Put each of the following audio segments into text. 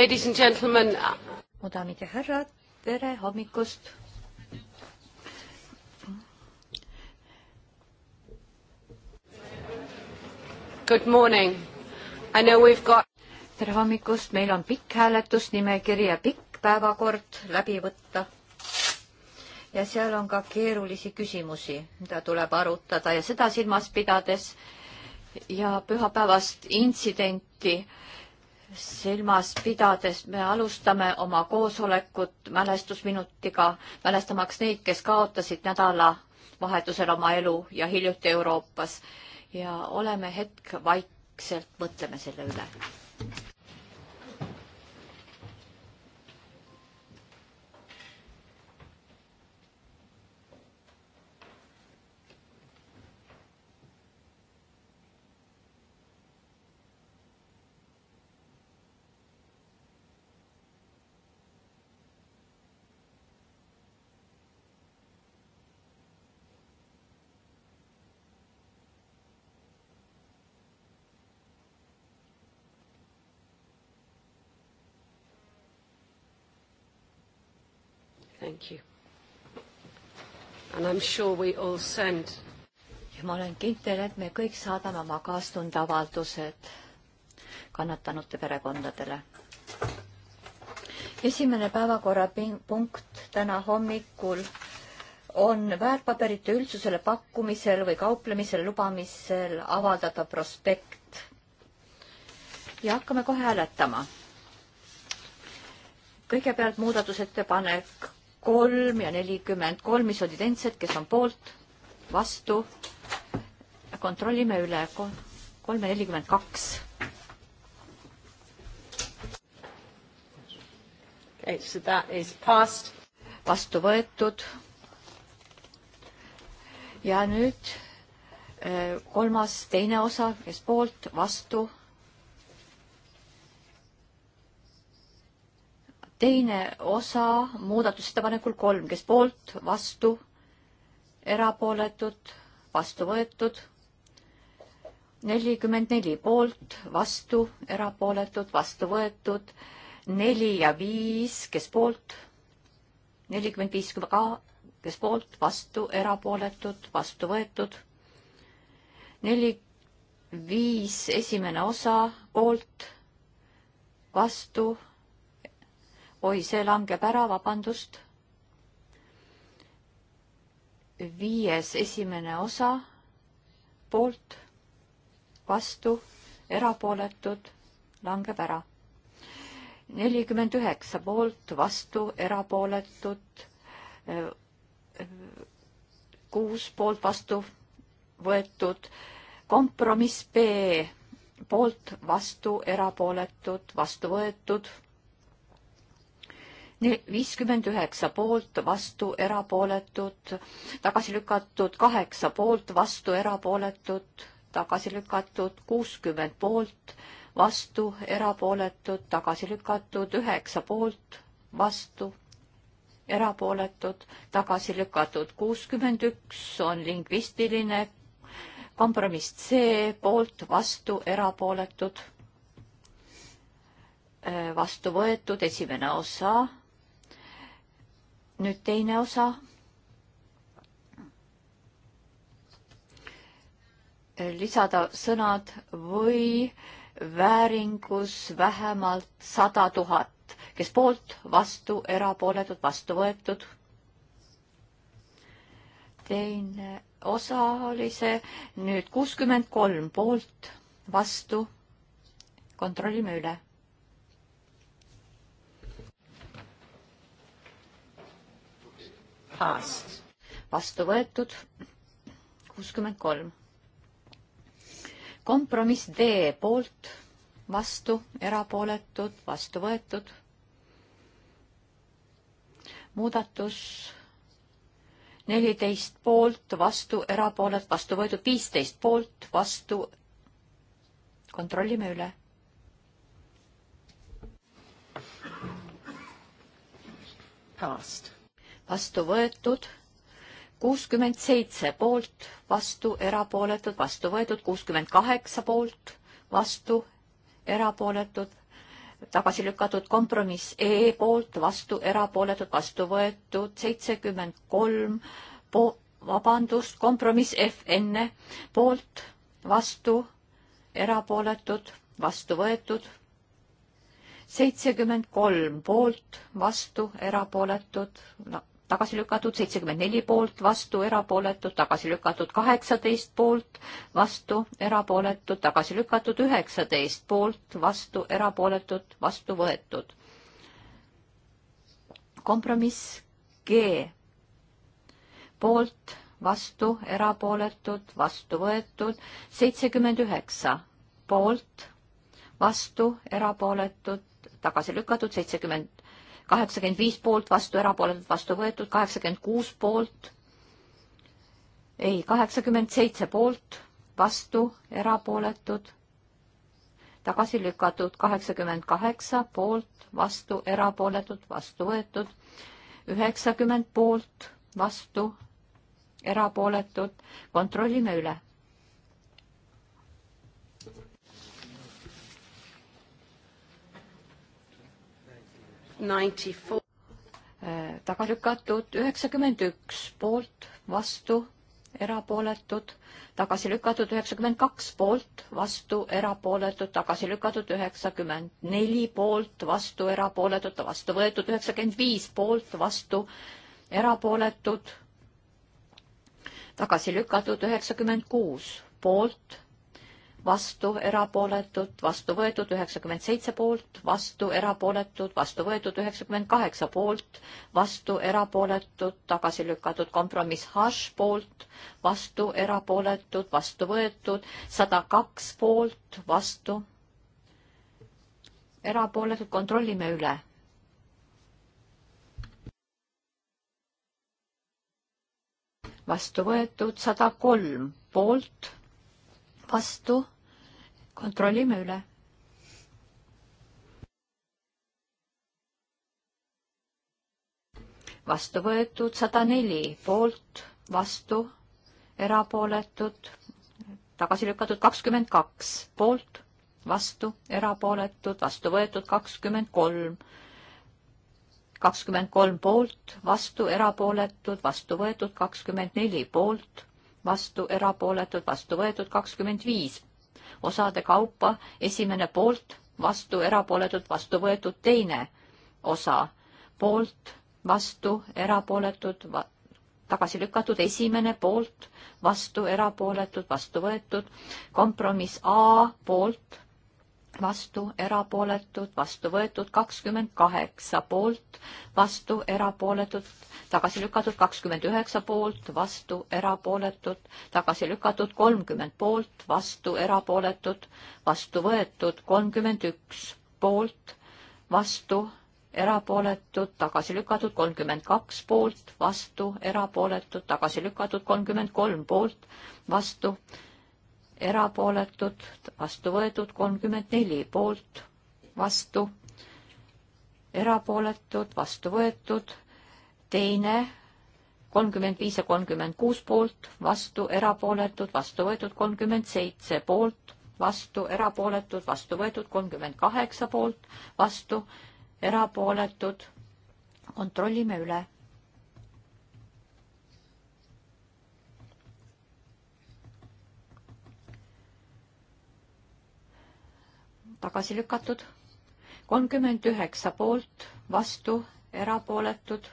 Ladies and gentlemen. mu daamid ja härrad, tere hommikust. Good morning. I know we've got. tere hommikust, meil on pikk hääletusnimekiri ja pikk päevakord läbi võtta. ja seal on ka keerulisi küsimusi, mida tuleb arutada ja seda silmas pidades ja pühapäevast intsidenti äh, silmas pidades me alustame oma koosolekut mälestusminutiga, mälestamaks neid, kes kaotasid nädalavahetusel oma elu ja hiljuti Euroopas. ja oleme hetk vaikselt, mõtleme selle üle. Thank you. And I am sure we all send. ja ma olen kindel, et me kõik saadame oma kaastundavaldused kannatanute perekondadele. esimene päevakorrapunkt täna hommikul on väärtpaberite üldsusele pakkumisel või kauplemisel lubamisel avaldada prospekt. ja hakkame kohe hääletama. kõigepealt muudatusettepanek kolm ja nelikümmend kolm, mis olid endised, kes on poolt, vastu. kontrollime üle kolm ja nelikümmend kaks. vastu võetud. ja nüüd äh, kolmas, teine osa, kes poolt, vastu teine osa muudatusettepanekul kolm, kes poolt, vastu, erapooletud, vastu võetud. nelikümmend neli poolt, vastu, erapooletud, vastu võetud. neli ja viis, kes poolt, nelikümmend viis ka, kes poolt, vastu, erapooletud, vastu võetud. neli, viis, esimene osa, poolt, vastu oi, see langeb ära, vabandust. viies esimene osa poolt, vastu, erapooletud, langeb ära. nelikümmend üheksa poolt, vastu, erapooletud, kuus poolt, vastu, võetud, kompromiss B poolt, vastu, erapooletud, vastu võetud viiskümmend üheksa poolt, vastu, erapooletud, tagasi lükatud, kaheksa poolt, vastu, erapooletud, tagasi lükatud, kuuskümmend poolt, vastu, erapooletud, tagasi lükatud, üheksa poolt, vastu, erapooletud, tagasi lükatud, kuuskümmend üks on lingvistiline kompromiss C poolt, vastu, erapooletud vastu võetud, esimene osa nüüd teine osa. lisada sõnad või vääringus vähemalt sada tuhat, kes poolt, vastu, erapooletud, vastu võetud. teine osa oli see nüüd kuuskümmend kolm poolt, vastu. kontrollime üle passed. vastu võetud kuuskümmend kolm. kompromiss D poolt, vastu, erapooletud, vastu võetud. muudatus neliteist poolt, vastu, erapoolet, vastu võetud, viisteist poolt, vastu. kontrollime üle. Passed vastu võetud kuuskümmend seitse poolt, vastu erapooletud, vastu võetud kuuskümmend kaheksa poolt, vastu erapooletud, tagasi lükatud kompromiss E poolt, vastu erapooletud, vastu võetud seitsekümmend kolm po-, vabandust, kompromiss F enne poolt, vastu erapooletud, vastu võetud seitsekümmend kolm poolt, vastu erapooletud no,, tagasi lükatud, seitsekümmend neli poolt, vastu, erapooletud, tagasi lükatud, kaheksateist poolt, vastu, erapooletud, tagasi lükatud, üheksateist poolt, vastu, erapooletud, vastu võetud. kompromiss G poolt, vastu, erapooletud, vastu võetud, seitsekümmend üheksa poolt, vastu, erapooletud, tagasi lükatud, seitsekümmend kaheksakümmend viis poolt, vastu erapooletud, vastu võetud, kaheksakümmend kuus poolt. ei, kaheksakümmend seitse poolt, vastu erapooletud, tagasi lükatud, kaheksakümmend kaheksa poolt, vastu erapooletud, vastu võetud, üheksakümmend poolt, vastu erapooletud, kontrollime üle Äh, taga lükatud üheksakümmend üks poolt, vastu, erapooletud, tagasi lükatud üheksakümmend kaks poolt, vastu, erapooletud, tagasi lükatud üheksakümmend neli poolt, vastu, erapooletud, vastu võetud üheksakümmend viis poolt, vastu, erapooletud, tagasi lükatud üheksakümmend kuus poolt vastu erapooletud, vastu võetud üheksakümmend seitse poolt, vastu erapooletud, vastu võetud üheksakümmend kaheksa poolt, vastu erapooletud, tagasi lükatud kompromiss hash poolt, vastu erapooletud, vastu võetud sada kaks poolt, vastu erapooletud, kontrollime üle. vastu võetud sada kolm poolt, vastu kontrollime üle. vastu võetud sada neli poolt, vastu, erapooletud, tagasi lükatud kakskümmend kaks poolt, vastu, erapooletud, vastu võetud kakskümmend kolm kakskümmend kolm poolt, vastu erapooletud, vastu võetud kakskümmend neli poolt, vastu erapooletud, vastu võetud kakskümmend viis osade kaupa, esimene poolt, vastu, erapooletud, vastu võetud, teine osa poolt, vastu, erapooletud va, tagasi lükatud, esimene poolt, vastu, erapooletud, vastu võetud, kompromiss A poolt, vastu, erapooletud, vastu võetud kakskümmend kaheksa poolt, vastu erapooletud, tagasi lükatud kakskümmend üheksa poolt, vastu erapooletud, tagasi lükatud kolmkümmend poolt, vastu erapooletud, vastu võetud kolmkümmend üks poolt, vastu erapooletud, tagasi lükatud kolmkümmend kaks poolt, vastu erapooletud, tagasi lükatud kolmkümmend kolm poolt, vastu erapooletud, vastu võetud kolmkümmend neli poolt, vastu, erapooletud, vastu võetud, teine kolmkümmend viis ja kolmkümmend kuus poolt, vastu, erapooletud, vastu võetud kolmkümmend seitse poolt, vastu, erapooletud, vastu võetud kolmkümmend kaheksa poolt, vastu, erapooletud. kontrollime üle tagasi lükatud. kolmkümmend üheksa poolt, vastu, erapooletud,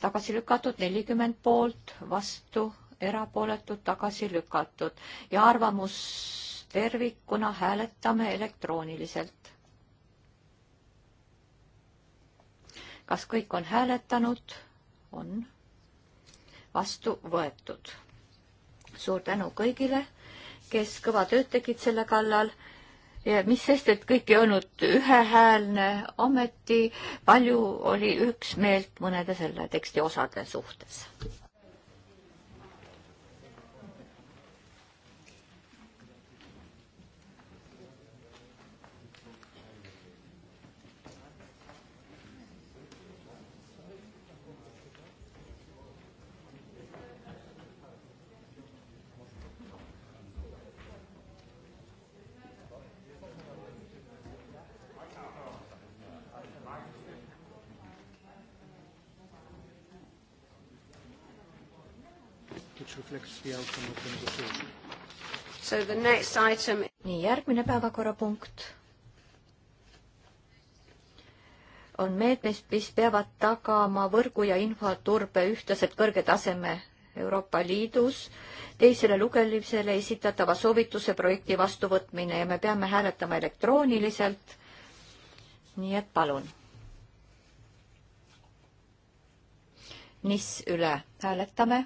tagasi lükatud, nelikümmend poolt, vastu, erapooletud, tagasi lükatud ja arvamus tervikuna hääletame elektrooniliselt. kas kõik on hääletanud? on vastu võetud. suur tänu kõigile, kes kõva tööd tegid selle kallal ja mis sest, et kõik ei olnud ühehäälne, ometi palju oli üksmeelt mõnede selle teksti osade suhtes. So the next item... nii, järgmine päevakorrapunkt on meetmed, mis peavad tagama võrgu ja infoturbe ühtlaselt kõrge taseme Euroopa Liidus teisele lugemisele esitatava soovituse projekti vastuvõtmine ja me peame hääletama elektrooniliselt. nii et palun. NIS üle hääletame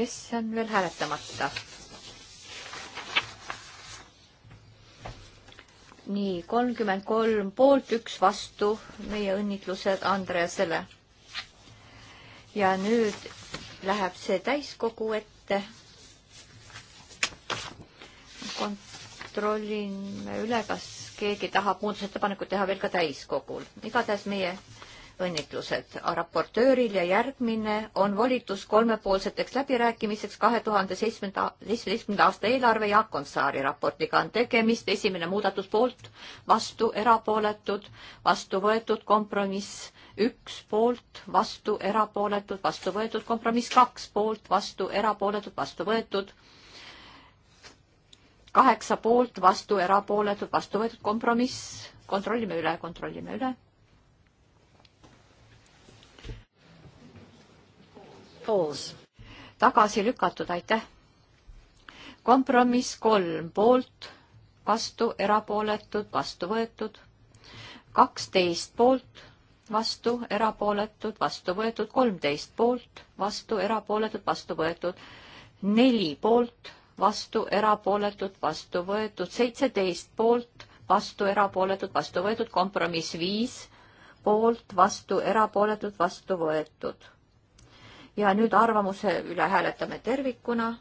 kes on veel hääletamata? nii, kolmkümmend kolm poolt, üks vastu, meie õnnitlused Andreasele. ja nüüd läheb see täiskogu ette. kontrollime üle, kas keegi tahab muudatusettepanekut teha veel ka täiskogul. igatahes meie õnnitlused raportööril ja järgmine on volitus kolmepoolseteks läbirääkimiseks kahe tuhande seitsmenda, seitsmeteistkümnenda aasta eelarve Jaak Onsaari raportiga on tegemist, esimene muudatus poolt, vastu erapooletud, vastu võetud kompromiss üks poolt, vastu erapooletud, vastu võetud kompromiss kaks poolt, vastu erapooletud, vastu võetud kaheksa poolt, vastu erapooletud, vastu võetud kompromiss, kontrollime üle, kontrollime üle falls. tagasi lükatud, aitäh. kompromiss kolm poolt, vastu, erapooletud, vastu võetud. kaksteist poolt, vastu, erapooletud, vastu võetud, kolmteist poolt, vastu, erapooletud, vastu võetud, neli poolt vastu, erapooletud, vastu võetud, seitseteist poolt, vastu, erapooletud, vastu võetud, kompromiss viis, poolt, vastu, erapooletud, vastu võetud ja nüüd arvamuse üle hääletame tervikuna.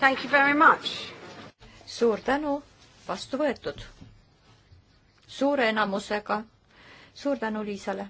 Thank you very much. suur tänu, vastu võetud. suure enamusega. suur tänu Liisale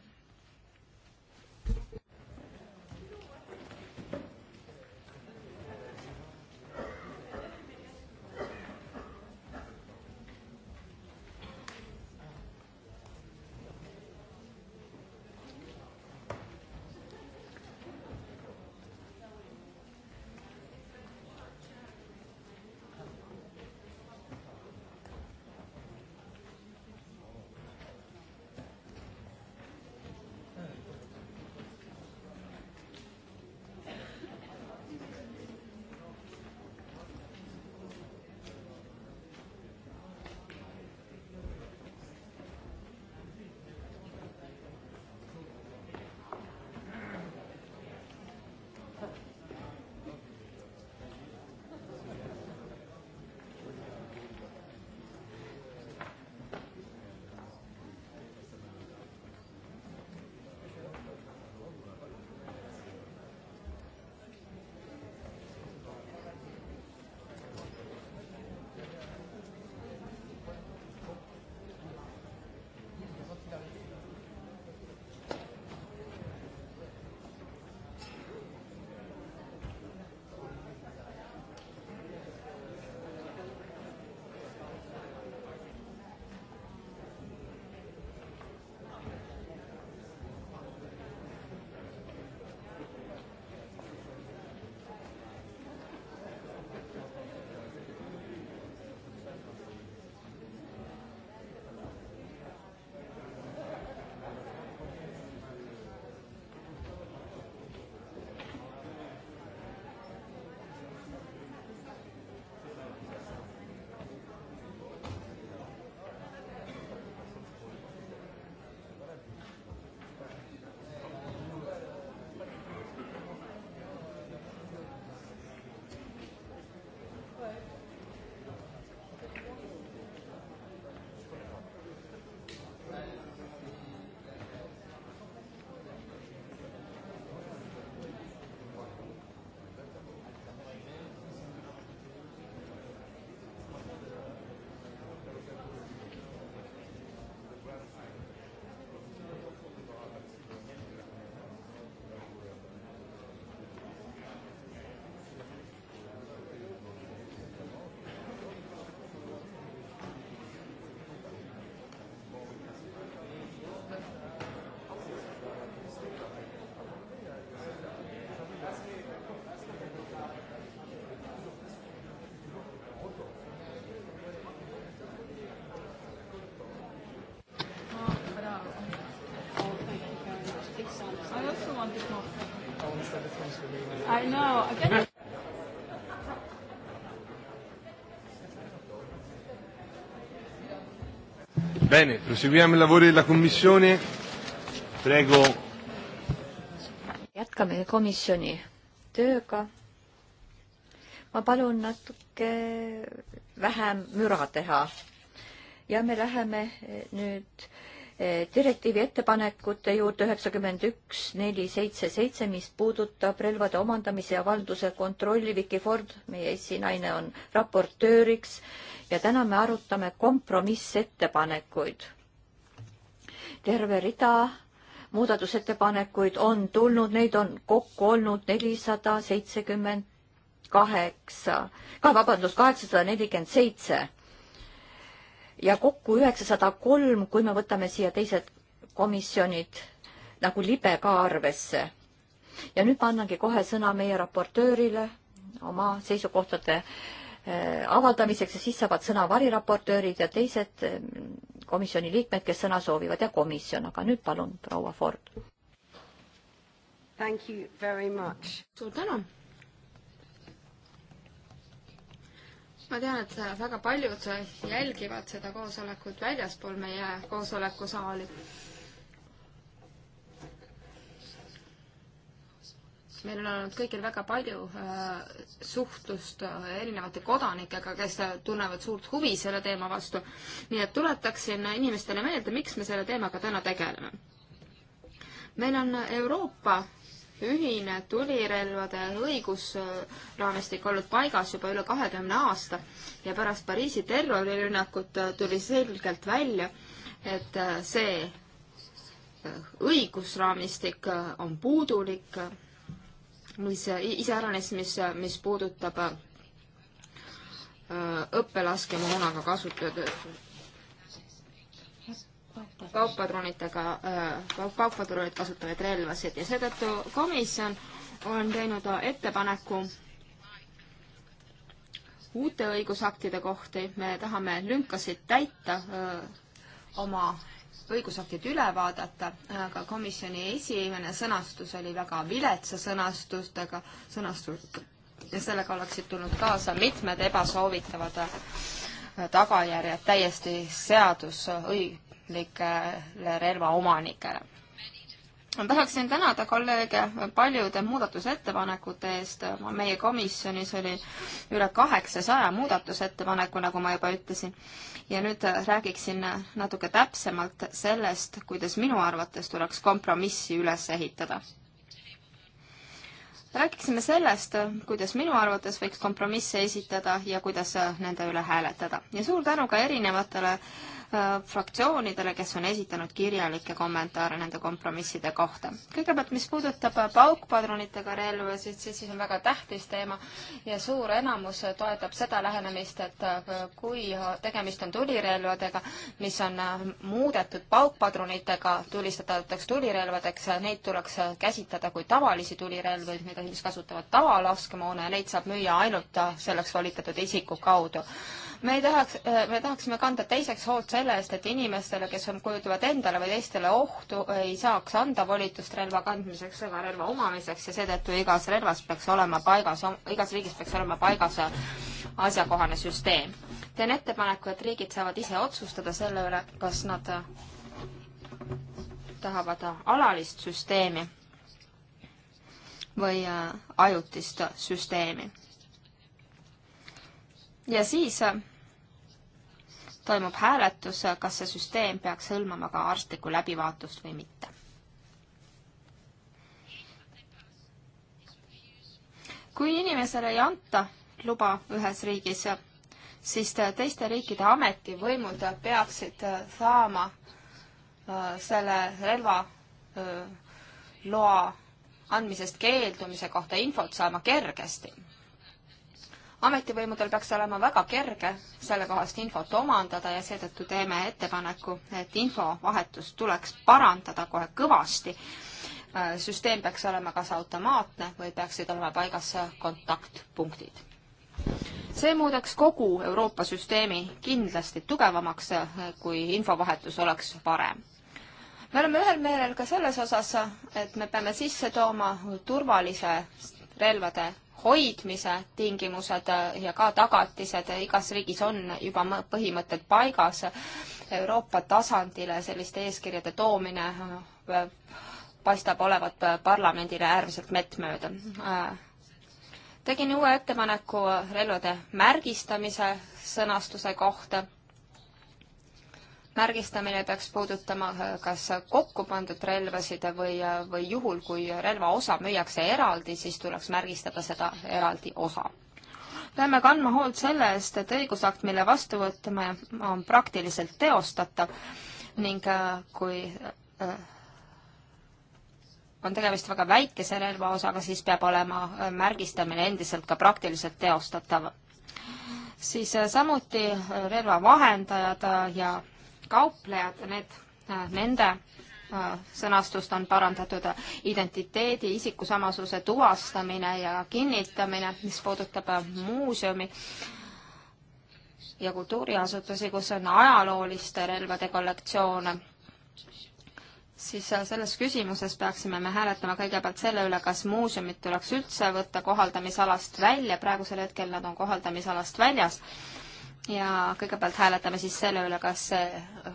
I know. Can I Bene, proseguiamo i lavori della Commissione. Prego. jätkame komisjoni tööga. ma palun natuke vähem müra teha ja me läheme nüüd direktiivi ettepanekute juurde üheksakümmend üks neli seitse seitse, mis puudutab relvade omandamise ja valduse kontrolli. Vicky Ford, meie esinaine, on raportööriks ja täna me arutame kompromissettepanekuid. terve rida muudatusettepanekuid on tulnud, neid on kokku olnud nelisada seitsekümmend kaheksa, ka vabandust, kaheksasada nelikümmend seitse ja kokku üheksasada kolm, kui me võtame siia teised komisjonid nagu libe ka arvesse. ja nüüd ma annangi kohe sõna meie raportöörile oma seisukohtade eh, avaldamiseks ja siis saavad sõna variraportöörid ja teised eh, komisjoni liikmed, kes sõna soovivad ja komisjon, aga nüüd palun, proua Ford. suur tänu ma tean, et väga paljud jälgivad seda koosolekut väljaspool meie koosolekusaali. meil on olnud kõigil väga palju äh, suhtlust äh, erinevate kodanikega, kes äh, tunnevad suurt huvi selle teema vastu. nii et tuletaksin inimestele meelde, miks me selle teemaga täna tegeleme. meil on Euroopa ühine tulirelvade õigusraamistik olnud paigas juba üle kahekümne aasta ja pärast Pariisi terrorirünnakut äh, tuli selgelt välja, et äh, see äh, õigusraamistik on puudulik, mis iseäranis, mis, mis puudutab õppelaskemoona kasutajate kaugpadrunitega, äh, kaugpadrunid kasutavaid relvasid ja seetõttu komisjon on teinud ettepaneku uute õigusaktide kohta, me tahame lünkasid täita, äh, oma õigusaktid üle vaadata, aga komisjoni esimene sõnastus oli väga viletsa sõnastustega, sõnastusega ja sellega oleksid tulnud kaasa mitmed ebasoovitavad äh, tagajärjed täiesti seadus, õi-, ametlikele relvaomanikele. ma tahaksin tänada kolleege paljude muudatusettepanekute eest, meie komisjonis oli üle kaheksasaja muudatusettepaneku, nagu ma juba ütlesin, ja nüüd räägiksin natuke täpsemalt sellest, kuidas minu arvates tuleks kompromissi üles ehitada rääkisime sellest, kuidas minu arvates võiks kompromisse esitada ja kuidas nende üle hääletada. ja suur tänu ka erinevatele äh, Äh, fraktsioonidele, kes on esitanud kirjalikke kommentaare nende kompromisside kohta. kõigepealt, mis puudutab äh, paukpadrunitega relvasid, siis, siis on väga tähtis teema ja suur enamus toetab seda lähenemist, et äh, kui tegemist on tulirelvadega, mis on muudetud paukpadrunitega tulistatavateks tulirelvadeks, neid tuleks käsitleda kui tavalisi tulirelvi, mida siis kasutavad tavalaskemoona ja neid saab müüa ainult selleks volitatud isiku kaudu me ei tahaks, äh, me tahaksime kanda teiseks hoolt selle eest, et inimestele, kes on, kujutavad endale või teistele ohtu, ei saaks anda volitust relva kandmiseks ega relva omamiseks ja seetõttu igas relvas peaks olema paigas, igas riigis peaks olema paigas asjakohane süsteem. teen ettepaneku, et riigid saavad ise otsustada selle üle, kas nad äh, tahavad äh, alalist süsteemi või ajutist süsteemi. ja siis toimub hääletus, kas see süsteem peaks hõlmama ka arstlikku läbivaatust või mitte. kui inimesele ei anta luba ühes riigis, siis teiste riikide ametivõimud peaksid saama äh, selle relva äh, loa andmisest keeldumise kohta infot saama kergesti ametivõimudel peaks olema väga kerge sellekohast infot omandada ja seetõttu teeme ettepaneku, et infovahetust tuleks parandada kohe kõvasti. Äh, süsteem peaks olema kas automaatne või peaksid olema paigas kontaktpunktid see muudaks kogu Euroopa süsteemi kindlasti tugevamaks, äh, kui infovahetus oleks parem. me oleme ühel meelel ka selles osas, et me peame sisse tooma turvalise relvade hoidmise tingimused ja ka tagatised, igas riigis on juba põhimõtted paigas. Euroopa tasandile selliste eeskirjade toomine äh, paistab olevat parlamendile äärmiselt mettmööda. Äh, tegin uue ettepaneku relvade märgistamise sõnastuse kohta märgistamine peaks puudutama äh, kas kokku pandud relvasid või, äh, või juhul, kui relva osa müüakse eraldi, siis tuleks märgistada seda eraldi osa. peame kandma hoolt selle eest, et õigusakt, mille vastu võtame, on praktiliselt teostatav ning äh, kui on tegemist väga väikese relvaosaga, siis peab olema märgistamine endiselt ka praktiliselt teostatav. siis samuti relva vahendajad ja kauplejad, need, äh, nende äh, sõnastust on parandatud äh, identiteedi, isikusamasuse tuvastamine ja kinnitamine, mis puudutab muuseumi ja kultuuriasutusi, kus on ajalooliste relvade kollektsioone, siis selles küsimuses peaksime me hääletama kõigepealt selle üle, kas muuseumid tuleks üldse võtta kohaldamisalast välja, praegusel hetkel nad on kohaldamisalast väljas ja kõigepealt hääletame siis selle üle, kas see äh,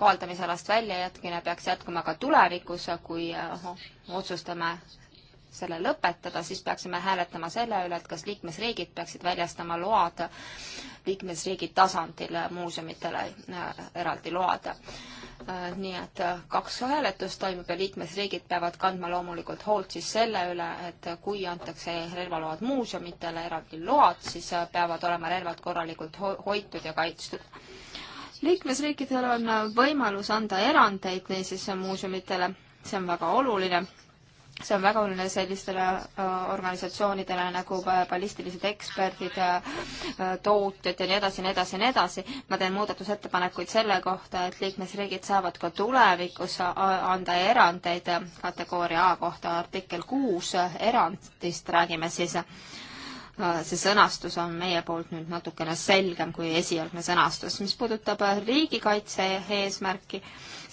kohaldamisalast väljajätmine peaks jätkuma ka tulevikus, kui äh, otsustame selle lõpetada, siis peaksime hääletama selle üle, et kas liikmesriigid peaksid väljastama load liikmesriigi tasandil muuseumitele äh, eraldi load. Äh, nii et äh, kaks hääletust toimub ja liikmesriigid peavad kandma loomulikult hoolt siis selle üle, et kui antakse relvaload muuseumitele, eraldi load, siis peavad olema relvad korralikult ho hoitud ja kaitstud. liikmesriikidel on võimalus anda erandeid niisiis muuseumitele, see on väga oluline see on väga oluline sellistele äh, organisatsioonidele nagu äh, ballistilised eksperdid, äh, tootjad ja nii edasi ja nii edasi ja nii edasi. ma teen muudatusettepanekuid selle kohta, et liikmesriigid saavad ka tulevikus anda erandeid kategooria A kohta, artikkel kuus erandist räägime siis. see sõnastus on meie poolt nüüd natukene selgem kui esialgne sõnastus. mis puudutab riigikaitse eesmärki,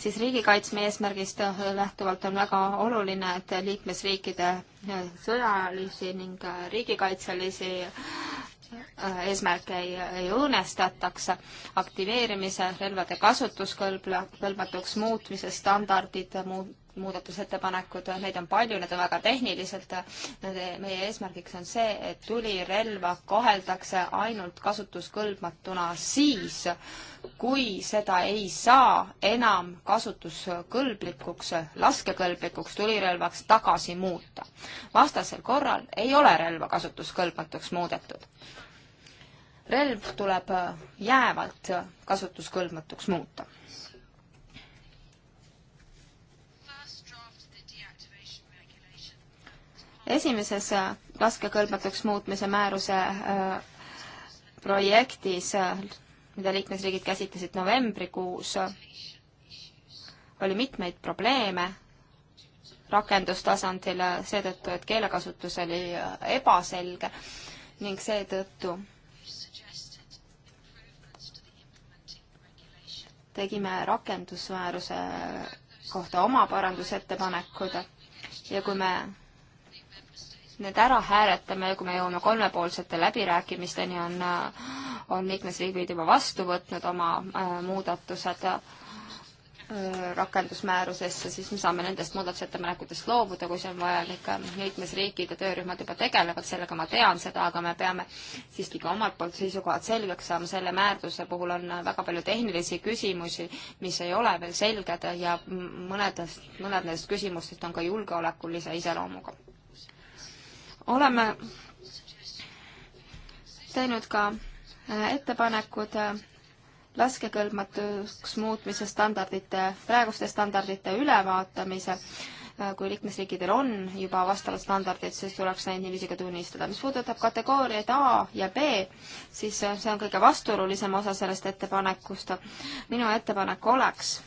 siis riigikaitsme eesmärgist lähtuvalt on väga oluline, et liikmesriikide äh, sõjalisi ning äh, riigikaitselisi äh, eesmärke ei, ei õõnestataks, aktiveerimise, relvade kasutuskõlbla, kõlbmatuks muutmise standardid muud, muudatusettepanekud, neid on palju, need on väga tehnilised. Nende, meie eesmärgiks on see, et tulirelva koheldakse ainult kasutuskõlbmatuna siis, kui seda ei saa enam kasutuskõlblikuks, laskekõlblikuks tulirelvaks tagasi muuta. vastasel korral ei ole relva kasutuskõlbmatuks muudetud. relv tuleb jäävalt kasutuskõlbmatuks muuta esimeses äh, laskekõlbmatuks muutmise määruse äh, projektis, äh, mida liikmesriigid käsitlesid novembrikuus, oli mitmeid probleeme rakendustasandil seetõttu, et keelekasutus oli ebaselge ning seetõttu tegime rakendusmääruse kohta oma parandusettepanekud ja kui me nüüd ära hääletame, kui me jõuame kolmepoolsete läbirääkimisteni, on, on liikmesriigid juba vastu võtnud oma äh, muudatused äh, rakendusmäärusesse, siis me saame nendest muudatusettepanekutest loobuda, kui see on vajalik. liikmesriigid ja töörühmad juba tegelevad sellega, ma tean seda, aga me peame siiski ka omalt poolt seisukohad selgeks saama. selle määruse puhul on väga palju tehnilisi küsimusi, mis ei ole veel selged ja mõnedest, mõned nendest küsimustest on ka julgeolekulise iseloomuga oleme teinud ka äh, ettepanekud äh, laskekõlbmatuks muutmise standardite, praeguste standardite ülevaatamise äh, kui liikmesriikidel on juba vastavad standardid, siis tuleks neid niiviisi ka tunnistada. mis puudutab kategooriaid A ja B, siis see on kõige vastuolulisem osa sellest ettepanekust. minu ettepanek oleks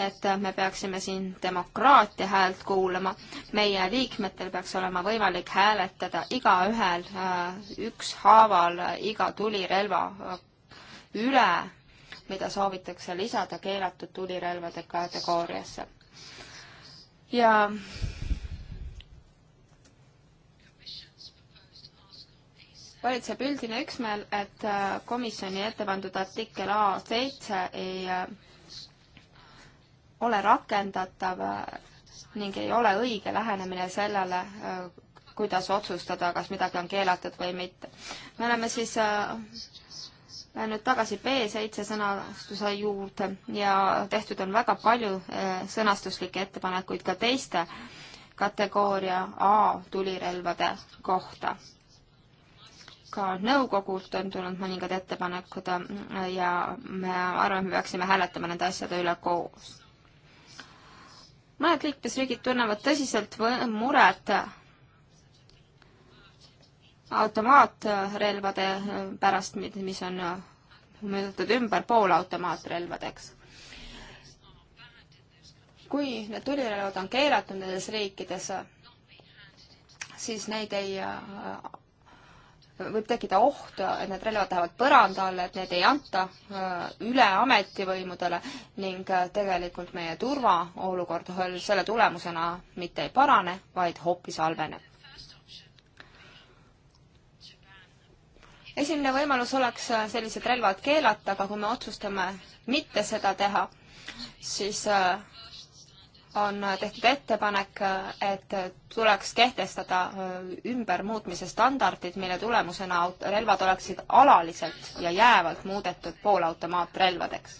et me peaksime siin demokraatia häält kuulama. meie liikmetel peaks olema võimalik hääletada igaühel äh, ükshaaval iga tulirelva äh, üle, mida soovitakse lisada keelatud tulirelvade kategooriasse. ja valitseb üldine üksmeel, et äh, komisjoni ette pandud artikkel A seitse ei ole rakendatav äh, ning ei ole õige lähenemine sellele, äh, kuidas otsustada, kas midagi on keelatud või mitte. me oleme siis Lähen nüüd tagasi B7 sõnastuse juurde ja tehtud on väga palju äh, sõnastuslikke ettepanekuid ka teiste kategooria A tulirelvade kohta. ka nõukogult on tulnud mõningad ettepanekud ja me arvame, et me peaksime hääletama nende asjade üle koos mõned liikmesriigid tunnevad tõsiselt muret automaatrelvade pärast, mis on mõõdetud ümber poolautomaatrelvadeks. kui need tulirelvad on keelatud nendes riikides, siis neid ei võib tekkida oht, et need relvad lähevad põranda alla, et need ei anta äh, üle ametivõimudele ning äh, tegelikult meie turvaolukord selle tulemusena mitte ei parane, vaid hoopis halveneb. esimene võimalus oleks äh, sellised relvad keelata, aga kui me otsustame mitte seda teha, siis äh, on tehtud ettepanek, et tuleks kehtestada äh, ümbermuutmise standardid, mille tulemusena relvad oleksid alaliselt ja jäävalt muudetud poolautomaatrelvadeks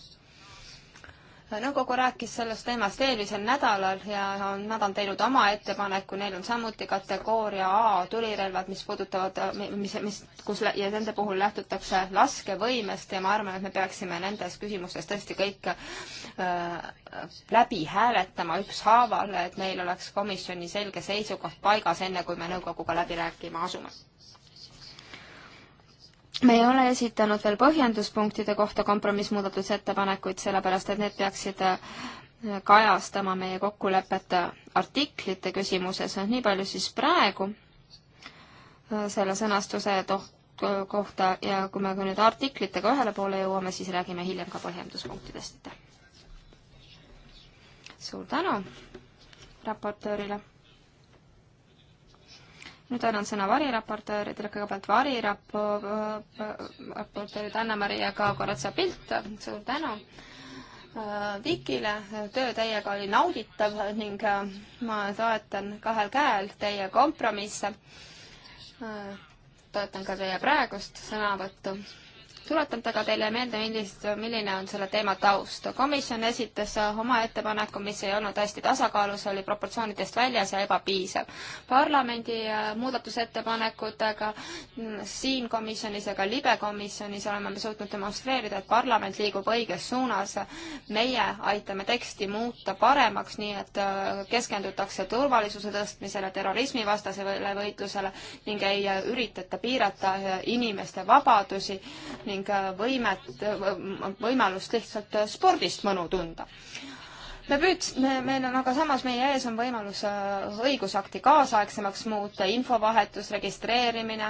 nõukogu rääkis sellest teemast eelmisel nädalal ja on, nad on teinud oma ettepaneku, neil on samuti kategooria A tulirelvad, mis puudutavad, mis, mis, kus ja nende puhul lähtutakse laskevõimest ja ma arvan, et me peaksime nendes küsimustes tõesti kõik äh, läbi hääletama ükshaaval, et meil oleks komisjoni selge seisukoht paigas, enne kui me nõukoguga läbi rääkima asume me ei ole esitanud veel põhjenduspunktide kohta kompromissmuudatusettepanekuid, sellepärast et need peaksid äh, kajastama meie kokkulepet äh, artiklite küsimuses, nii palju siis praegu äh, selle sõnastuse toht-, kohta ja kui me ka nüüd artiklitega ühele poole jõuame, siis räägime hiljem ka põhjenduspunktidest. suur tänu raportöörile nüüd annan sõna variraportööridele, kõigepealt variraportöörid Anna-Maria Kaagorotsa-Pilt, suur tänu äh, Vikile, äh, töö teiega oli nauditav ning äh, ma toetan kahel käel teie kompromisse. toetan ka teie praegust sõnavõttu tuletan aga teile meelde, millist, milline on selle teema taust. komisjon esitas oma ettepaneku, mis ei olnud hästi tasakaalus, oli proportsioonidest väljas ja ebapiisav. parlamendi äh, muudatusettepanekutega mm, siin komisjonis ja ka libe komisjonis oleme me suutnud demonstreerida, et parlament liigub õiges suunas. meie aitame teksti muuta paremaks, nii et äh, keskendutakse turvalisuse tõstmisele, terrorismivastasele võitlusele ning ei äh, üritata piirata inimeste vabadusi ning ning äh, võimet, äh, võimalust lihtsalt äh, spordist mõnu tunda me püüdsime, meil on aga samas, meie ees on võimalus õigusakti kaasaegsemaks muuta, infovahetus, registreerimine,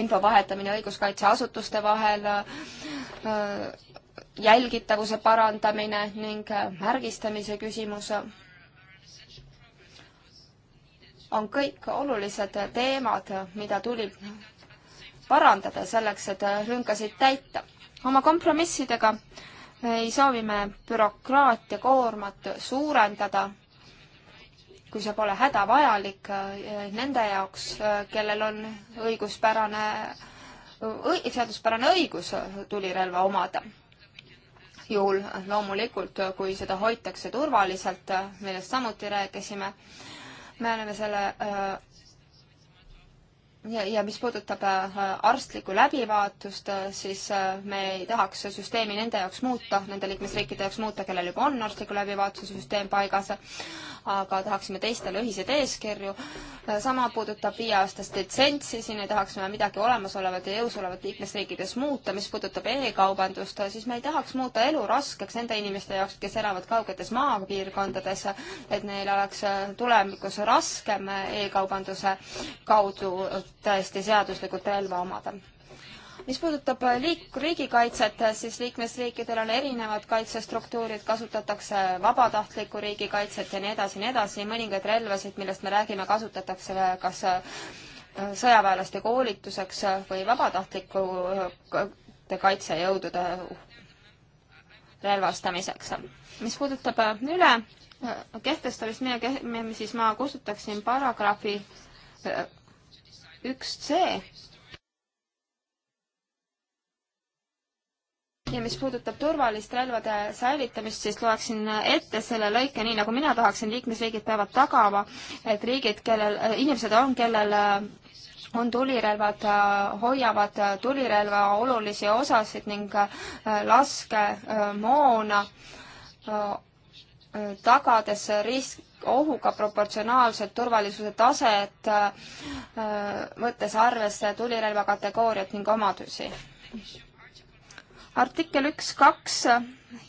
info vahetamine õiguskaitseasutuste vahel, jälgitavuse parandamine ning märgistamise küsimus on kõik olulised teemad, mida tuli parandada selleks, et lünkasid täita. oma kompromissidega ei soovi me bürokraatia koormat suurendada, kui see pole hädavajalik eh, nende jaoks, eh, kellel on õiguspärane õi,, seaduspärane õigus tulirelva omada. juhul loomulikult, kui seda hoitakse turvaliselt, millest samuti rääkisime, me oleme selle eh, ja, ja mis puudutab äh, arstlikku läbivaatust, äh, siis äh, me ei tahaks süsteemi nende jaoks muuta, nende liikmesriikide jaoks muuta, kellel juba on arstliku läbivaatuse süsteem paigas, aga tahaksime teistele ühiseid eeskirju. sama puudutab viieaastast litsentsi, siin ei tahaks me midagi olemasolevat ja jõus olevat liikmesriikides muuta. mis puudutab e-kaubandust, siis me ei tahaks muuta elu raskeks nende inimeste jaoks, kes elavad kaugetes maapiirkondades, et neil oleks tulevikus raskem e-kaubanduse kaudu täiesti seaduslikult relva omada mis puudutab äh, liik-, riigikaitset, siis liikmesriikidel on erinevad kaitsestruktuurid, kasutatakse vabatahtlikku riigikaitset ja nii edasi ja nii edasi, mõningaid relvasid, millest me räägime, kasutatakse äh, kas äh, sõjaväelaste koolituseks või vabatahtliku kaitsejõudude relvastamiseks. mis puudutab üle kehtestamist, meie keht-, siis ma kustutaksin paragrahvi üks C, ja mis puudutab turvalist relvade säilitamist, siis loeksin ette selle lõike nii, nagu mina tahaksin, liikmesriigid peavad tagama, et riigid, kellel, inimesed on, kellel äh, on tulirelvad, äh, hoiavad äh, tulirelva olulisi osasid ning laskemoona, tagades risk, ohuga proportsionaalset turvalisuse taset, võttes arvesse tulirelva kategooriat ning omadusi artikkel üks, kaks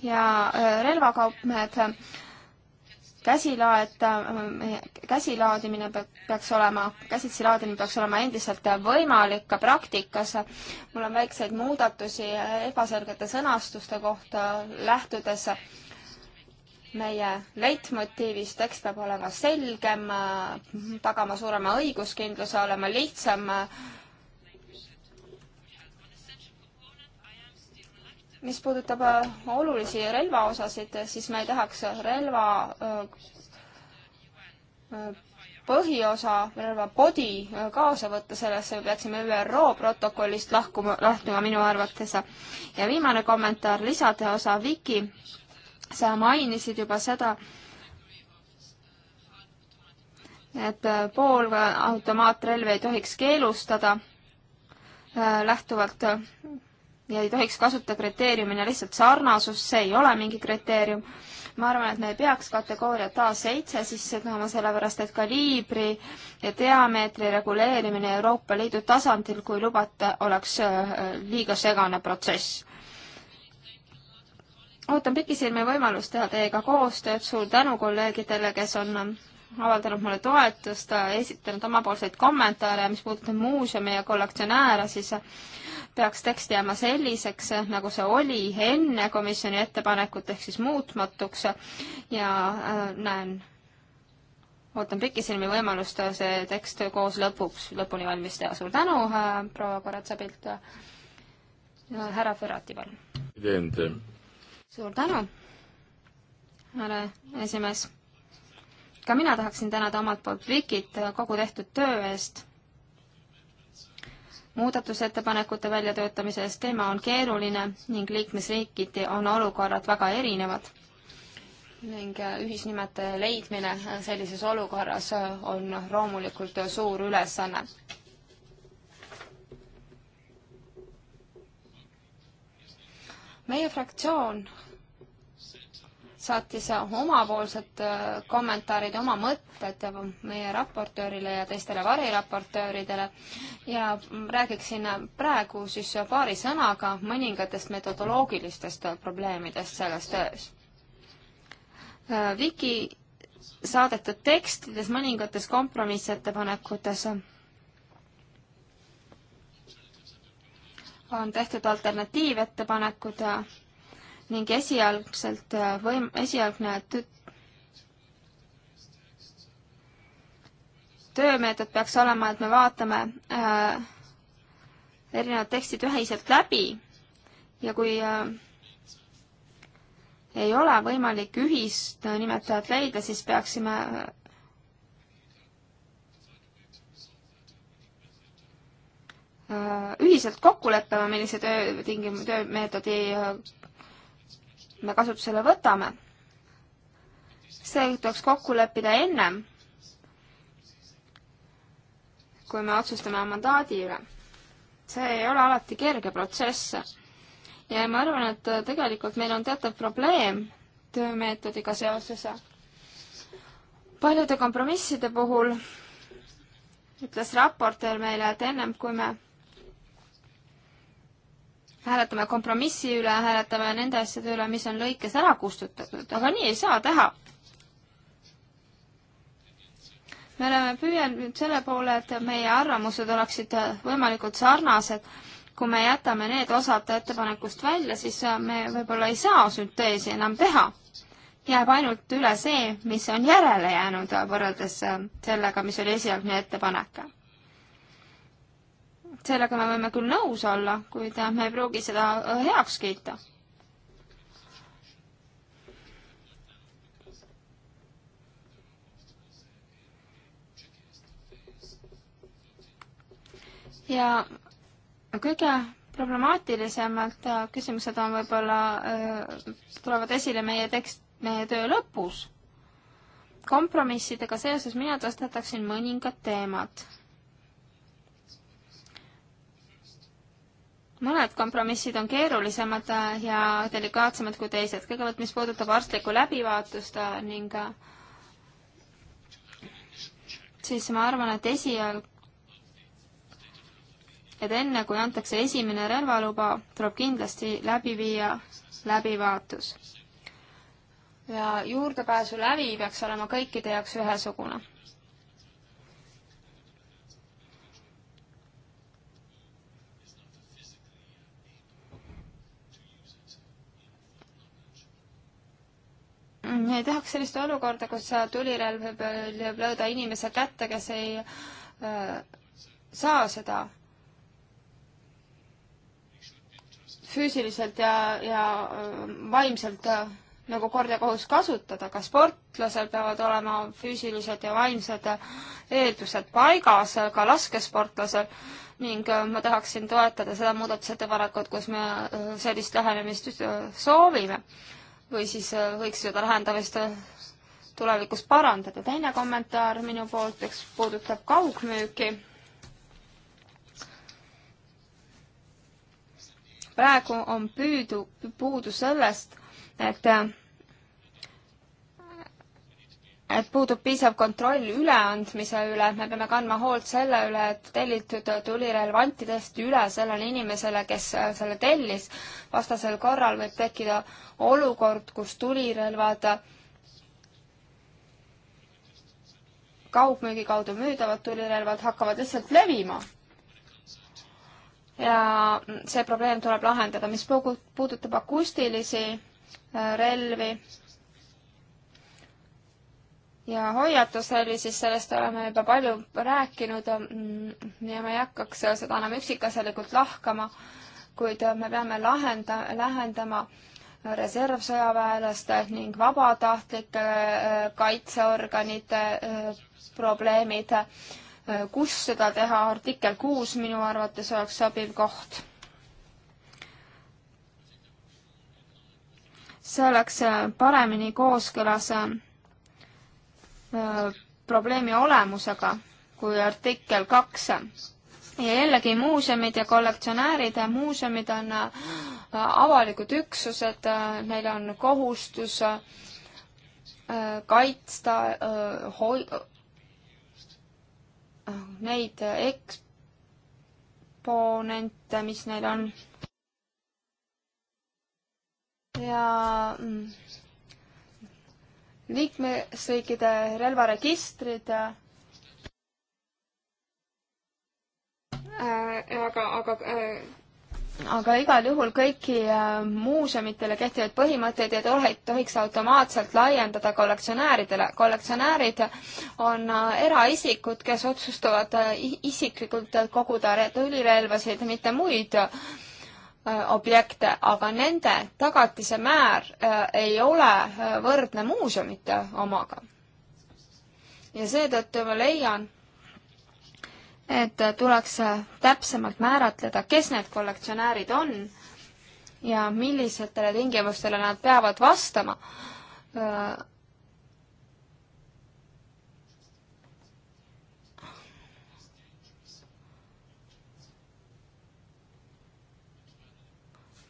ja äh, relvakaupmehed, äh, käsilaed, äh, käsilaadimine peaks olema, käsitsi laadimine peaks olema endiselt võimalik ka praktikas. mul on väikseid muudatusi ebaselgete sõnastuste kohta lähtudes meie leitmotiivist, tekst peab olema selgem, tagama suurema õiguskindluse, olema lihtsam mis puudutab äh, olulisi relvaosasid, siis me ei tahaks relva äh, äh, põhiosa, relva body kaasa võtta, sellesse me peaksime ÜRO protokollist lahkuma, lahtuma minu arvates. ja viimane kommentaar, lisade osa, Viki, sa mainisid juba seda, et poolautomaatrelvi ei tohiks keelustada lähtuvalt ja ei tohiks kasutada kriteeriumina lihtsalt sarnasust, see ei ole mingi kriteerium. ma arvan, et me ei peaks kategooriat A7 sisse tooma, sellepärast et kaliibri ja diameetri reguleerimine Euroopa Liidu tasandil, kui lubate, oleks äh, liiga segane protsess ootan pikisilmi võimalust teha teiega koostööd, suur tänu kolleegidele, kes on äh, avaldanud mulle toetust, esitanud omapoolseid kommentaare, mis puudutab muuseume ja kollektsionääre, siis peaks tekst jääma selliseks, nagu see oli enne komisjoni ettepanekut, ehk siis muutmatuks ja äh, näen, ootan pikisilmi võimalust see tekst koos lõpuks, lõpuni valmis teha. suur tänu äh,, proua Koratsapilt äh,, härra Ferrati, palun. suur tänu, härra esimees ka mina tahaksin tänada omalt poolt Vikit äh, kogu tehtud töö eest, muudatusettepanekute väljatöötamise eest, teema on keeruline ning liikmesriikide on olukorrad väga erinevad. ning äh, ühisnimetaja leidmine äh, sellises olukorras on loomulikult suur ülesanne. meie fraktsioon saatis omapoolsed äh, kommentaarid, oma mõtted meie raportöörile ja teistele variraportööridele ja räägiksin praegu siis paari sõnaga mõningatest metodoloogilistest probleemidest selles töös. Äh, Viki saadetud tekstides, mõningates kompromissettepanekutes on tehtud alternatiivettepanekud ning esialgselt äh, võim-, esialgne tü-, töömeetod peaks olema, et me vaatame äh, erinevad tekstid ühiselt läbi ja kui äh, ei ole võimalik ühist nimetajat leida, siis peaksime äh, ühiselt kokku leppima, millise töö, tingim-, töömeetodi äh, me kasutusele võtame. see tuleks kokku leppida ennem, kui me otsustame mandaadi üle. see ei ole alati kerge protsess. ja ma arvan, et tegelikult meil on teatav probleem töömeetodiga seoses. paljude kompromisside puhul ütles raportöör meile, et ennem kui me hääletame kompromissi üle, hääletame nende asjade üle, mis on lõikes ära kustutatud, aga nii ei saa teha. me oleme püüelnud selle poole, et meie arvamused oleksid võimalikult sarnased. kui me jätame need osad ettepanekust välja, siis me võib-olla ei saa sünteesi enam teha. jääb ainult üle see, mis on järele jäänud võrreldes sellega, mis oli esialgne ettepanek sellega me võime küll nõus olla, kuid me ei pruugi seda äh, heaks kiita. ja kõige problemaatilisemalt äh, küsimused on võib-olla, äh, tulevad esile meie tekst, meie töö lõpus. kompromissidega seoses mina tõstataksin mõningad teemad mõned kompromissid on keerulisemad ja delikaatsemad kui teised. kõigepealt, mis puudutab arstlikku läbivaatust ning siis ma arvan, et esialg, et enne, kui antakse esimene relvaluba, tuleb kindlasti läbi viia läbivaatus. ja juurdepääsu läbi peaks olema kõikide jaoks ühesugune ei tahaks sellist olukorda, kus tulirelv võib lööda inimese kätte, kes ei äh, saa seda füüsiliselt ja, ja äh, vaimselt äh, nagu kord ja kohus kasutada, ka sportlasel peavad olema füüsilised ja vaimsed äh, eeldused paigas, ka laskesportlasel, ning ma tahaksin toetada seda muudatusettepanekut, kus me sellist lähenemist soovime või siis äh, võiks seda lahendamist äh, tulevikus parandada. teine kommentaar minu poolt, eks puudutab kaugmüüki. praegu on püüdu, puudu sellest, et äh, et puudub piisav kontroll üleandmise üle, me peame kandma hoolt selle üle, et tellitud tulirelv anti tõesti üle sellele inimesele, kes äh, selle tellis. vastasel korral võib tekkida olukord, kus tulirelvad kaugmüügi kaudu müüdavad tulirelvad hakkavad lihtsalt levima. ja see probleem tuleb lahendada, mis puudutab akustilisi äh, relvi ja hoiatus oli siis, sellest oleme juba palju rääkinud mm, ja ma ei hakkaks seda enam üksikasjalikult lahkama, kuid me peame lahenda, lähendama reservsõjaväelaste ning vabatahtlike äh, kaitseorganite äh, probleemid. Äh, kus seda teha, artikkel kuus minu arvates oleks sobiv koht. see oleks paremini kooskõlas Äh, probleemi olemusega kui artikkel kaks. ja jällegi muuseumid ja kollektsionäärid, muuseumid on äh, avalikud üksused, neil on kohustus äh, kaitsta hoi-, neid eksponente, mis neil on. ja mm, liikmesriikide relvaregistrid äh, aga, aga äh, aga igal juhul kõiki äh, muuseumidele kehtivaid põhimõtteid ei tohiks automaatselt laiendada kollektsionääridele. kollektsionäärid on eraisikud, kes otsustavad isiklikult koguda tulirelvasid, mitte muid Äh, objekte, aga nende tagatise määr äh, ei ole äh, võrdne muuseumite omaga. ja seetõttu ma leian, et tuleks täpsemalt määratleda, kes need kollektsionäärid on ja millistele tingimustele nad peavad vastama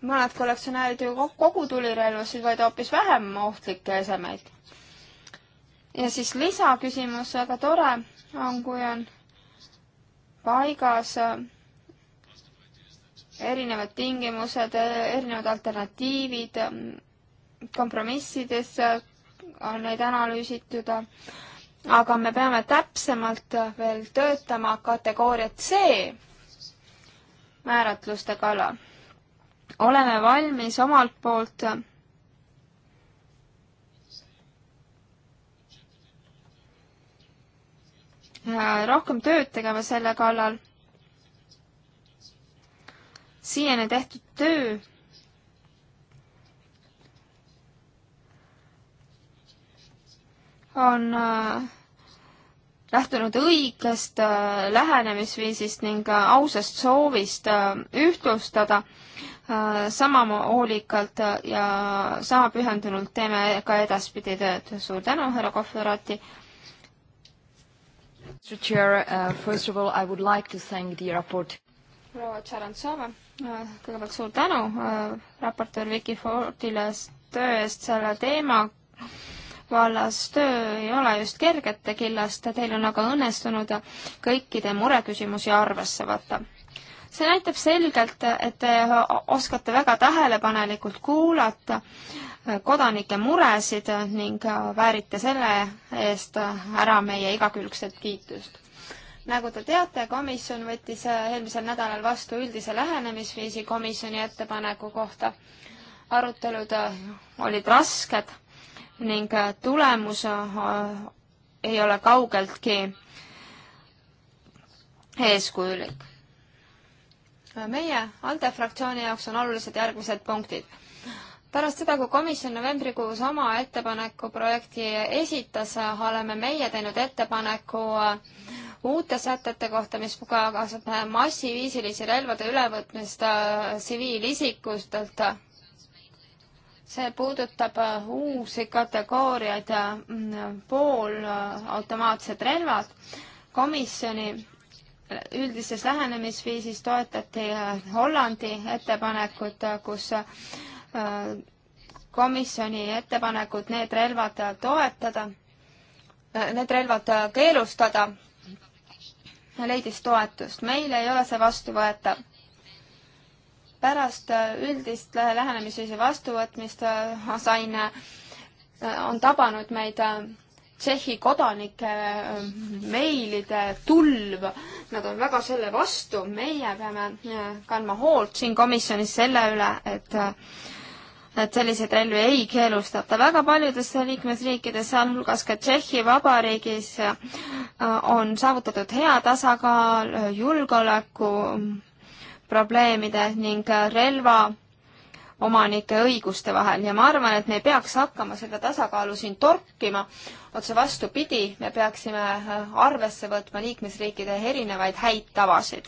mõned kollektsionäärid ju kogu tulirelvasid, vaid hoopis vähem ohtlikke esemeid. ja siis lisaküsimus, väga tore on, kui on paigas äh, erinevad tingimused, äh, erinevad alternatiivid, äh, kompromissides on neid analüüsitud, aga me peame täpsemalt veel töötama kategooria C määratluste kallal oleme valmis omalt poolt rohkem tööd tegema selle kallal. siiani tehtud töö on äh, lähtunud õigest äh, lähenemisviisist ning äh, ausast soovist ühtlustada Äh, sama hoolikalt ja sama pühendunult teeme ka edaspidi tööd. suur tänu, härra Kohverati. Mr Chair uh,, first of all I would like to thank the raport. proua Tšarantsova, äh, kõigepealt suur tänu uh, raportöör Vicky Fordile töö eest selle teema vallas töö ei ole just kergete killast, teil on aga õnnestunud kõikide mureküsimusi arvesse võtta see näitab selgelt, et te oskate väga tähelepanelikult kuulata kodanike muresid ning väärite selle eest ära meie igakülgset kiitust. nagu te teate, komisjon võttis eelmisel nädalal vastu üldise lähenemisviisi komisjoni ettepaneku kohta. arutelud olid rasked ning tulemus ei ole kaugeltki eeskujulik meie ALDE fraktsiooni jaoks on olulised järgmised punktid. pärast seda, kui komisjon novembrikuus oma ettepaneku projekti esitas, oleme meie teinud ettepaneku äh, uute sätete kohta, mis kaasab massiviisilisi relvade ülevõtmist tsiviilisikustelt äh, see puudutab äh, uusi kategooriaid äh, poolautomaatsed relvad. komisjoni üldises lähenemisviisis toetati äh, Hollandi ettepanekut, äh, kus äh, komisjoni ettepanekut need relvad toetada, need relvad keelustada, leidis toetust. meil ei ole see vastuvõetav. pärast üldist lähenemisviisi vastuvõtmist sain, on tabanud meid Tšehhi kodanike ähm, meilide tulv, nad on väga selle vastu, meie peame äh, kandma hoolt siin komisjonis selle üle, et äh, et selliseid relvi ei keelustata. väga paljudes liikmesriikides, sealhulgas ka Tšehhi Vabariigis, äh, on saavutatud hea tasakaal julgeoleku mm, probleemide ning relva omanike õiguste vahel ja ma arvan, et me ei peaks hakkama seda tasakaalu siin torkima, otse vastupidi, me peaksime äh, arvesse võtma liikmesriikide erinevaid häid tavasid.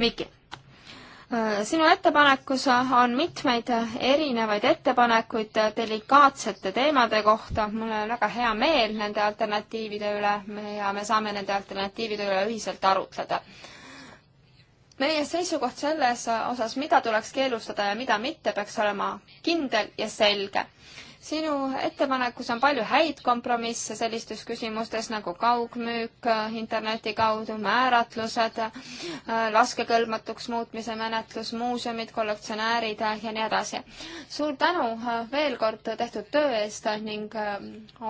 Miki? Äh, sinu ettepanekus on mitmeid erinevaid ettepanekuid delikaatsete teemade kohta. mul on väga hea meel nende alternatiivide üle ja me saame nende alternatiivide üle ühiselt arutleda. meie seisukoht selles osas, mida tuleks keelustada ja mida mitte, peaks olema kindel ja selge sinu ettepanekus on palju häid kompromisse sellistes küsimustes nagu kaugmüük äh, interneti kaudu, määratlused, äh, laskekõlbmatuks muutmise menetlus, muuseumid, kollektsionäärid äh, ja nii edasi. suur tänu veel kord tehtud töö eest ning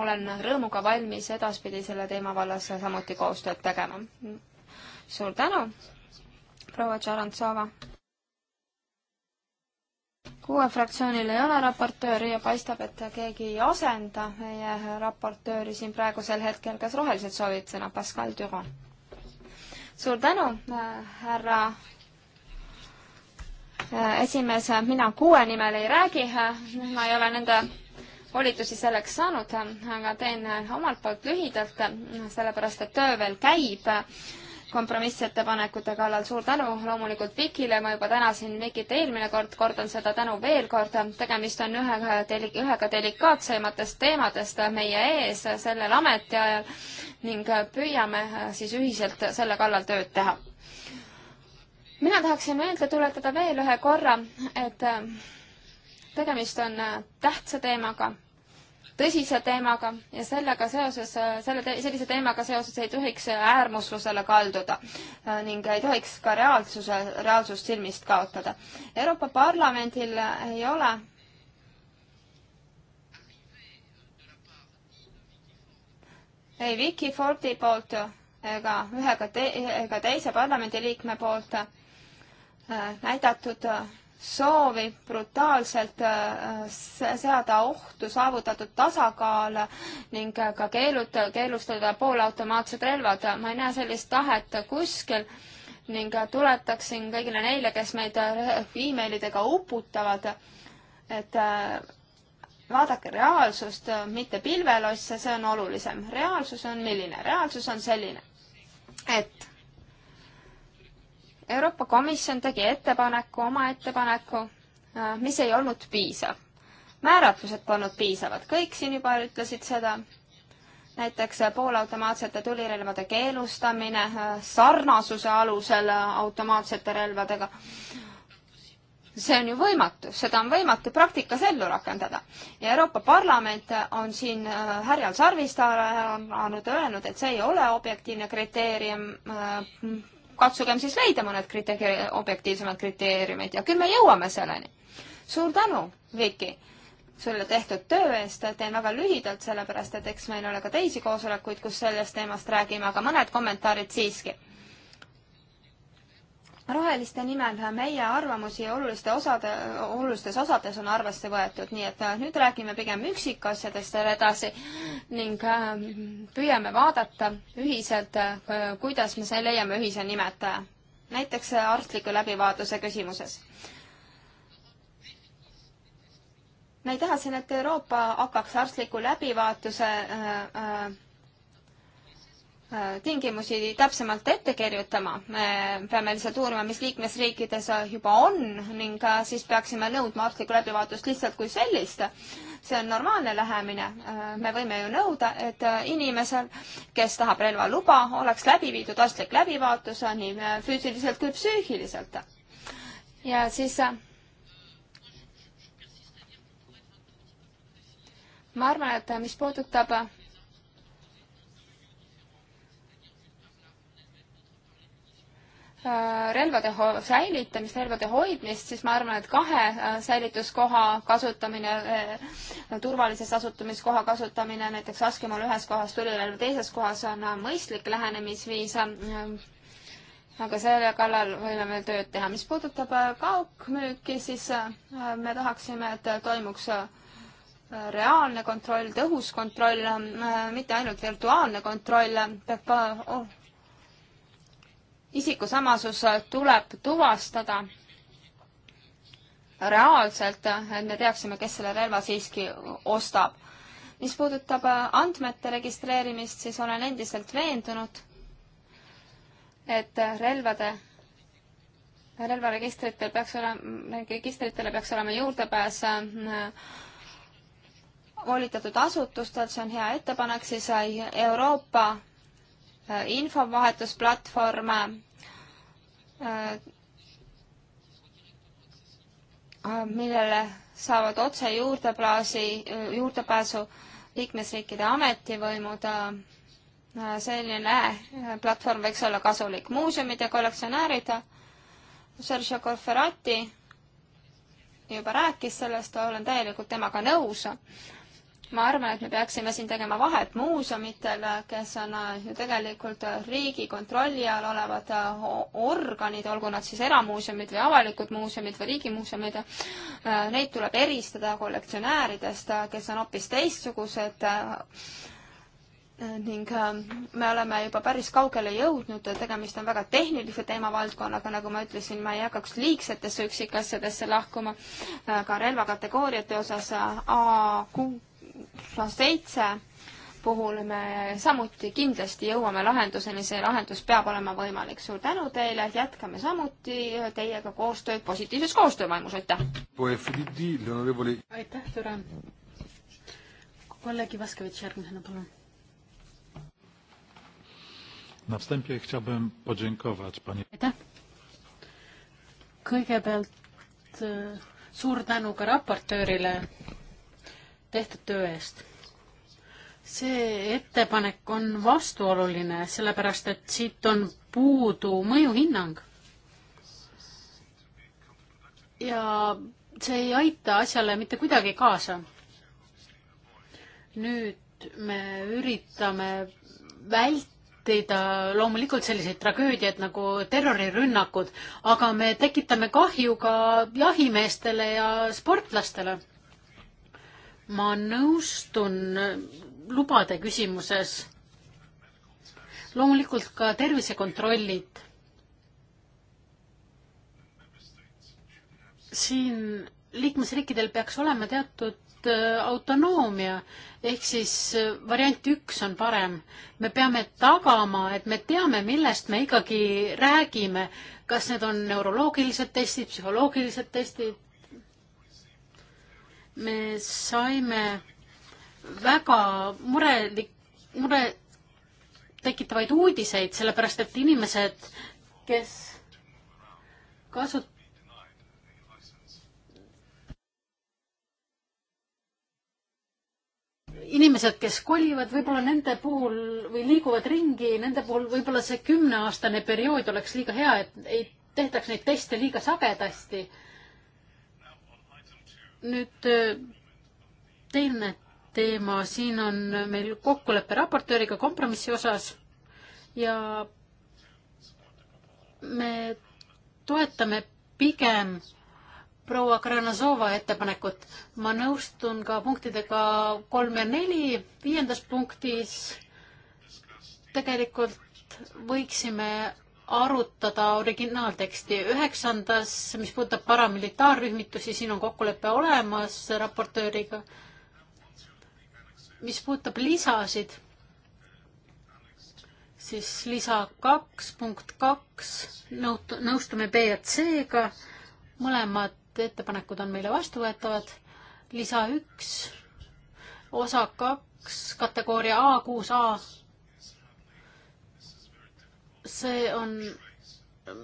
olen rõõmuga valmis edaspidi selle teema vallas samuti koostööd tegema. suur tänu, proua Tšarantsova! kuue fraktsioonil ei ole raportööri ja paistab, et keegi ei asenda meie raportööri siin praegusel hetkel. kas rohelised soovivad sõna? Pascal Durand. suur tänu, härra äh, esimees, mina kuue nimel ei räägi, ma ei ole nende volitusi selleks saanud, aga teen omalt poolt lühidalt, sellepärast et töö veel käib kompromissettepanekute kallal. suur tänu loomulikult Vikile, ma juba tänasin Vikit eelmine kord, kordan seda tänu veel kord. tegemist on ühe, ühega delikaatsematest teemadest meie ees sellel ametiajal ning püüame siis ühiselt selle kallal tööd teha. mina tahaksin meelde tuletada veel ühe korra, et tegemist on tähtsa teemaga tõsise teemaga ja sellega seoses, selle te,, sellise teemaga seoses ei tohiks äärmuslusele kalduda äh, ning ei tohiks ka reaalsuse, reaalsust silmist kaotada. Euroopa Parlamendil ei ole ei Vicky Fordi poolt ega ühega te-, ega teise parlamendiliikme poolt äh, näidatud äh, soovi brutaalselt äh, seada ohtu saavutatud tasakaal ning äh, ka keelud, keelustada poolautomaatsed relvad. ma ei näe sellist tahet kuskil ning äh, tuletaksin kõigile neile, kes meid emailidega uputavad, et vaadake reaalsust, mitte pilvelosse, see on olulisem. reaalsus on milline? reaalsus on selline, et Euroopa Komisjon tegi ettepaneku, oma ettepaneku, äh, mis ei olnud piisav. määratlused polnud piisavad, kõik siin juba ütlesid seda, näiteks äh, poolautomaatsete tulirelvade keelustamine äh, sarnasuse alusel automaatsete relvadega. see on ju võimatu, seda on võimatu praktikas ellu rakendada. ja Euroopa Parlament on siin härjal sarvist haaranud, öelnud, et see ei ole objektiivne kriteerium katsugem siis leida mõned kriteeriumi, objektiivsemad kriteeriumid ja küll me jõuame selleni. suur tänu, Viki, sulle tehtud töö eest, teen väga lühidalt, sellepärast et eks meil ole ka teisi koosolekuid, kus sellest teemast räägime, aga mõned kommentaarid siiski roheliste nimel meie arvamusi oluliste osade, olulistes osades on arvesse võetud, nii et äh, nüüd räägime pigem üksikasjadest seal edasi ning ähm, püüame vaadata ühiselt, äh, kuidas me leiame ühise nimetaja. näiteks äh, arstliku läbivaatuse küsimuses. me ei taha siin, et Euroopa hakkaks arstliku läbivaatuse äh, äh, Äh, tingimusi täpsemalt ette kirjutama. me peame lihtsalt uurima, mis liikmesriikides juba on ning äh, siis peaksime nõudma arstlikku läbivaatust lihtsalt kui sellist. see on normaalne lähemine. Äh, me võime ju nõuda, et inimesel, kes tahab relvaluba, oleks läbi viidud arstlik läbivaatus nii füüsiliselt kui psüühiliselt. ja siis ma arvan, et mis puudutab Äh, relvade säilitamist, relvade hoidmist, siis ma arvan, et kahe äh, säilituskoha kasutamine, äh, turvalises asutamiskoha kasutamine, näiteks laskemoon ühes kohas, tulirelv teises kohas on mõistlik lähenemisviis. aga selle kallal võime veel tööd teha. mis puudutab kaugmüüki, siis me tahaksime, et toimuks reaalne kontroll, tõhus kontroll, mitte ainult virtuaalne kontroll, peab oh, isikусamasus tuleb tuvastada reaalselt, et me teaksime, kes selle relva siiski ostab. mis puudutab äh, andmete registreerimist, siis olen endiselt veendunud, et relvade, relvaregistritel peaks olema, registritele peaks olema juurdepääs äh, volitatud asutustel, see on hea ettepanek, siis äh, Euroopa Äh, infovahetusplatvorme, äh, äh, millele saavad otse juurdeplaasi, juurdepääsu liikmesriikide ametivõimud selline platvorm võiks olla kasulik. muuseumide kollektsionäärid, Sergio Corferati juba rääkis sellest, olen täielikult temaga nõus ma arvan, et me peaksime siin tegema vahet muuseumitel, kes on äh, ju tegelikult äh, riigi kontrolli all olevad äh, organid, olgu nad siis eramuuseumid või avalikud muuseumid või riigimuuseumid, neid tuleb eristada kollektsionääridest, kes on hoopis teistsugused ning me oleme juba päris kaugele jõudnud, tegemist on väga tehnilise teemavaldkonnaga, nagu ma ütlesin, ma ei hakkaks liigsetesse üksikasjadesse lahkuma, ka relvakategooriate osas A kuus seitse puhul me samuti kindlasti jõuame lahenduseni, see lahendus peab olema võimalik. suur tänu teile, jätkame samuti teiega koostööd positiivses koostöövaimus, aitäh! aitäh, Türa! kolleeg Ivaskevitš järgmisena, palun. Na wstępie chciałbym podziękować pani. Aitäh! kõigepealt e, suur tänu ka raportöörile tehtud töö eest. see ettepanek on vastuoluline, sellepärast et siit on puudu mõjuhinnang. ja see ei aita asjale mitte kuidagi kaasa. nüüd me üritame vältida loomulikult selliseid tragöödiaid nagu terrorirünnakud, aga me tekitame kahju ka jahimeestele ja sportlastele ma nõustun lubade küsimuses. loomulikult ka tervisekontrollid. siin liikmesriikidel peaks olema teatud äh, autonoomia, ehk siis äh, variant üks on parem. me peame tagama, et me teame, millest me ikkagi räägime, kas need on neuroloogilised testid, psühholoogilised testid, me saime väga murelik, mure tekitavaid uudiseid, sellepärast et inimesed, kes kasut-, inimesed, kes kolivad, võib-olla nende puhul või liiguvad ringi, nende puhul võib-olla see kümneaastane periood oleks liiga hea, et ei tehtaks neid teste liiga sagedasti nüüd äh, teine teema, siin on meil kokkulepe raportööriga kompromissi osas ja me toetame pigem proua Kranasova ettepanekut. ma nõustun ka punktidega kolm ja neli. viiendas punktis tegelikult võiksime arutada originaalteksti üheksandas, mis puudutab paramilitaarrühmitusi, siin on kokkulepe olemas raportööriga. mis puudutab lisasid, siis lisa kaks punkt kaks, nõut-, nõustume B ja C-ga, mõlemad ettepanekud on meile vastuvõetavad. lisa üks, osa kaks, kategooria A kuus A see on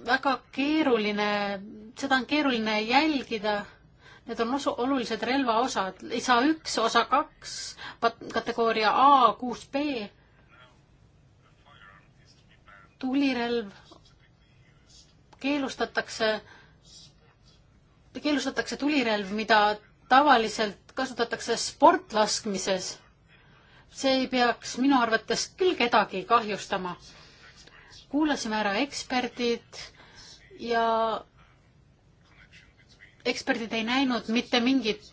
väga keeruline, seda on keeruline jälgida. Need on osu, olulised relvaosad, lisa üks, osa kaks, kategooria A, kuus B. tulirelv keelustatakse, keelustatakse tulirelv, mida tavaliselt kasutatakse sportlaskmises. see ei peaks minu arvates küll kedagi kahjustama kuulasime ära eksperdid ja eksperdid ei näinud mitte mingit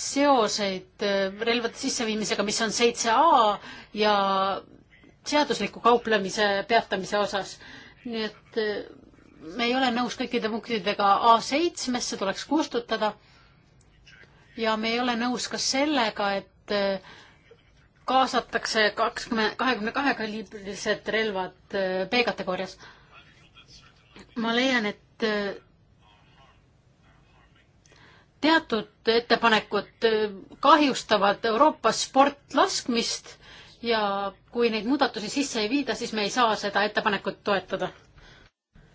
seoseid äh, relvade sisseviimisega, mis on seitse A ja seadusliku kauplemise peatamise osas. nii et äh, me ei ole nõus kõikide punktidega A7-sse tuleks kustutada. ja me ei ole nõus ka sellega, et äh, kaasatakse kakskümmend, kahekümne kahe kaliibrilised relvad eh, B-kategoorias. ma leian, et eh, teatud ettepanekud eh, kahjustavad Euroopas sportlaskmist ja kui neid muudatusi sisse ei viida, siis me ei saa seda ettepanekut toetada.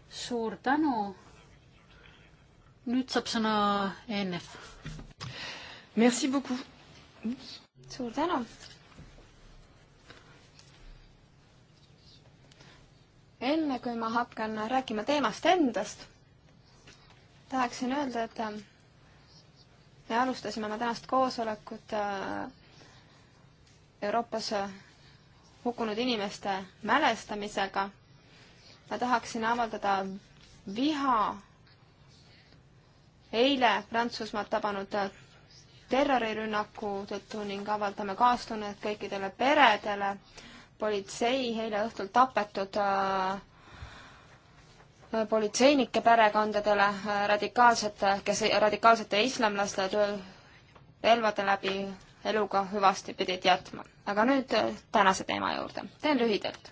suur tänu. nüüd saab sõna ENF. Merci beaucoup. suur tänu enne kui ma hakkan rääkima teemast endast, tahaksin öelda, et äh, me alustasime oma tänast koosolekut äh, Euroopas äh, hukkunud inimeste mälestamisega. ma tahaksin avaldada viha eile Prantsusmaad tabanud terrorirünnaku tõttu ning avaldame kaastunnet kõikidele peredele politsei eile õhtul tapetud äh, politseinike perekondadele, äh, radikaalsete, kes, radikaalsete islamlaste relvade läbi eluga hüvasti pidid jätma. aga nüüd äh, tänase teema juurde. teen lühidalt.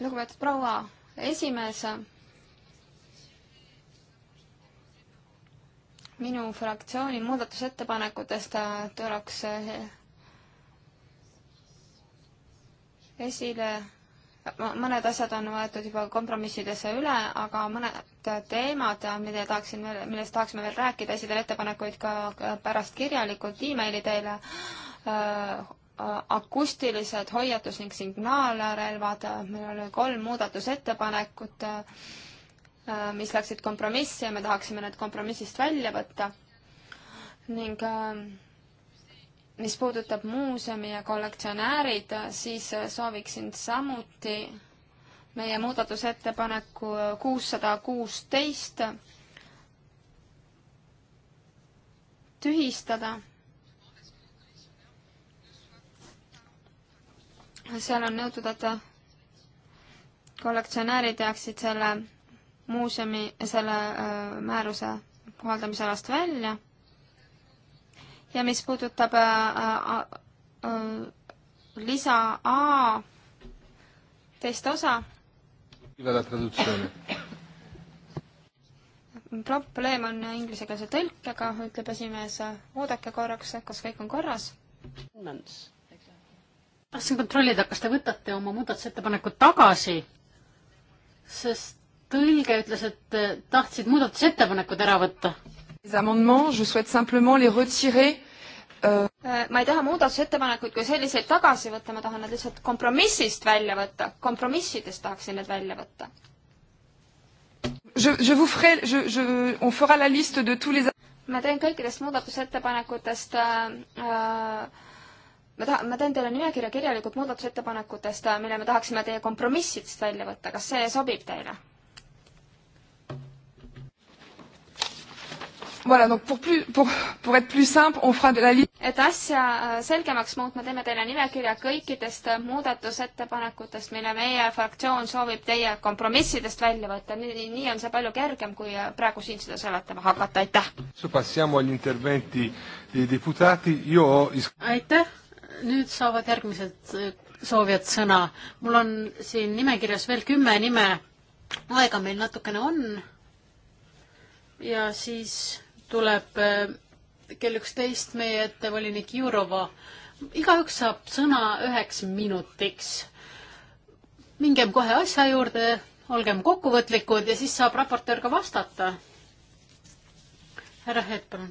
lugupeetud proua esimees, minu fraktsiooni muudatusettepanekutest tuleks esile, mõned asjad on võetud juba kompromissidesse üle, aga mõned teemad, mida tahaksin, millest tahaksime veel rääkida, esitan ettepanekuid ka pärast kirjalikult emaili teile äh, akustilised hoiatus- ning signaalrelvad, meil oli kolm muudatusettepanekut, äh, mis läksid kompromissi ja me tahaksime need kompromissist välja võtta. ning äh, mis puudutab muuseumi ja kollektsionäärid, siis äh, sooviksin samuti meie muudatusettepaneku kuussada kuusteist tühistada. seal on nõutud, et kollektsionäärid jääksid selle muuseumi, selle äh, määruse kohaldamisalast välja ja mis puudutab äh, äh, äh, lisa A teist osa. probleem on inglisekeelse tõlkega, ütleb esimees, oodake korraks, kas kõik on korras. tahtsin kontrollida, kas te võtate oma muudatusettepanekud tagasi, sest tõlge ütles, et eh, tahtsid muudatusettepanekud ära võtta Euh, äh, ma ei taha muudatusettepanekuid kui selliseid tagasi võtta, ma tahan nad lihtsalt kompromissist välja võtta, kompromissidest tahaksin need välja võtta. Les... ma teen kõikidest muudatusettepanekutest äh, äh ma tahan, ma teen teile nimekirja kirjalikult muudatusettepanekutest, äh, mille me tahaksime teie kompromissidest välja võtta, kas see sobib teile? Voilà, donc pour, plus, pour, pour être plus simple, on fera de la liste. et asja äh, selgemaks muutma, teeme teile nimekirja kõikidest äh, muudatusettepanekutest, mille meie fraktsioon soovib teie kompromissidest välja võtta. nii, nii on see palju kergem, kui äh, praegu siin seda seletama hakata, aitäh. aitäh, nüüd saavad järgmised soovijad sõna. mul on siin nimekirjas veel kümme nime, aega meil natukene on ja siis tuleb eh, kell üksteist meie ette volinik Jurova. igaüks saab sõna üheks minutiks. mingem kohe asja juurde, olgem kokkuvõtlikud ja siis saab raportöör ka vastata. härra Hed, palun.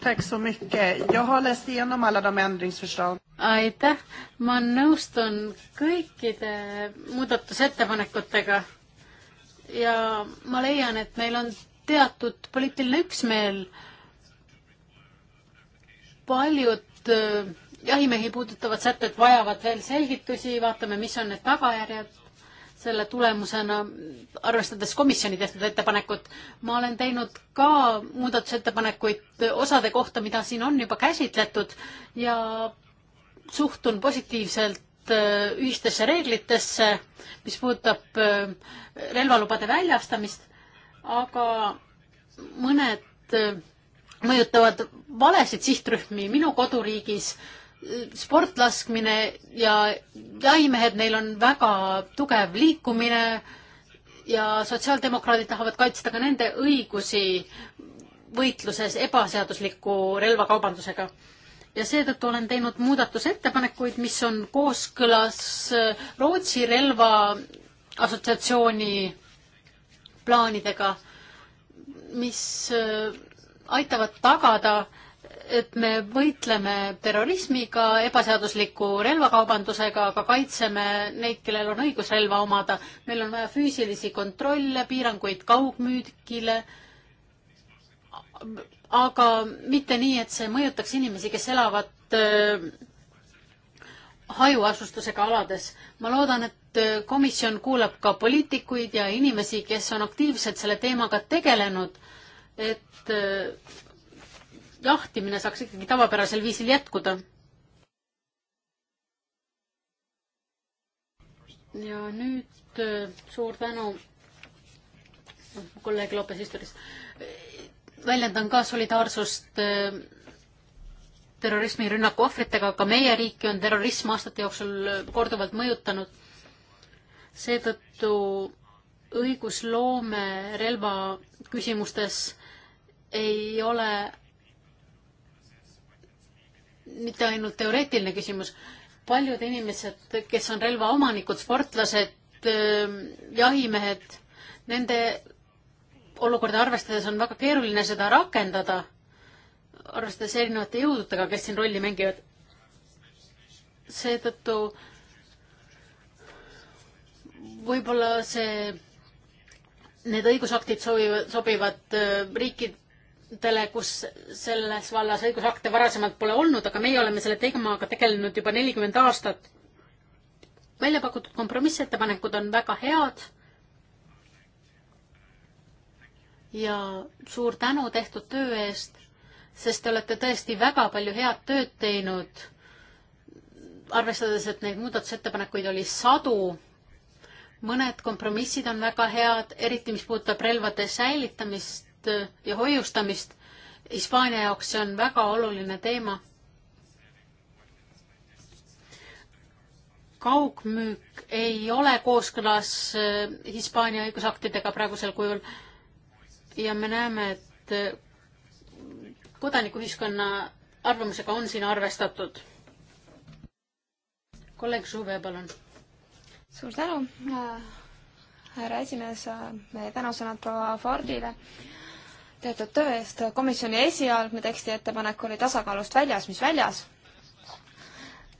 Tack så mycket. Jag har läst igenom alla de ändringsförslag. aitäh, ma nõustun kõikide muudatusettepanekutega ja ma leian, et meil on teatud poliitiline üksmeel. paljud äh, jahimehi puudutavad sätted vajavad veel selgitusi, vaatame, mis on need tagajärjed selle tulemusena, arvestades komisjoni tehtud ettepanekut, ma olen teinud ka muudatusettepanekuid osade kohta, mida siin on juba käsitletud ja suhtun positiivselt äh, ühistesse reeglitesse, mis puudutab äh, relvalubade väljastamist aga mõned äh, mõjutavad valesid sihtrühmi minu koduriigis, äh, sportlaskmine ja jahimehed, neil on väga tugev liikumine ja sotsiaaldemokraadid tahavad kaitsta ka nende õigusi võitluses ebaseadusliku relvakaubandusega. ja seetõttu olen teinud muudatusettepanekuid, mis on kooskõlas äh, Rootsi relva assotsiatsiooni plaanidega, mis äh, aitavad tagada, et me võitleme terrorismiga, ebaseadusliku relvakaubandusega, aga kaitseme neid, kellel on õigus relva omada. meil on vaja füüsilisi kontrolle, piiranguid kaugmüügile, aga mitte nii, et see mõjutaks inimesi, kes elavad äh, hajuasustusega alades. ma loodan, et äh, komisjon kuulab ka poliitikuid ja inimesi, kes on aktiivselt selle teemaga tegelenud, et äh, jahtimine saaks ikkagi tavapärasel viisil jätkuda. ja nüüd äh, suur tänu kolleeg Lopez Isturis. väljendan ka solidaarsust terrorismirünnaku ohvritega, ka meie riiki on terrorism aastate jooksul korduvalt mõjutanud. seetõttu õigusloome relva küsimustes ei ole mitte ainult teoreetiline küsimus, paljud inimesed, kes on relvaomanikud, sportlased, ähm, jahimehed, nende olukorda arvestades on väga keeruline seda rakendada arvestades erinevate jõududega, kes siin rolli mängivad. seetõttu võib-olla see, need õigusaktid sobivad, sobivad äh, riikidele, kus selles vallas õigusakte varasemalt pole olnud, aga meie oleme selle teemaga tegelenud juba nelikümmend aastat. välja pakutud kompromissettepanekud on väga head ja suur tänu tehtud töö eest sest te olete tõesti väga palju head tööd teinud, arvestades, et neid muudatusettepanekuid oli sadu. mõned kompromissid on väga head, eriti mis puudutab relvade säilitamist ja hoiustamist. Hispaania jaoks see on väga oluline teema. kaugmüük ei ole kooskõlas äh, Hispaania õigusaktidega praegusel kujul ja me näeme, et kodanikuühiskonna arvamusega on siin arvestatud. kolleeg Suve, palun. suur tänu, äh, härra esimees, äh, meie tänusõnad proua Fordile tehtud töö eest. komisjoni esialgne teksti ettepanek oli tasakaalust väljas, mis väljas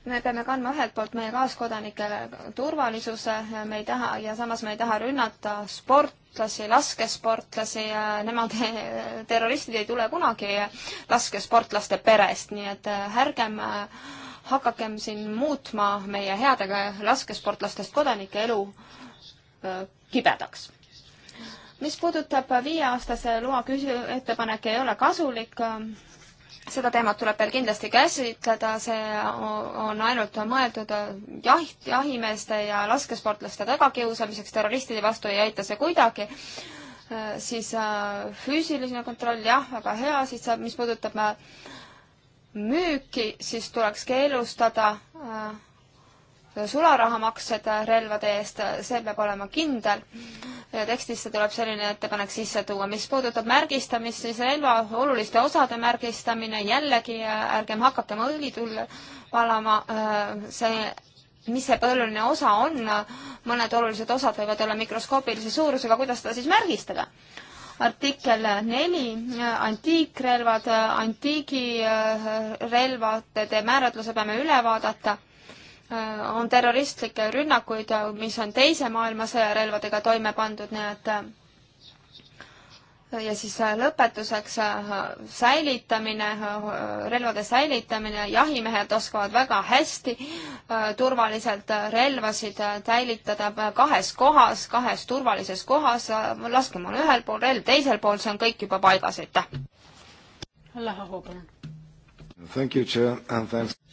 me peame kandma ühelt poolt meie kaaskodanikele turvalisuse, me ei taha ja samas me ei taha rünnata sportlasi, laskesportlasi, nemad, terroristid ei tule kunagi laskesportlaste perest, nii et äh, ärgem äh, hakakem siin muutma meie headega laskesportlastest kodanike elu äh, kibedaks mis puudutab viieaastase loa küsi-, ettepanek ei ole kasulik, seda teemat tuleb veel kindlasti käsitleda, see on ainult mõeldud jaht, jahimeeste ja laskesportlaste tagakiusamiseks, terroristide vastu ei aita see kuidagi siis äh, füüsiline kontroll, jah, väga hea, siis äh, mis puudutab äh, müüki, siis tuleks keelustada äh, sularahamaksed relvade eest, see peab olema kindel. tekstisse tuleb selline ettepanek sisse tuua. mis puudutab märgistamist, siis relva oluliste osade märgistamine, jällegi äh, ärgem hakakem õli tulla valama, äh, see mis see põlluline osa on, mõned olulised osad võivad olla mikroskoopilise suurusega, kuidas seda siis märgistada? artikkel neli, äh, antiikrelvad, antiigirelvade määratluse peame üle vaadata Äh, on terroristlikke rünnakuid, äh, mis on Teise maailmasõja relvadega toime pandud, nii et äh, ja siis lõpetuseks säilitamine, relvade säilitamine, jahimehed oskavad väga hästi turvaliselt relvasid säilitada kahes kohas, kahes turvalises kohas, laskemoon ühel pool, relv teisel pool, see on kõik juba paigas, aitäh! Läheb hoogu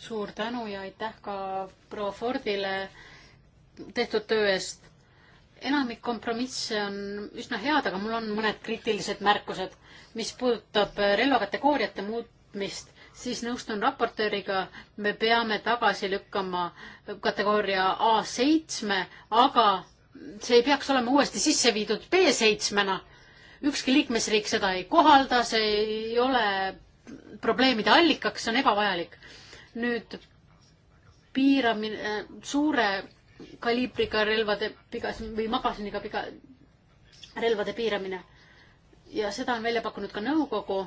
suur tänu ja aitäh ka proua Fordile tehtud töö eest. enamik kompromisse on üsna head, aga mul on mõned kriitilised märkused. mis puudutab relvakategooriate muutmist, siis nõustun raportööriga, me peame tagasi lükkama kategooria A7, aga see ei peaks olema uuesti sisse viidud B7-na. ükski liikmesriik seda ei kohalda, see ei ole probleemide allikaks, see on ebavajalik. nüüd piiramine äh, suure kaliibriga relvade pigas või magasiniga piga, relvade piiramine ja seda on välja pakkunud ka nõukogu.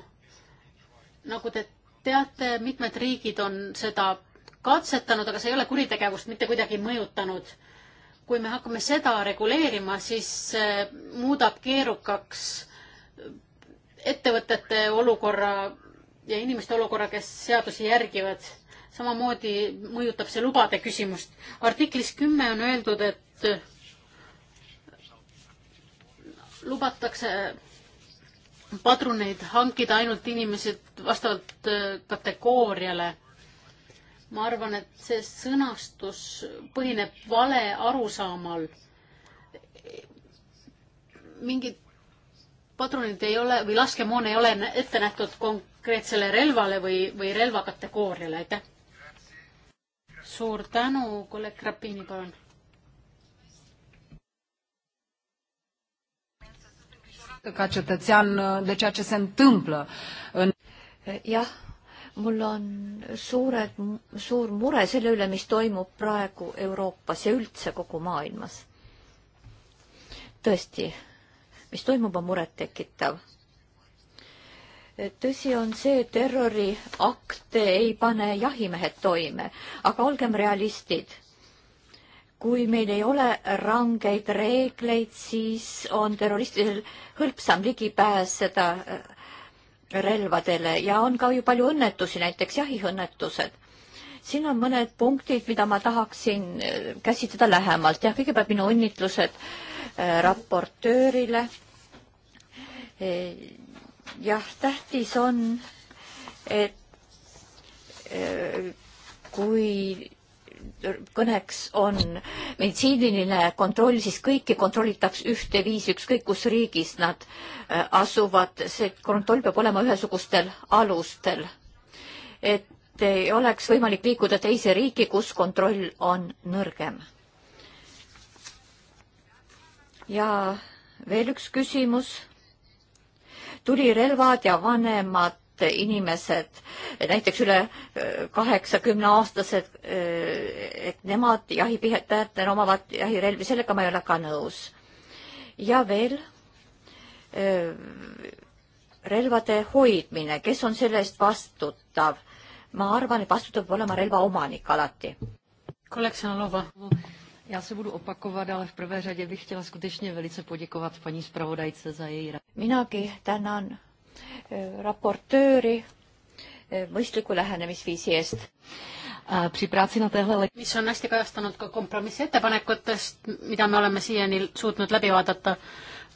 nagu te teate, mitmed riigid on seda katsetanud, aga see ei ole kuritegevust mitte kuidagi mõjutanud. kui me hakkame seda reguleerima, siis äh, muudab keerukaks äh, ettevõtete olukorra ja inimeste olukorra, kes seadusi järgivad. samamoodi mõjutab see lubade küsimust. artiklis kümme on öeldud, et lubatakse padruneid hankida ainult inimesed vastavalt äh, kategooriale. ma arvan, et see sõnastus põhineb vale arusaamal. mingid padrunid ei ole või laskemoon ei ole ette nähtud kon-, konkreetsele relvale või, või relvakategooriale, aitäh! suur tänu, kolleeg Krapini, palun! ca cetățean de ceea ce se întâmplă în... Jah, mul on suured, suur mure selle üle, mis toimub praegu Euroopas ja üldse kogu maailmas. tõesti, mis toimub, on murettekitav tõsi on see, et terroriakte ei pane jahimehed toime, aga olgem realistid. kui meil ei ole rangeid reegleid, siis on terroristidel hõlpsam ligipääs seda äh, relvadele ja on ka ju palju õnnetusi, näiteks jahiõnnetused. siin on mõned punktid, mida ma tahaksin äh, käsitleda lähemalt ja kõigepealt minu õnnitlused äh, raportöörile jah, tähtis on, et äh, kui kõneks on meditsiiniline kontroll, siis kõiki kontrollitakse ühteviisi, ükskõik kus riigis nad äh, asuvad, see kontroll peab olema ühesugustel alustel. et ei oleks võimalik liikuda teise riiki, kus kontroll on nõrgem. ja veel üks küsimus tulirelvad ja vanemad inimesed, näiteks üle kaheksakümne aastased, et nemad jahipihetajatena omavad jahirelvi, sellega ma ei ole ka nõus. ja veel relvade hoidmine, kes on selle eest vastutav? ma arvan, et vastutav peab olema relva omanik alati. kolleeg Sõnalova Já se budu opakovat, ale v prvé řadě bych chtěla skutečně velice poděkovat paní zpravodajce za její radu. Minagi tänan eh, raportööri eh, mõistliku lähenemisviisi eest. Při práci na téhle le-... mis on hästi kajastanud ka kompromissettepanekutest, mida me oleme siiani suutnud läbi vaadata.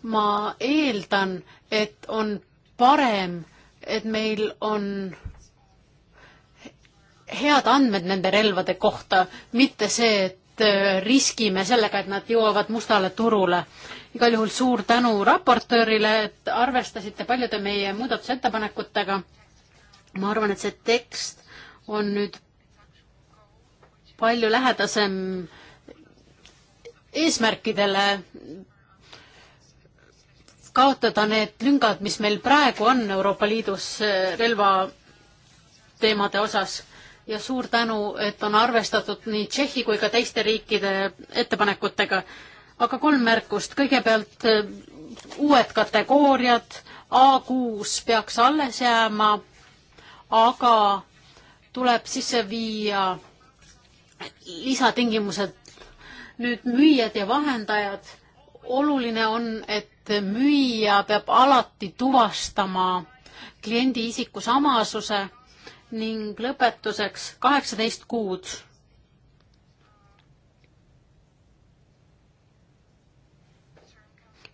ma eeldan, et on parem, et meil on head andmed nende relvade kohta, mitte see, et Äh, riskime sellega, et nad jõuavad mustale turule. igal juhul suur tänu raportöörile, et arvestasite paljude meie muudatusettepanekutega. ma arvan, et see tekst on nüüd palju lähedasem eesmärkidele kaotada need lüngad, mis meil praegu on Euroopa Liidus äh, relva teemade osas ja suur tänu, et on arvestatud nii Tšehhi kui ka teiste riikide ettepanekutega. aga kolm märkust, kõigepealt eh, uued kategooriad, A6 peaks alles jääma, aga tuleb sisse viia lisatingimused. nüüd müüjad ja vahendajad, oluline on, et müüja peab alati tuvastama kliendi isiku samasuse ning lõpetuseks kaheksateist kuud.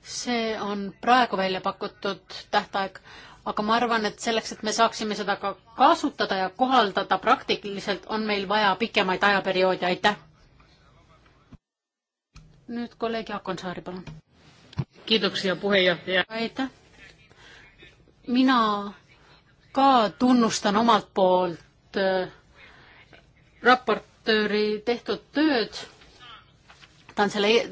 see on praegu välja pakutud tähtaeg, aga ma arvan, et selleks, et me saaksime seda ka kasutada ja kohaldada praktiliselt, on meil vaja pikemaid ajaperioode, aitäh. nüüd kolleeg Jaak Onsaari, palun. kiitoksia, puhejuhataja. aitäh. mina ka tunnustan omalt poolt äh, raportööri tehtud tööd. ta on selle e-,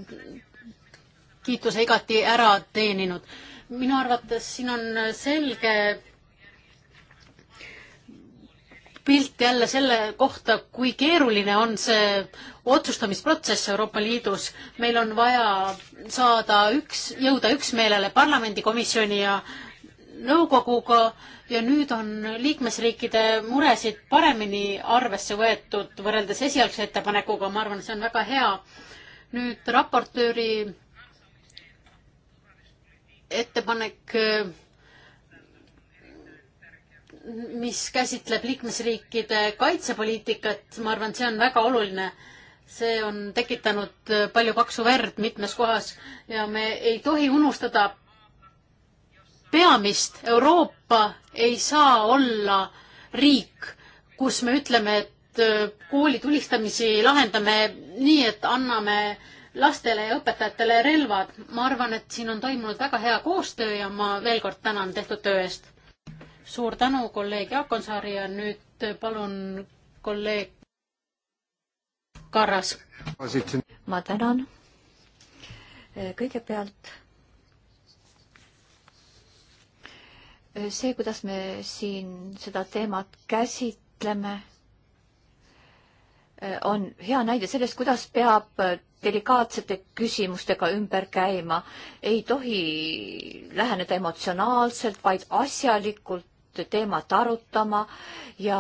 kiituse igati ära teeninud. minu arvates siin on selge pilt jälle selle kohta, kui keeruline on see otsustamisprotsess Euroopa Liidus. meil on vaja saada üks, jõuda üksmeelele parlamendikomisjoni ja nõukoguga ja nüüd on liikmesriikide muresid paremini arvesse võetud võrreldes esialgse ettepanekuga, ma arvan, see on väga hea. nüüd raportööri ettepanek, mis käsitleb liikmesriikide kaitsepoliitikat, ma arvan, see on väga oluline see on tekitanud palju paksu verd mitmes kohas ja me ei tohi unustada peamist. Euroopa ei saa olla riik, kus me ütleme, et äh, kooli tulistamisi lahendame nii, et anname lastele ja õpetajatele relvad. ma arvan, et siin on toimunud väga hea koostöö ja ma veel kord tänan tehtud töö eest. suur tänu, kolleeg Jaakonsaari ja nüüd äh, palun kolleeg Karras. ma tänan. kõigepealt see, kuidas me siin seda teemat käsitleme, on hea näide sellest, kuidas peab delikaatsete küsimustega ümber käima. ei tohi läheneda emotsionaalselt, vaid asjalikult teemat arutama ja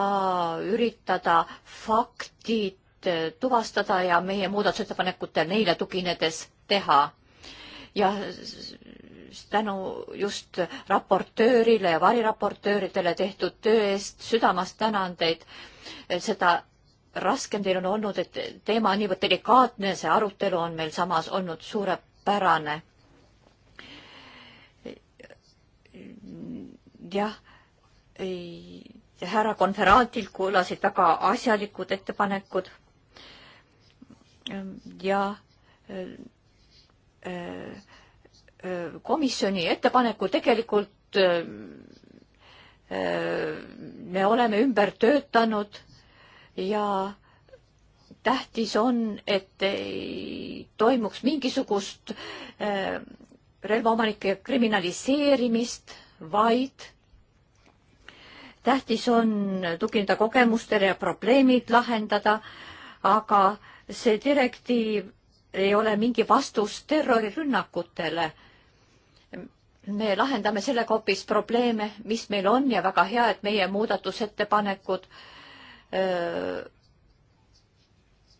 üritada faktid tuvastada ja meie muudatusettepanekutel neile tuginedes teha. ja tänu just raportöörile ja variraportööridele tehtud töö eest, südamast tänan teid. seda raskem teil on olnud, et teema on niivõrd delikaatne, see arutelu on meil samas olnud suurepärane. jah, härra konverantilt kuulasid väga asjalikud ettepanekud. ja äh, äh, komisjoni ettepaneku tegelikult me oleme ümber töötanud ja tähtis on, et ei toimuks mingisugust relvaomanike kriminaliseerimist, vaid tähtis on tugineda kogemustele ja probleemid lahendada, aga see direktiiv ei ole mingi vastus terrorirünnakutele me lahendame sellega hoopis probleeme, mis meil on ja väga hea, et meie muudatusettepanekud öö,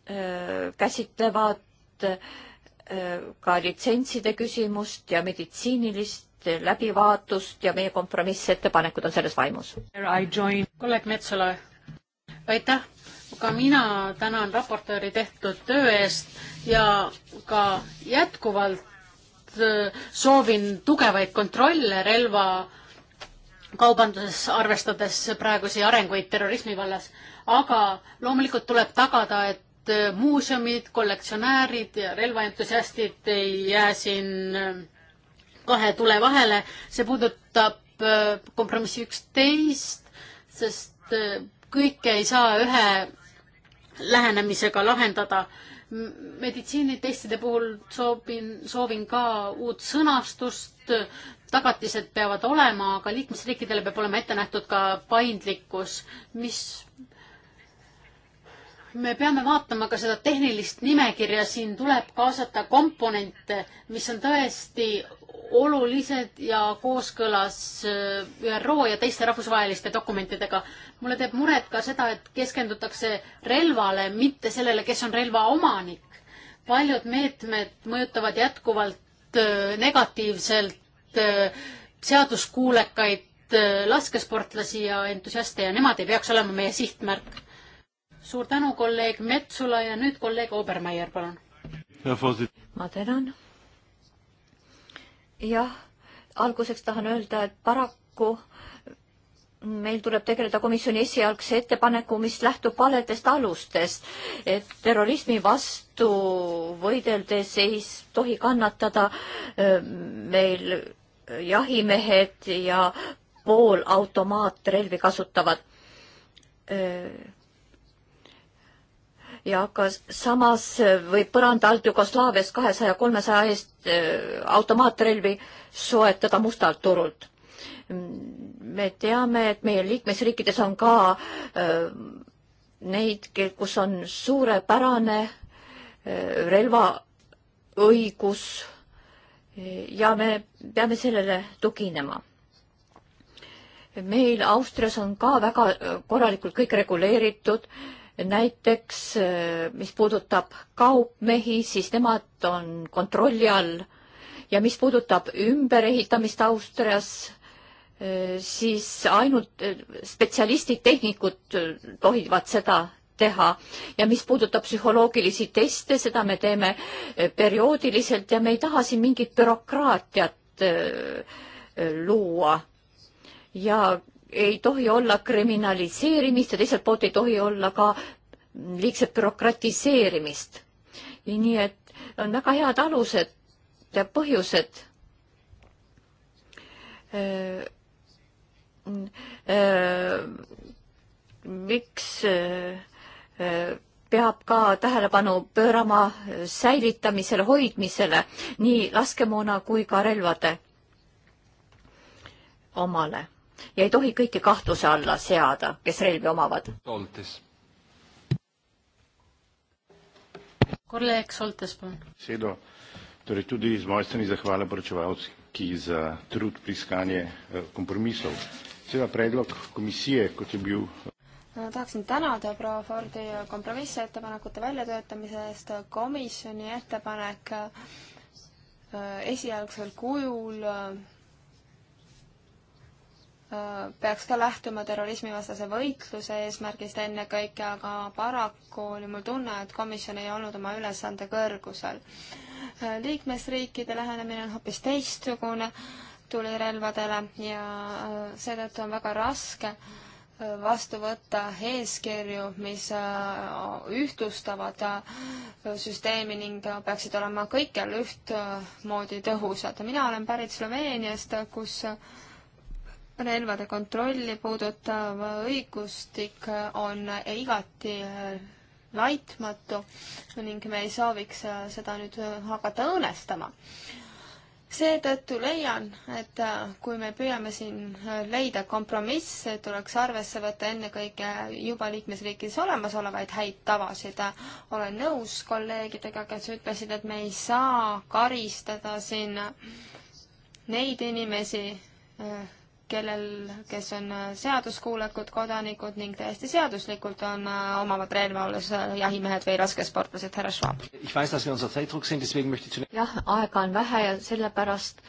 öö, käsitlevad öö, ka litsentside küsimust ja meditsiinilist läbivaatust ja meie kompromissettepanekud on selles vaimus. kolleeg Metsala, aitäh! ka mina tänan raportööri tehtud töö eest ja ka jätkuvalt Äh, soovin tugevaid kontrolle relva kaubanduses, arvestades praegusi arenguid terrorismi vallas, aga loomulikult tuleb tagada, et äh, muuseumid, kollektsionäärid ja relvaentusiastid ei jää siin äh, kahe tule vahele. see puudutab kompromissi üksteist, sest kõike ei saa ühe lähenemisega lahendada meditsiinitestide puhul soovin, soovin ka uut sõnastust, tagatised peavad olema, aga liikmesriikidele peab olema ette nähtud ka paindlikkus, mis me peame vaatama ka seda tehnilist nimekirja, siin tuleb kaasata komponente, mis on tõesti olulised ja kooskõlas äh, ÜRO ja teiste rahvusvaheliste dokumentidega. mulle teeb muret ka seda, et keskendutakse relvale, mitte sellele, kes on relva omanik. paljud meetmed mõjutavad jätkuvalt äh, negatiivselt äh, seaduskuulekaid laskesportlasi ja entusiaste ja nemad ei peaks olema meie sihtmärk. suur tänu, kolleeg Metsula ja nüüd kolleeg Obermeier, palun. ma tänan jah, alguseks tahan öelda, et paraku meil tuleb tegeleda komisjoni esialgse ettepaneku, mis lähtub valedest alustest, et terrorismi vastu võideldes ei tohi kannatada meil jahimehed ja poolautomaatrelvi kasutavad ja ka samas võib põranda alt Jugoslaavias kahesaja, kolmesaja eest äh, automaatrelvi soetada mustalt turult. me teame, et meie liikmesriikides on ka öö, äh, neid, kus on suurepärane äh, relvaõigus ja me peame sellele tuginema meil Austrias on ka väga korralikult kõik reguleeritud näiteks eh, mis puudutab kaupmehi, siis nemad on kontrolli all ja mis puudutab ümberehitamist Austrias, eh, siis ainult eh, spetsialistid, tehnikud tohivad seda teha ja mis puudutab psühholoogilisi teste, seda me teeme perioodiliselt ja me ei taha siin mingit bürokraatiat luua. ja ei tohi olla kriminaliseerimist ja teiselt poolt ei tohi olla ka liigset bürokratiseerimist. nii et on väga head alused ja põhjused öö, äh, öö, äh, miks öö, äh, peab ka tähelepanu pöörama säilitamisele, hoidmisele, nii laskemoona kui ka relvade omale ja ei tohi kõike kahtluse alla seada, kes relvi omavad. Soltes. kolleeg Soltes, palun. Sedo, torej tudi iz moje strani zahvala poročevalki za trud pri iskanju eh, kompromisov. Seveda predlog komisije, kot je bil ma tahaksin tänada proua Fordi kompromissettepanekute väljatöötamise eest. komisjoni ettepanek eh, esialgsel kujul eh, peaks ka lähtuma terrorismivastase võitluse eesmärgist ennekõike, aga paraku oli mul tunne, et komisjon ei olnud oma ülesande kõrgusel. liikmesriikide lähenemine on hoopis teistsugune tulirelvadele ja äh, seetõttu on väga raske äh, vastu võtta eeskirju, mis äh, ühtlustavad süsteemi ning peaksid olema kõikjal ühtmoodi tõhusad. mina olen pärit Sloveeniast, kus relvade kontrolli puudutav õigustik on igati laitmatu ning me ei sooviks seda nüüd hakata õõnestama. seetõttu leian, et kui me püüame siin leida kompromisse, tuleks arvesse võtta ennekõike juba liikmesriikides olemasolevaid häid tavasid. olen nõus kolleegidega, kes ütlesid, et me ei saa karistada siin neid inimesi, kellel, kes on äh, seaduskuulekud kodanikud ning täiesti seaduslikult on, äh, omavad relvaolus äh, jahimehed või raskesportlased, härra Schwab. jah, aega on vähe ja sellepärast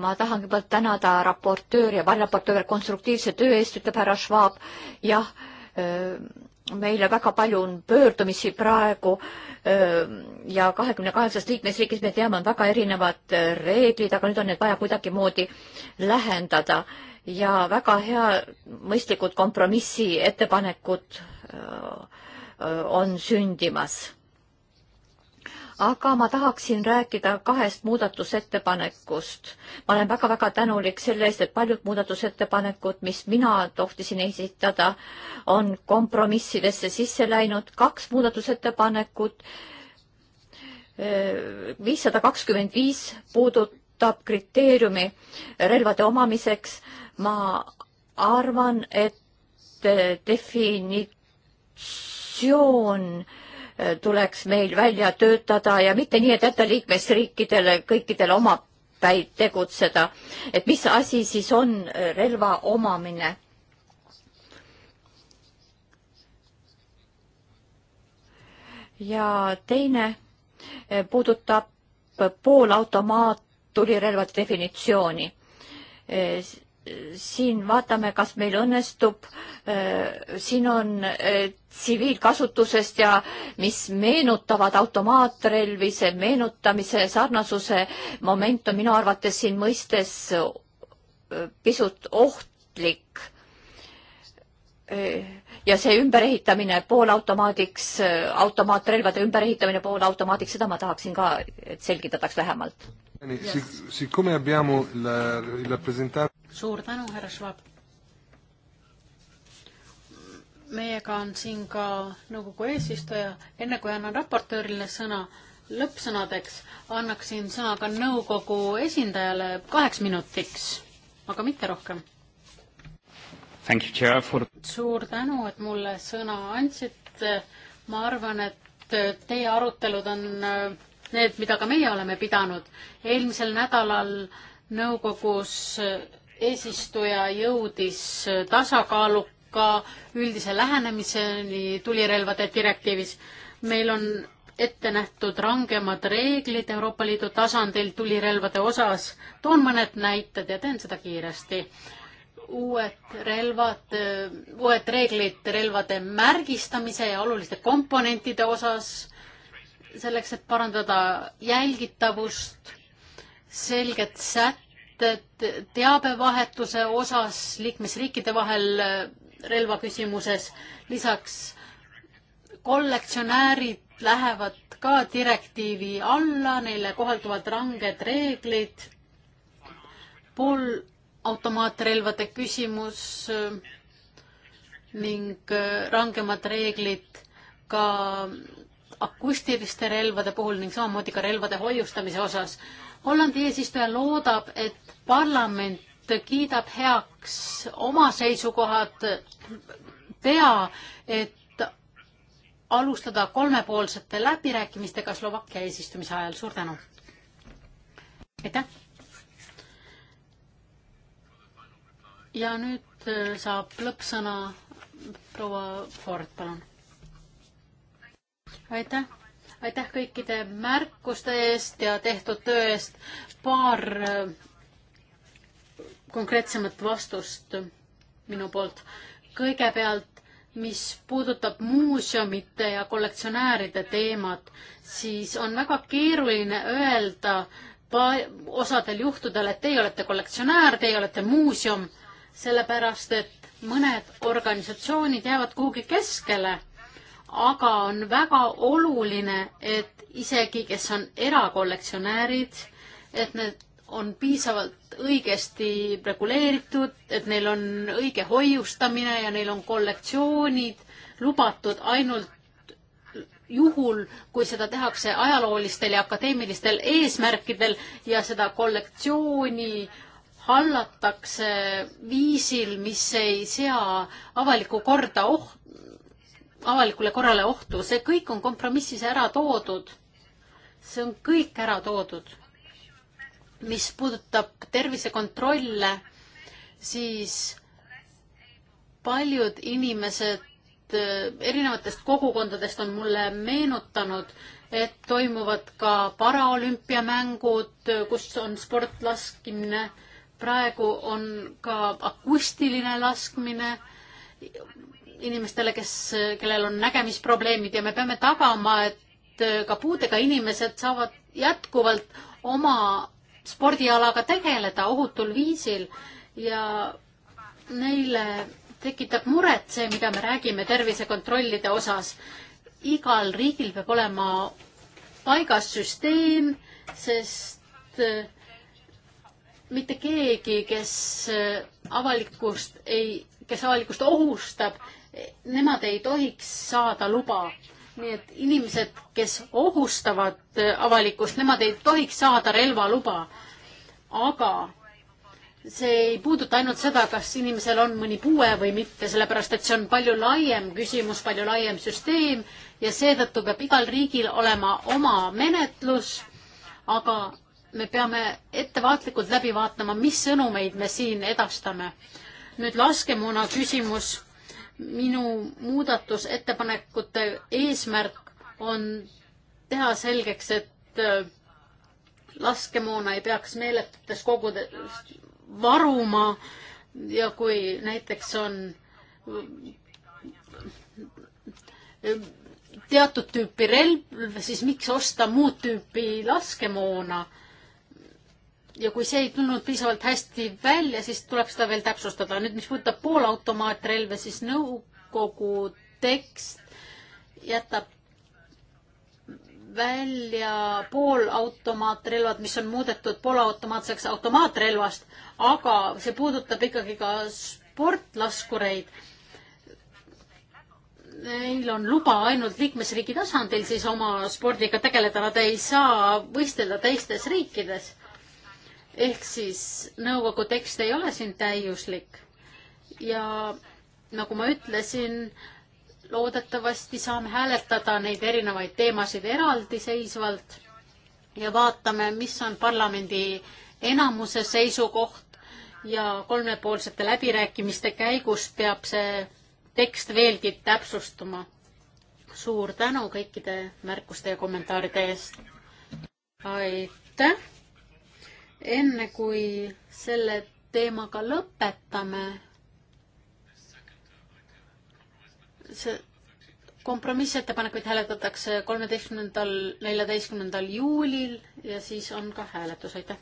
ma tahan kõigepealt tänada raportööri ja variraportööri konstruktiivse töö eest, ütleb härra Schwab, jah, meile väga palju on pöördumisi praegu ja kahekümne kaheksast liikmesriigist me teame, on väga erinevad reeglid, aga nüüd on need vaja kuidagimoodi lähendada ja väga hea, mõistlikud kompromissi ettepanekud on sündimas aga ma tahaksin rääkida kahest muudatusettepanekust. ma olen väga-väga tänulik selle eest, et paljud muudatusettepanekud, mis mina tohtisin esitada, on kompromissidesse sisse läinud. kaks muudatusettepanekut, eh, viissada kakskümmend viis puudutab kriteeriumi relvade omamiseks. ma arvan, et eh, definitsioon äh, tuleks meil välja töötada ja mitte nii, et jätta liikmesriikidele kõikidele omapäid tegutseda. et mis asi siis on äh, relva omamine? ja teine äh, puudutab poolautomaat tulirelvade definitsiooni äh, siin vaatame, kas meil õnnestub, siin on tsiviilkasutusest ja mis meenutavad automaatrelvi, see meenutamise sarnasuse moment on minu arvates siin mõistes pisut ohtlik. ja see ümberehitamine poolautomaadiks, automaatrelvade ümberehitamine poolautomaadiks, seda ma tahaksin ka, et selgitataks lähemalt. Yes. Siccome abbiamo la, il rappresentante suur tänu, härra Schwab. meiega on siin ka nõukogu eesistuja, enne kui annan raportöörile sõna, lõppsõnadeks annaksin sõna ka nõukogu esindajale kaheks minutiks, aga mitte rohkem. For... suur tänu, et mulle sõna andsite. ma arvan, et teie arutelud on äh, need, mida ka meie oleme pidanud. eelmisel nädalal nõukogus äh, eesistuja jõudis tasakaaluka üldise lähenemiseni tulirelvade direktiivis. meil on ette nähtud rangemad reeglid Euroopa Liidu tasandil tulirelvade osas. toon mõned näited ja teen seda kiiresti. uued relvad, uued reeglid relvade märgistamise ja oluliste komponentide osas, selleks, et parandada jälgitavust, selged sätted, sätted teabevahetuse osas liikmesriikide vahel äh, relva küsimuses, lisaks kollektsionäärid lähevad ka direktiivi alla, neile kohalduvad ranged reeglid. poolautomaatrelvade küsimus äh, ning äh, rangemad reeglid ka akustiliste relvade puhul ning samamoodi ka relvade hoiustamise osas. Hollandi eesistuja loodab, et parlament kiidab heaks oma seisukohad pea, et alustada kolmepoolsete läbirääkimistega Slovakkia eesistumise ajal. suur tänu! aitäh! ja nüüd äh, saab lõppsõna proua Ford, palun. aitäh! aitäh kõikide märkuste eest ja tehtud töö eest. paar äh, konkreetsemat vastust minu poolt. kõigepealt, mis puudutab muuseumite ja kollektsionääride teemat, siis on väga keeruline öelda osadel juhtudel, et teie olete kollektsionäär, teie olete muuseum, sellepärast et mõned organisatsioonid jäävad kuhugi keskele aga on väga oluline, et isegi, kes on erakollektsionäärid, et need on piisavalt õigesti reguleeritud, et neil on õige hoiustamine ja neil on kollektsioonid lubatud ainult juhul, kui seda tehakse ajaloolistel ja akadeemilistel eesmärkidel ja seda kollektsiooni hallatakse viisil, mis ei sea avalikku korda oht, avalikule korrale ohtu, see kõik on kompromissis ära toodud. see on kõik ära toodud. mis puudutab tervisekontrolle, siis paljud inimesed eh, erinevatest kogukondadest on mulle meenutanud, et toimuvad ka paraolümpiamängud, kus on sportlaskmine, praegu on ka akustiline laskmine inimestele, kes, kellel on nägemisprobleemid ja me peame tagama, et äh, ka puudega inimesed saavad jätkuvalt oma spordialaga tegeleda ohutul viisil ja neile tekitab muret see, mida me räägime tervisekontrollide osas. igal riigil peab olema paigas süsteem, sest äh, mitte keegi, kes äh, avalikkust ei, kes avalikkust ohustab, nemad ei tohiks saada luba. nii et inimesed, kes ohustavad äh, avalikkust, nemad ei tohiks saada relvaluba. aga see ei puuduta ainult seda, kas inimesel on mõni puue või mitte, sellepärast et see on palju laiem küsimus, palju laiem süsteem ja seetõttu peab igal riigil olema oma menetlus, aga me peame ettevaatlikult läbi vaatama, mis sõnumeid me siin edastame. nüüd laskemoona küsimus minu muudatusettepanekute eesmärk on teha selgeks, et äh, laskemoona ei peaks meeletutes kogudes varuma ja kui näiteks on äh, teatud tüüpi relv, siis miks osta muud tüüpi laskemoona ja kui see ei tulnud piisavalt hästi välja, siis tuleb seda veel täpsustada. nüüd, mis puudutab poolautomaatrelve, siis nõukogu tekst jätab välja poolautomaatrelvad, mis on muudetud poolautomaatseks automaatrelvast, aga see puudutab ikkagi ka sportlaskureid. Neil on luba ainult liikmesriigi tasandil siis oma spordiga tegeleda, nad ei saa võistelda teistes riikides ehk siis nõukogu tekst ei ole siin täiuslik ja nagu ma ütlesin, loodetavasti saame hääletada neid erinevaid teemasid eraldiseisvalt ja vaatame, mis on parlamendi enamuse seisukoht ja kolmepoolsete läbirääkimiste käigus peab see tekst veelgi täpsustuma. suur tänu kõikide märkuste ja kommentaaride eest. aitäh enne kui selle teemaga lõpetame, see kompromissettepanekuid hääletatakse kolmeteistkümnendal, neljateistkümnendal juulil ja siis on ka hääletus, aitäh!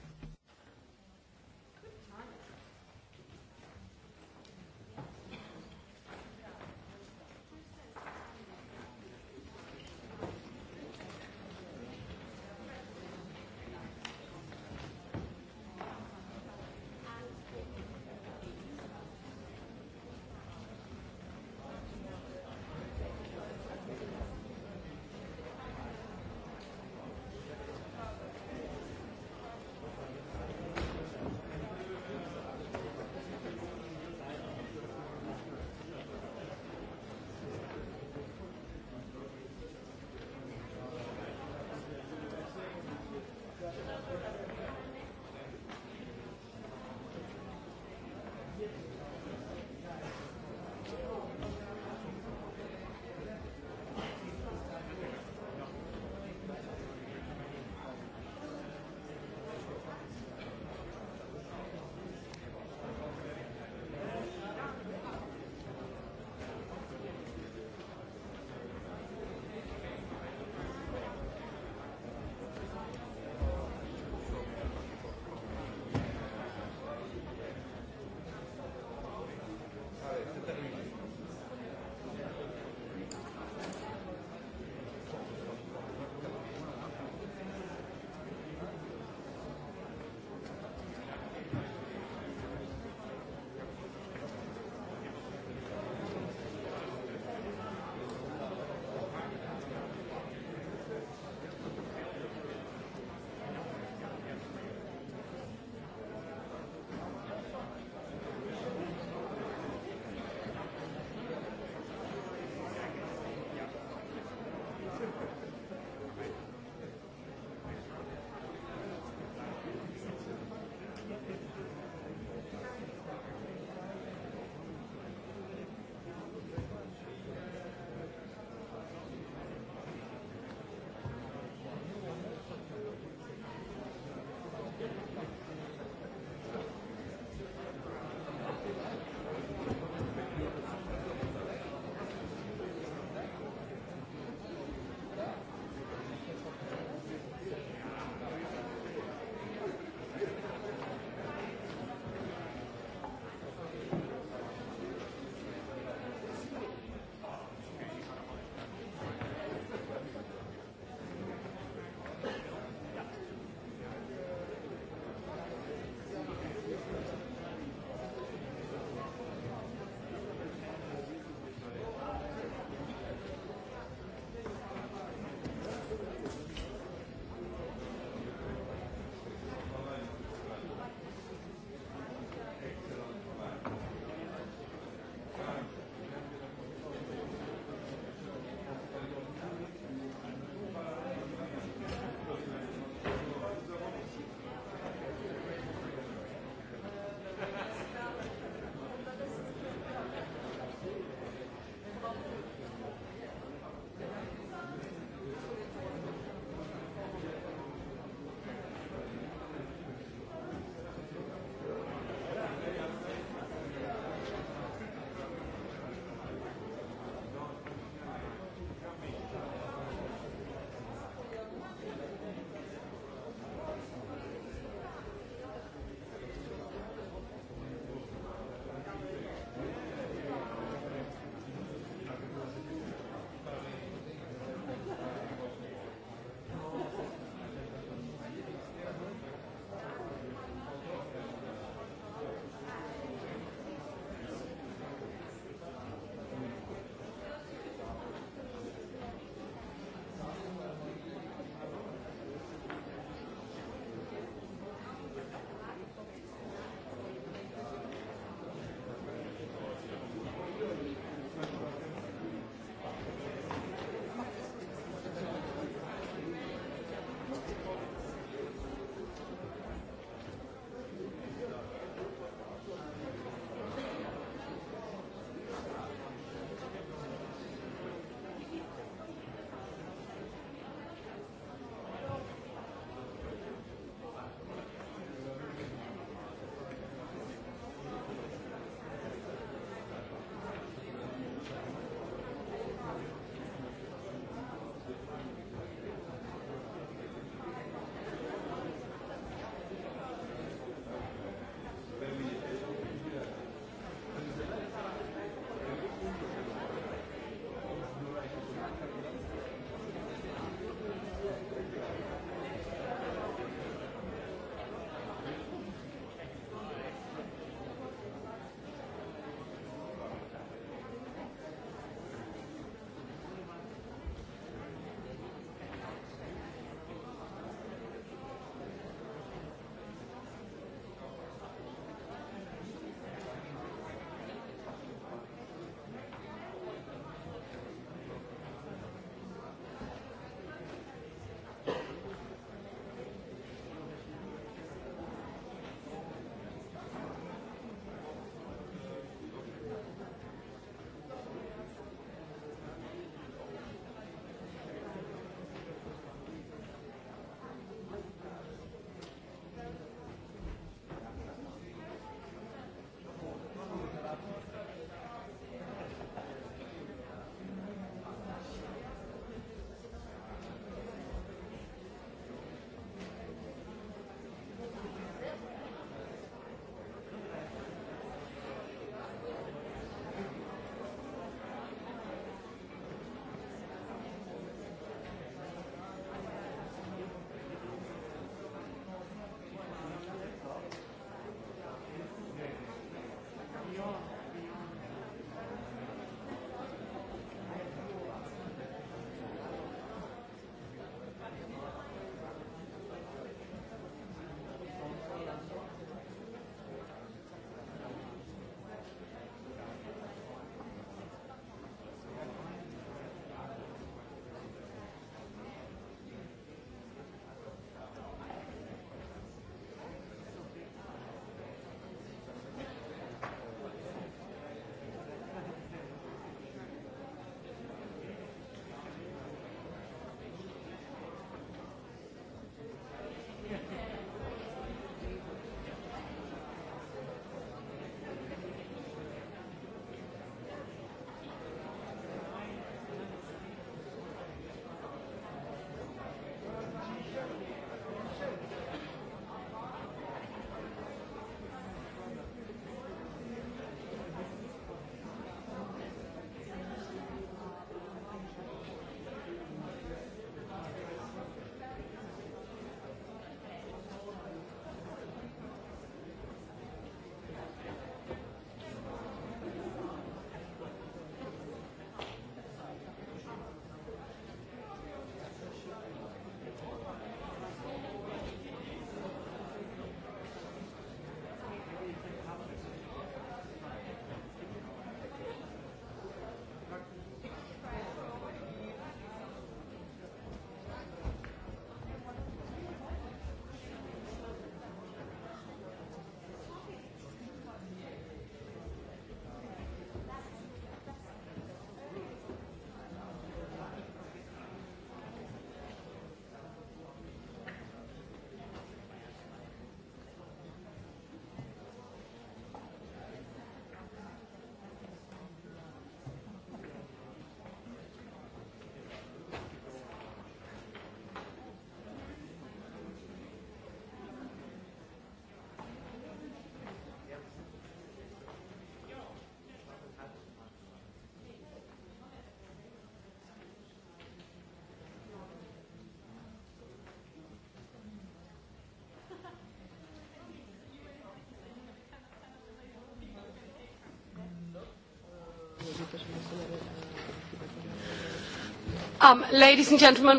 um,. Ladies and gentlemen.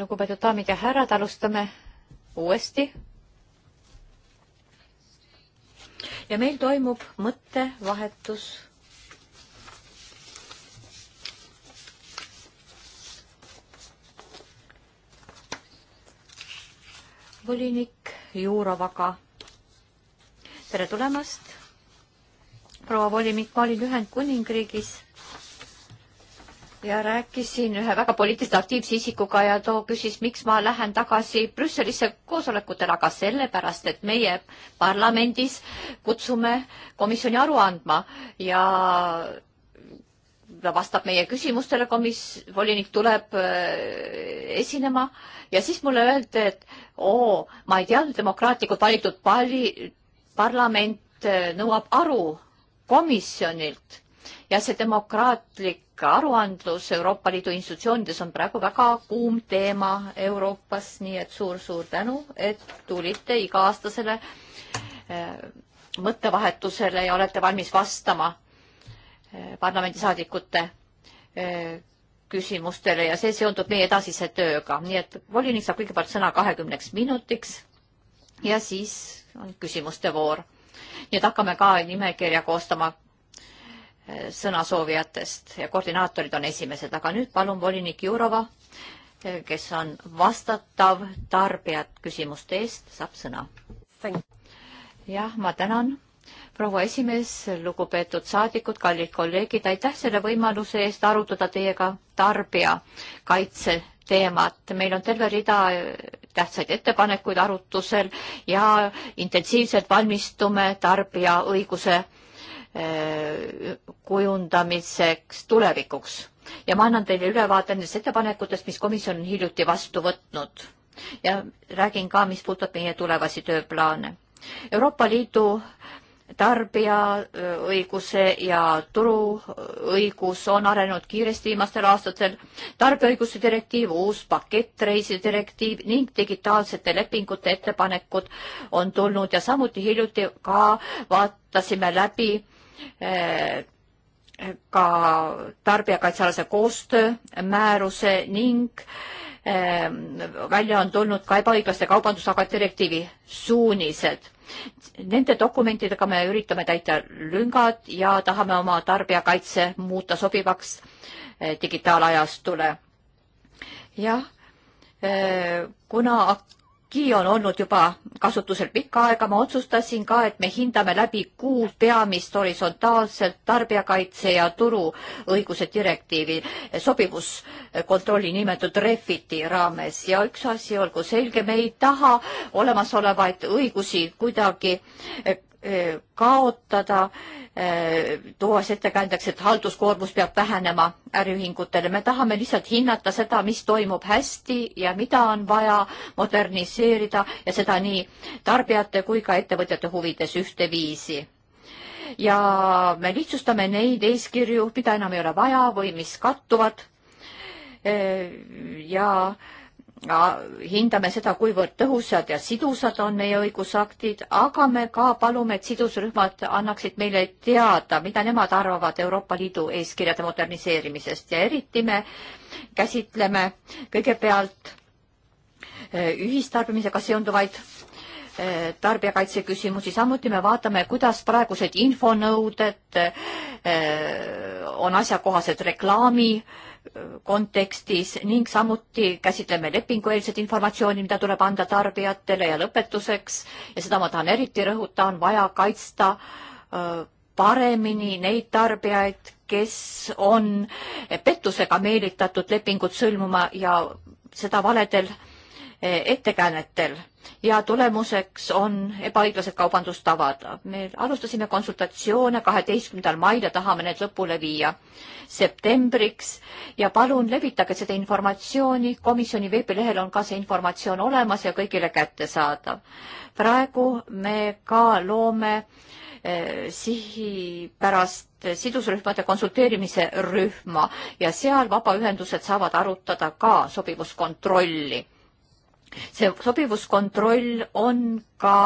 lugupeetud daamid ja härrad, alustame uuesti. ja meil toimub mõttevahetus. volinik Juurovaga. tere tulemast proua volinik, ma olin Ühendkuningriigis ja rääkisin ühe väga poliitiliselt aktiivse isikuga ja too küsis, miks ma lähen tagasi Brüsselisse koosolekutele, aga sellepärast, et meie parlamendis kutsume komisjoni aru andma ja ta vastab meie küsimustele, komis-, volinik tuleb äh, esinema ja siis mulle öeldi, et oo, ma ei teadnud, demokraatlikult valitud pali-, parlament äh, nõuab aru komisjonilt ja see demokraatlik aruandlus Euroopa Liidu institutsioonides on praegu väga kuum teema Euroopas, nii et suur-suur tänu, et tulite iga-aastasele eh, mõttevahetusele ja olete valmis vastama eh, parlamendisaadikute eh, küsimustele ja see seondub meie edasise tööga, nii et volinik saab kõigepealt sõna kahekümneks minutiks ja siis on küsimuste voor nii et hakkame ka nimekirja koostama eh, sõnasoovijatest ja koordinaatorid on esimesed, aga nüüd palun volinik Jurova, eh, kes on vastatav tarbijat küsimuste eest, saab sõna. jah, ma tänan, proua esimees, lugupeetud saadikud, kallid kolleegid, aitäh selle võimaluse eest arutada teiega tarbijakaitse teemat. meil on terve rida äh, tähtsaid ettepanekuid arutusel ja intensiivselt valmistume tarbija õiguse äh, kujundamiseks tulevikuks ja ma annan teile ülevaate nendest ettepanekutest, mis komisjon on hiljuti vastu võtnud ja räägin ka, mis puudutab meie tulevasi tööplaane. Euroopa Liidu tarbija õiguse ja turuõigus on arenenud kiiresti viimastel aastatel, tarbijaõiguse direktiiv, uus pakett reisidirektiiv ning digitaalsete lepingute ettepanekud on tulnud ja samuti hiljuti ka vaatasime läbi eh, ka tarbijakaitsealase koostöö määruse ning äh, Ehm, välja on tulnud ka ebaõiglaste kaubandusaga direktiivi suunised. Nende dokumentidega me üritame täita lüngad ja tahame oma tarbijakaitse muuta sobivaks eh, digitaalajastule. jah, eh, kuna Ki on olnud juba kasutusel pikka aega, ma otsustasin ka, et me hindame läbi kuus peamist horisontaalselt tarbijakaitse ja turuõiguse direktiivi sobivuskontrolli nimetatud refiti raames ja üks asi olgu selge, me ei taha olemasolevaid õigusi kuidagi kaotada, tuues ettekäändeks, et halduskoormus peab vähenema äriühingutele. me tahame lihtsalt hinnata seda, mis toimub hästi ja mida on vaja moderniseerida ja seda nii tarbijate kui ka ettevõtjate huvides ühteviisi. ja me lihtsustame neid eeskirju, mida enam ei ole vaja või mis kattuvad. ja hindame seda, kuivõrd tõhusad ja sidusad on meie õigusaktid, aga me ka palume, et sidusrühmad annaksid meile teada, mida nemad arvavad Euroopa Liidu eeskirjade moderniseerimisest ja eriti me käsitleme kõigepealt eh, ühistarbimisega seonduvaid eh, tarbijakaitse küsimusi, samuti me vaatame, kuidas praegused infonõuded eh, on asjakohased reklaami äh, kontekstis ning samuti käsitleme lepingueelset informatsiooni, mida tuleb anda tarbijatele ja lõpetuseks ja seda ma tahan eriti rõhuta, on vaja kaitsta paremini neid tarbijaid, kes on pettusega meelitatud lepingut sõlmuma ja seda valedel ettekäänetel ja tulemuseks on ebaõiglased kaubandustavad. me alustasime konsultatsioone kaheteistkümnendal mail ja tahame need lõpule viia septembriks ja palun levitage seda informatsiooni, komisjoni veebilehel on ka see informatsioon olemas ja kõigile kättesaadav. praegu me ka loome eh, sihipärast sidusrühmade konsulteerimise rühma ja seal vabaühendused saavad arutada ka sobivuskontrolli see sobivuskontroll on ka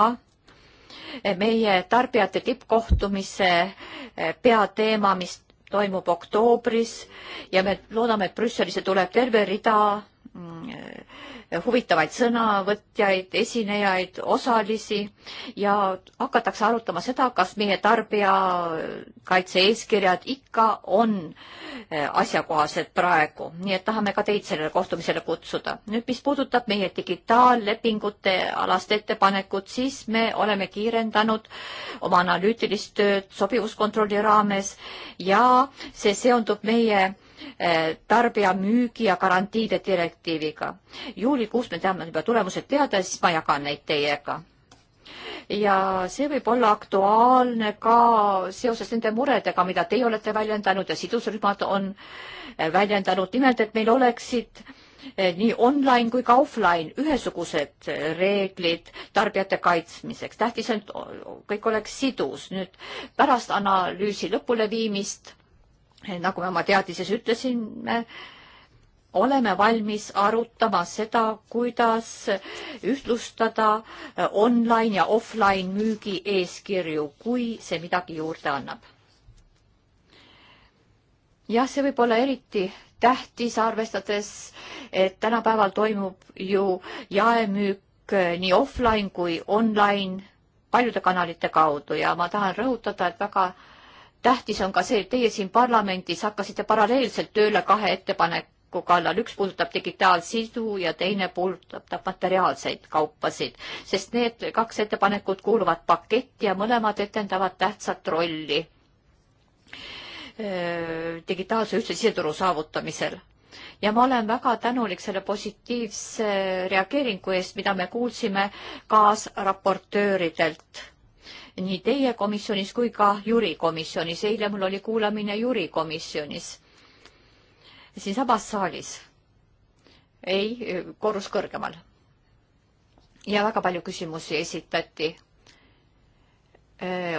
meie tarbijate tippkohtumise eh, peateema, mis toimub oktoobris ja me loodame, et Brüsselisse tuleb terve rida mm, huvitavaid sõnavõtjaid, esinejaid, osalisi ja hakatakse arutama seda, kas meie tarbijakaitse-eeskirjad ikka on eh, asjakohased praegu, nii et tahame ka teid sellele kohtumisele kutsuda. nüüd, mis puudutab meie digitaallepingute alast ettepanekut, siis me oleme kiirendanud oma analüütilist tööd sobivuskontrolli raames ja see seondub meie Eh, tarbija müügi ja garantiide direktiiviga. juulikuus me teame juba tulemused teada, siis ma jagan neid teiega ja see võib olla aktuaalne ka seoses nende muredega, mida teie olete väljendanud ja sidusrühmad on eh, väljendanud. nimelt, et meil oleksid eh, nii online kui ka offline ühesugused reeglid tarbijate kaitsmiseks. tähtis on, et kõik oleks sidus. nüüd pärast analüüsi lõpuleviimist nagu me oma teadises ütlesime, oleme valmis arutama seda, kuidas ühtlustada online ja offline müügi eeskirju, kui see midagi juurde annab. jah, see võib olla eriti tähtis, arvestades, et tänapäeval toimub ju jaemüük nii offline kui online paljude kanalite kaudu ja ma tahan rõhutada, et väga tähtis on ka see, et teie siin parlamendis hakkasite paralleelselt tööle kahe ettepaneku kallal, üks puudutab digitaalsidu ja teine puudutab materiaalseid kaupasid, sest need kaks ettepanekut kuuluvad paketti ja mõlemad etendavad tähtsat rolli digitaalse ühtse siseturu saavutamisel ja ma olen väga tänulik selle positiivse reageeringu eest, mida me kuulsime kaasraportööridelt nii teie komisjonis kui ka jurikomisjonis. eile mul oli kuulamine jurikomisjonis siinsamas saalis. ei, korrus kõrgemal. ja väga palju küsimusi esitati.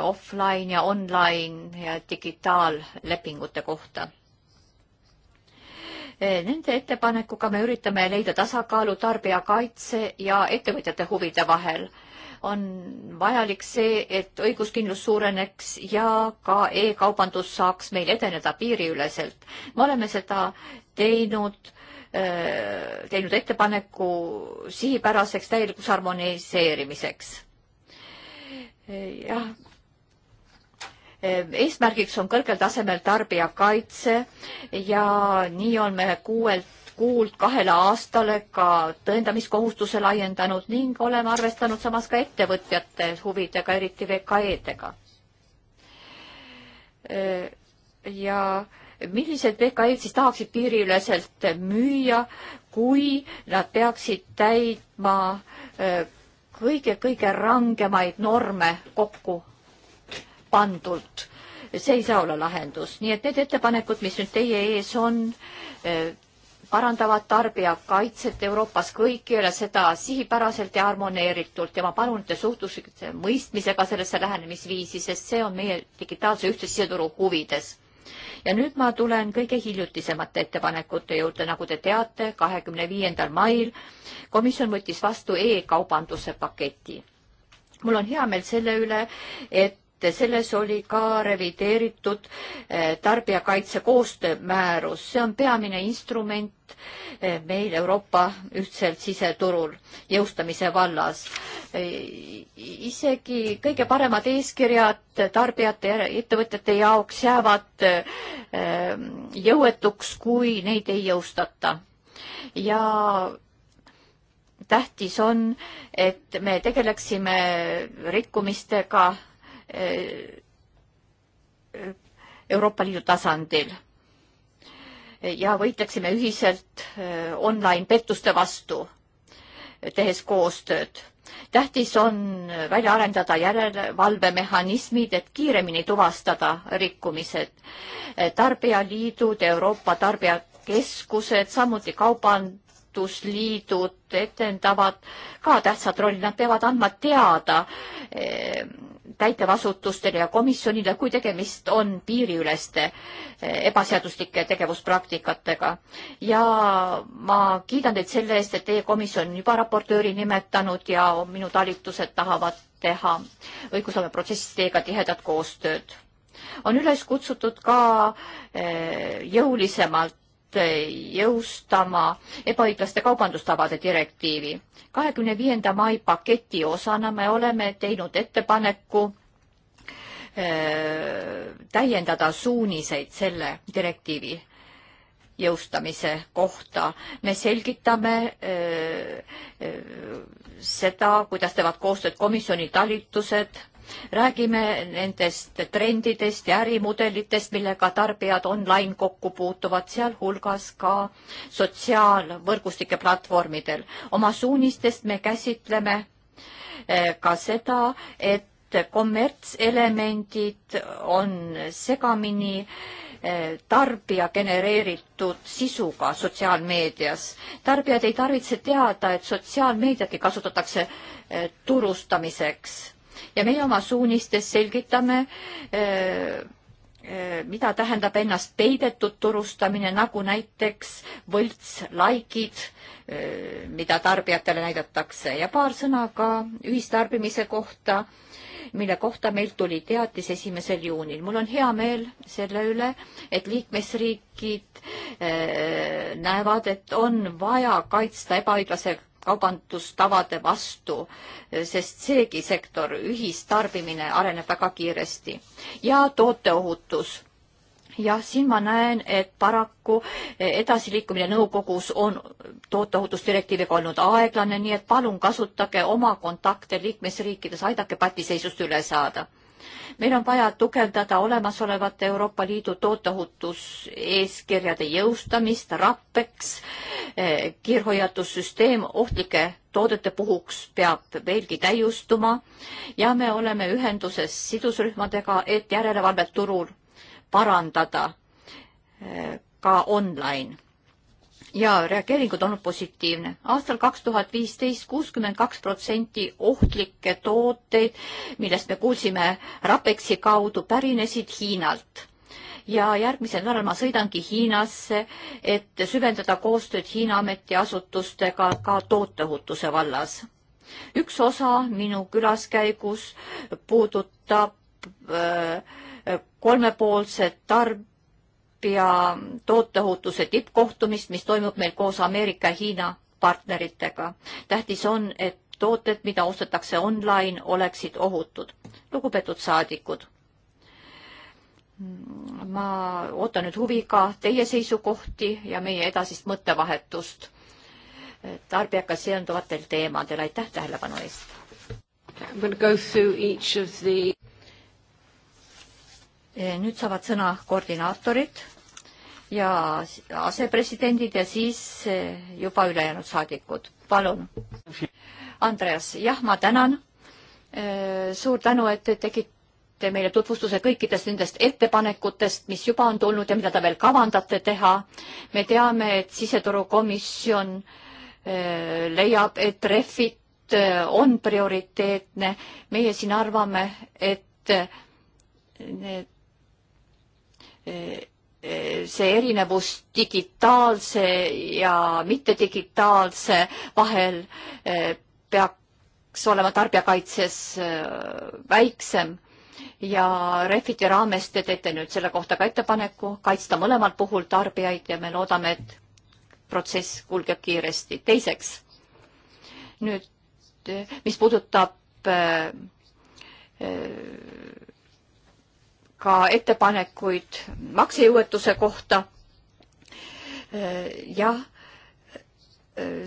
Offline ja online ja digitaallepingute kohta Nende ettepanekuga me üritame leida tasakaalu tarbijakaitse ja ettevõtjate huvide vahel on vajalik see, et õiguskindlus suureneks ja ka e-kaubandus saaks meil edeneda piiriüleselt. me oleme seda teinud äh, teinud ettepaneku sihipäraseks täielikuks harmoniseerimiseks. jah, äh, eesmärgiks on kõrgel tasemel tarbijakaitse ja nii on me kuuelt kuult kahele aastale ka tõendamiskohustuse laiendanud ning oleme arvestanud samas ka ettevõtjate huvidega, eriti VKE-dega. ja millised VKE-d siis tahaksid piiriüleselt müüa, kui nad peaksid täitma äh, kõige-kõige rangemaid norme kokku pandult see ei saa olla lahendus, nii et need ettepanekud, mis nüüd teie ees on, äh, parandavad tarbijakaitset Euroopas kõikjal ja seda sihipäraselt ja harmoneeritult ja ma palun, et te suhtusite mõistmisega sellesse lähenemisviisi, sest see on meie digitaalse ühtse siseturu huvides. ja nüüd ma tulen kõige hiljutisemate ettepanekute juurde, nagu te teate, kahekümne viiendal mail komisjon võttis vastu e-kaubanduse paketi mul on hea meel selle üle, et mitte, selles oli ka revideeritud eh, tarbijakaitse koostöömäärus, see on peamine instrument eh, meil Euroopa ühtselt siseturul jõustamise vallas. Eh, isegi kõige paremad eeskirjad tarbijate ja ettevõtjate jaoks jäävad jõuetuks, kui neid ei jõustata. ja tähtis on, et me tegeleksime rikkumistega Eh, Euroopa Liidu tasandil ja võitleksime ühiselt eh, online pettuste vastu, tehes koostööd. tähtis on välja arendada järelevalvemehhanismid, et kiiremini tuvastada rikkumised. Eh, tarbijaliidud, Euroopa Tarbijakeskused, samuti kaubandusliidud etendavad ka tähtsat rolli, nad peavad andma teada täitevasutustele ja komisjonile, kui tegemist on piiriüleste eh, ebaseaduslike tegevuspraktikatega. ja ma kiidan teid selle eest, et teie komisjon on juba raportööri nimetanud ja minu talitused tahavad teha õigusloome protsessis teiega tihedat koostööd. on üles kutsutud ka eh, jõulisemalt jõustama ebaõiglaste kaubandustavade direktiivi. kahekümne viienda mai paketi osana me oleme teinud ettepaneku äh, täiendada suuniseid selle direktiivi jõustamise kohta. me selgitame öö, äh, öö, äh, seda, kuidas teevad koostööd komisjoni talitused räägime nendest trendidest ja ärimudelitest, millega tarbijad online kokku puutuvad, sealhulgas ka sotsiaalvõrgustike platvormidel. oma suunistest me käsitleme eh, ka seda, et kommertselemendid on segamini eh, tarbija genereeritud sisuga sotsiaalmeedias. tarbijad ei tarvitse teada, et sotsiaalmeediatki kasutatakse eh, turustamiseks ja meie oma suunistes selgitame, äh, äh, mida tähendab ennast peidetud turustamine, nagu näiteks võltslaikid, äh, mida tarbijatele näidatakse ja paar sõna ka ühistarbimise kohta, mille kohta meilt tuli teatis esimesel juunil. mul on hea meel selle üle, et liikmesriigid näevad, et on vaja kaitsta ebaõiglase kaubandustavade vastu, sest seegi sektor, ühistarbimine areneb väga kiiresti. ja tooteohutus. jah, siin ma näen, et paraku edasiliikumine nõukogus on tooteohutusdirektiiviga olnud aeglane, nii et palun kasutage oma kontakte liikmesriikides, aidake patiseisust üle saada meil on vaja tugevdada olemasolevate Euroopa Liidu tooteohutuseeskirjade jõustamist, rappeks, eh, kiirhoiatussüsteem ohtlike toodete puhuks peab veelgi täiustuma ja me oleme ühenduses sidusrühmadega, et järelevalvet turul parandada eh, ka online ja reageeringud on positiivne. aastal kaks tuhat viisteist kuuskümmend kaks protsenti ohtlikke tooteid, millest me kuulsime Rapexi kaudu, pärinesid Hiinalt. ja järgmisel nädalal ma sõidangi Hiinasse, et süvendada koostööd Hiina ametiasutustega ka tooteohutuse vallas. üks osa minu külaskäigus puudutab öö, äh, kolmepoolset tarb-, Tarbija tooteohutuse tippkohtumist, mis toimub meil koos Ameerika ja Hiina partneritega. tähtis on, et tooted, mida ostetakse online, oleksid ohutud. lugupeetud saadikud, ma ootan nüüd huviga teie seisukohti ja meie edasist mõttevahetust tarbijaga seonduvatel teemadel. aitäh tähelepanu eest! The... Eh, nüüd saavad sõna koordinaatorid ja asepresidendid ja siis juba ülejäänud saadikud. palun. Andreas, jah, ma tänan. Äh, suur tänu, et te tegite meile tutvustuse kõikidest nendest ettepanekutest, mis juba on tulnud ja mida te veel kavandate teha. me teame, et siseturukomisjon äh, leiab, et refit äh, on prioriteetne. meie siin arvame, et need see erinevus digitaalse ja mittedigitaalse vahel eh, peaks olema tarbijakaitses eh, väiksem ja Refiti raames te teete nüüd selle kohta ka ettepaneku kaitsta mõlemal puhul tarbijaid ja me loodame, et protsess kulgeb kiiresti. teiseks, nüüd eh, mis puudutab äh, äh, ka ettepanekuid maksejõuetuse kohta. jah,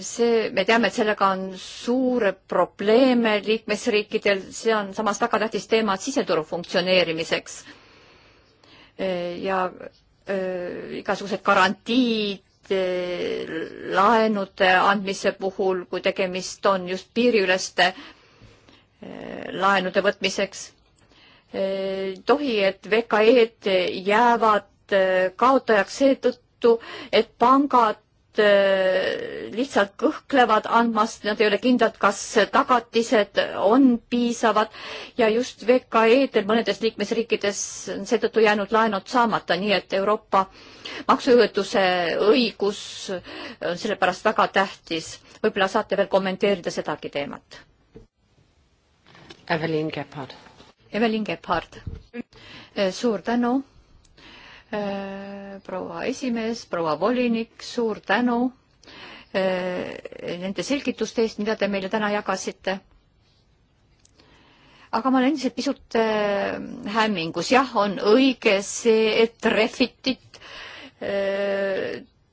see, me teame, et sellega on suure probleeme liikmesriikidel, see on samas väga tähtis teema siseturu funktsioneerimiseks. ja igasugused garantiid, e, laenude andmise puhul, kui tegemist on just piiriüleste e, laenude võtmiseks ei tohi, et VKE-d jäävad äh, kaotajaks seetõttu, et pangad äh, lihtsalt kõhklevad andmast, nad ei ole kindlad, kas tagatised on piisavad ja just VKE-del mõnedes liikmesriikides on seetõttu jäänud laenud saamata, nii et Euroopa maksujõuetuse õigus on sellepärast väga tähtis. võib-olla saate veel kommenteerida sedagi teemat? Evelyn Keppard Evelin Gebhard. suur tänu, äh, proua esimees, proua volinik, suur tänu äh, nende selgituste eest, mida te meile täna jagasite. aga ma olen endiselt pisut äh, hämmingus, jah, on õige see, et Refitit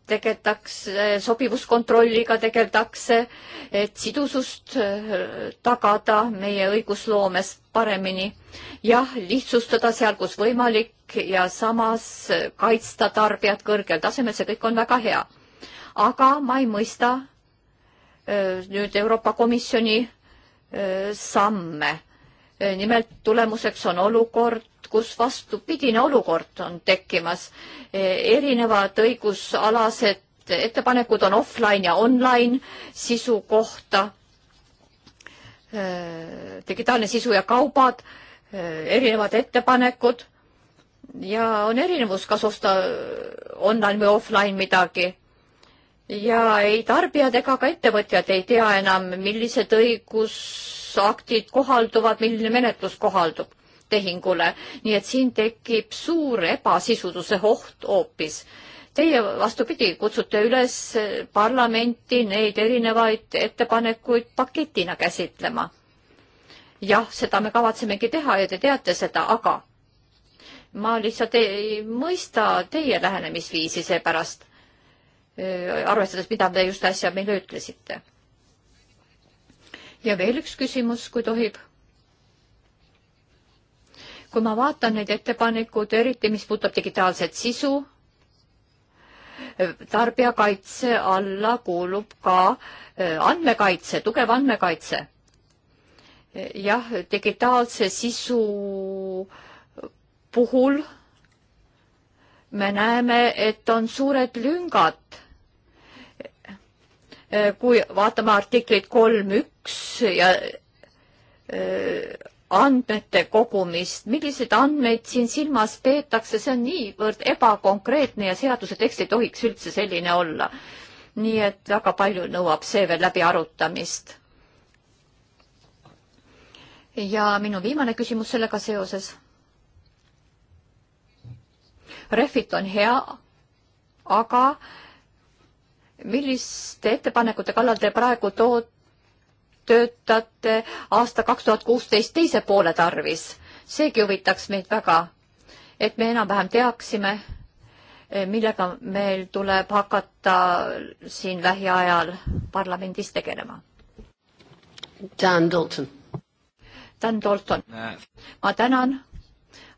tegeldakse, sobivuskontrolliga tegeldakse, et sidusust äh, tagada meie õigusloomes paremini. jah, lihtsustada seal, kus võimalik ja samas äh, kaitsta tarbijat kõrgel tasemel, see kõik on väga hea. aga ma ei mõista äh, nüüd Euroopa Komisjoni samme Äh, nimelt tulemuseks on olukord, kus vastupidine olukord on tekkimas. Äh, erinevad õigusalased ettepanekud on offline ja online sisu kohta, äh, digitaalne sisu ja kaubad, erinevad ettepanekud ja on erinevus, kas osta online või offline midagi ja ei tarbijad ega ka ettevõtjad ei tea enam, millised õigusaktid kohalduvad, milline menetlus kohaldub tehingule, nii et siin tekib suur ebasisuduse oht hoopis. Teie vastupidi, kutsute üles parlamenti neid erinevaid ettepanekuid paketina käsitlema. jah, seda me kavatsemegi teha ja te teate seda, aga ma lihtsalt ei mõista teie lähenemisviisi seepärast Äh, arvestades, mida te just äsja meile ütlesite. ja veel üks küsimus, kui tohib. kui ma vaatan neid ettepanekud, eriti mis puudutab digitaalset sisu, äh, tarbijakaitse alla kuulub ka äh, andmekaitse, tugev andmekaitse. jah, digitaalse sisu puhul me näeme, et on suured lüngad Äh, kui vaatame artiklit kolm üks ja äh, andmete kogumist, milliseid andmeid siin silmas peetakse, see on niivõrd ebakonkreetne ja seaduse tekst ei tohiks üldse selline olla. nii et väga palju nõuab see veel läbiarutamist. ja minu viimane küsimus sellega seoses. Refit on hea, aga äh, milliste ettepanekute kallal te praegu tood-, töötate aasta kaks tuhat kuusteist teise poole tarvis? seegi huvitaks meid väga, et me enam-vähem teaksime, eh, millega meil tuleb hakata siin lähiajal parlamendis tegelema. Dan Dalton. Dan Dalton. ma tänan.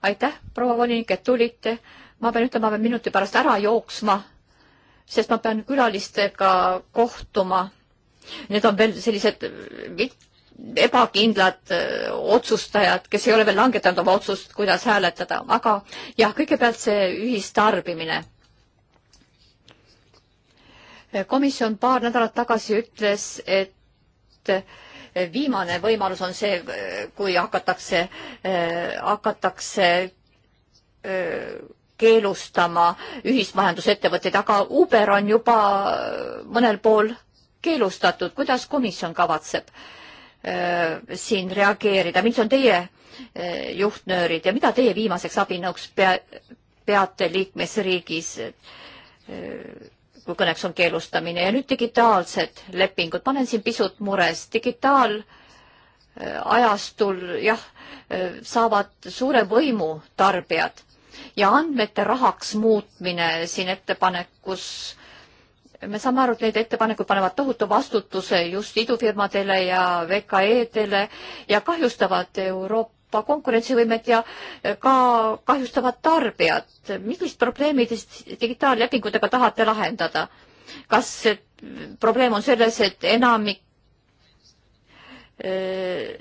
aitäh, proua volinik, et tulite. ma pean ütlema, ma pean minuti pärast ära jooksma sest ma pean külalistega kohtuma. Need on veel sellised ebakindlad äh, otsustajad, kes ei ole veel langetanud oma otsust, kuidas hääletada, aga jah, kõigepealt see ühistarbimine. komisjon paar nädalat tagasi ütles, et äh, viimane võimalus on see, äh, kui hakatakse, hakatakse keelustama ühismajandusettevõtteid, aga Uber on juba mõnel pool keelustatud. kuidas komisjon kavatseb äh, siin reageerida, mis on teie äh, juhtnöörid ja mida teie viimaseks abinõuks pea, peate liikmesriigis äh,? kui kõneks on keelustamine ja nüüd digitaalsed lepingud, ma olen siin pisut mures, digitaalajastul äh, jah, äh, saavad suure võimu tarbijad ja andmete rahaks muutmine siin ettepanekus. me saame aru, et need ettepanekud panevad tohutu vastutuse just idufirmadele ja VKE-dele ja kahjustavad Euroopa konkurentsivõimet ja ka kahjustavad tarbijat. millist probleemi te digitaallepingutega tahate lahendada? kas probleem on selles, et enamik Äh,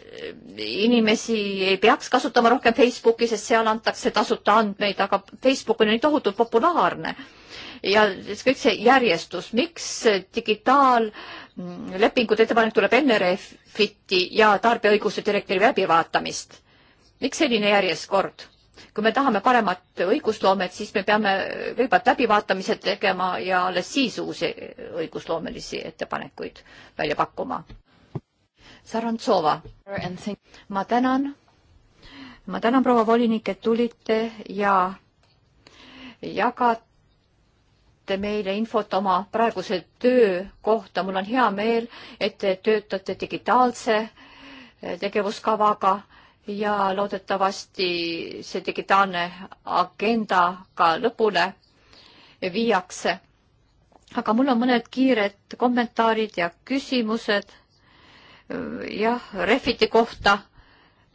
inimesi ei peaks kasutama rohkem Facebooki, sest seal antakse tasuta andmeid, aga Facebook on ju nii tohutult populaarne. ja kõik see järjestus, miks digitaallepingute mm, ettepanek tuleb enne Refiti ja tarbijaõiguste direktiivi läbivaatamist? miks selline järjestkord? kui me tahame paremat õigusloomet, siis me peame kõigepealt läbivaatamised tegema ja alles siis uusi õigusloomelisi ettepanekuid välja pakkuma. Sarantsova. ma tänan, ma tänan, proua volinik, et tulite ja jagate meile infot oma praeguse töö kohta. mul on hea meel, et te töötate digitaalse eh, tegevuskavaga ja loodetavasti see digitaalne agenda ka lõpule viiakse. aga mul on mõned kiired kommentaarid ja küsimused jah, Refiti kohta,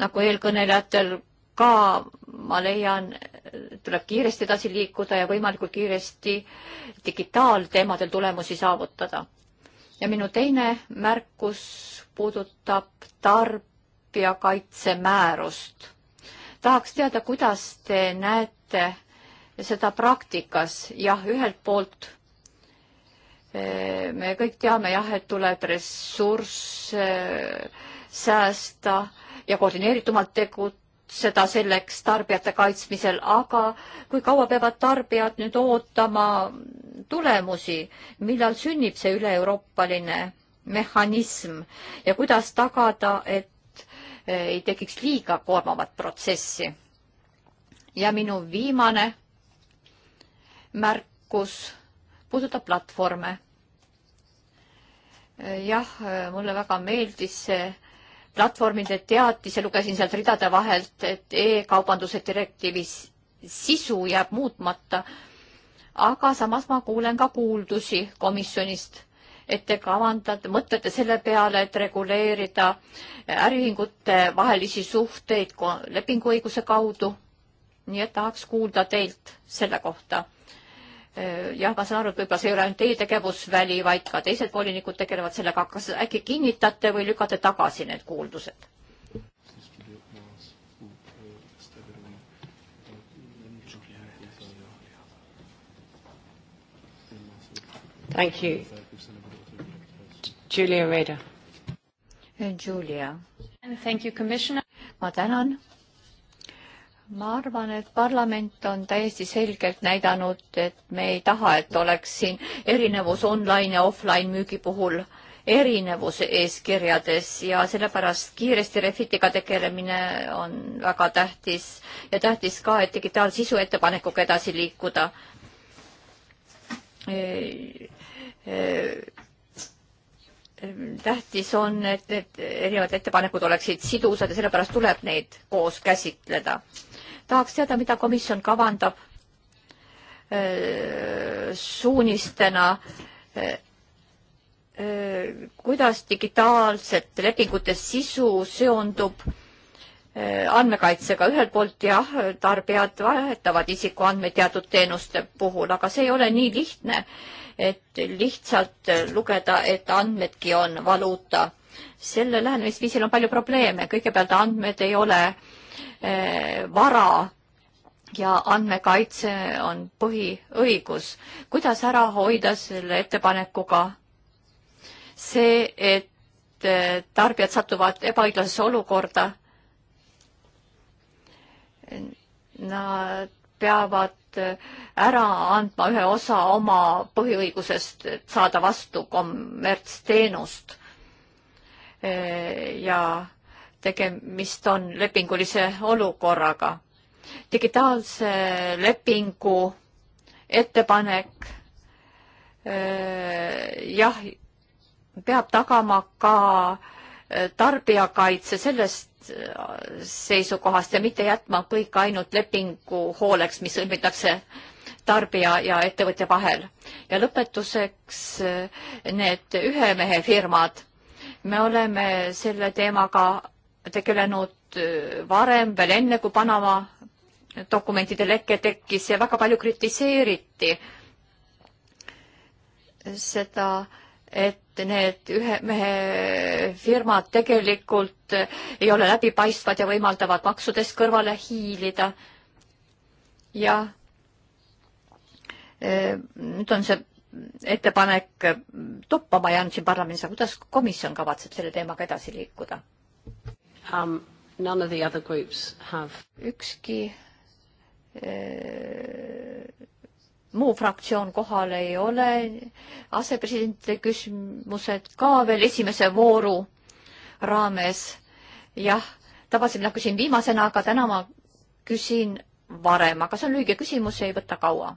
nagu eelkõnelejatel ka, ma leian, tuleb kiiresti edasi liikuda ja võimalikult kiiresti digitaalteemadel tulemusi saavutada. ja minu teine märkus puudutab tarbijakaitsemäärust. tahaks teada, kuidas te näete seda praktikas, jah, ühelt poolt me kõik teame jah, et tuleb ressursse säästa ja koordineeritumalt tegutseda selleks tarbijate kaitsmisel, aga kui kaua peavad tarbijad nüüd ootama tulemusi, millal sünnib see üle-euroopaline mehhanism ja kuidas tagada, et e, ei tekiks liiga koormavat protsessi. ja minu viimane märkus puudutab platvorme. jah, mulle väga meeldis see platvormide teatis ja lugesin sealt ridade vahelt, et e-kaubanduse direktiivis sisu jääb muutmata. aga samas ma kuulen ka kuuldusi komisjonist, et te kavandate, mõtlete selle peale, et reguleerida äriühingute vahelisi suhteid lepinguõiguse kaudu. nii et tahaks kuulda teilt selle kohta Äh, jah, ma saan aru, et võib-olla see ei ole ainult teie tegevusväli, vaid ka teised volinikud tegelevad sellega, kas äkki kinnitate või lükkate tagasi need kuuldused? Thank you. Julia Reda. Julia. And thank you, Commissioner. ma tänan ma arvan, et parlament on täiesti selgelt näidanud, et me ei taha, et oleks siin erinevus online ja offline müügi puhul erinevus eeskirjades ja sellepärast kiiresti refitiga tegelemine on väga tähtis ja tähtis ka, et digitaalsisu ettepanekuga edasi liikuda tähtis on, et need erinevad ettepanekud oleksid sidusad ja sellepärast tuleb neid koos käsitleda. tahaks teada, mida komisjon kavandab äh, suunistena, äh, äh, kuidas digitaalsete lepingute sisu seondub Äh, andmekaitsega, ühelt poolt jah, tarbijad vahetavad isikuandmeid teatud teenuste puhul, aga see ei ole nii lihtne, et lihtsalt lugeda, et andmedki on valuuta. selle lähenemisviisil on palju probleeme, kõigepealt andmed ei ole eh, vara ja andmekaitse on põhiõigus. kuidas ära hoida selle ettepanekuga see, et äh, tarbijad satuvad ebaõiglasesse olukorda nad peavad ära andma ühe osa oma põhiõigusest, et saada vastu kommertsteenust. ja tegemist on lepingulise olukorraga. digitaalse lepingu ettepanek eh, jah, peab tagama ka tarbijakaitse, sellest seisukohast ja mitte jätma kõik ainult lepingu hooleks, mis sõlmitakse tarbija ja ettevõtja vahel. ja lõpetuseks eh, need ühe mehe firmad. me oleme selle teemaga tegelenud eh, varem, veel enne kui Panama dokumentide leke tekkis ja väga palju kritiseeriti seda, et need ühe mehe firmad tegelikult ei ole läbipaistvad ja võimaldavad maksudest kõrvale hiilida. ja e, nüüd on see ettepanek toppama jäänud siin parlamendis, aga kuidas komisjon kavatseb selle teemaga edasi liikuda um,? ükski e, muu fraktsioon kohal ei ole, asepresidentide küsimused ka veel esimese vooru raames. jah, tavaliselt mina küsin viimasena, aga täna ma küsin varem, aga see on lühike küsimus, ei võta kaua.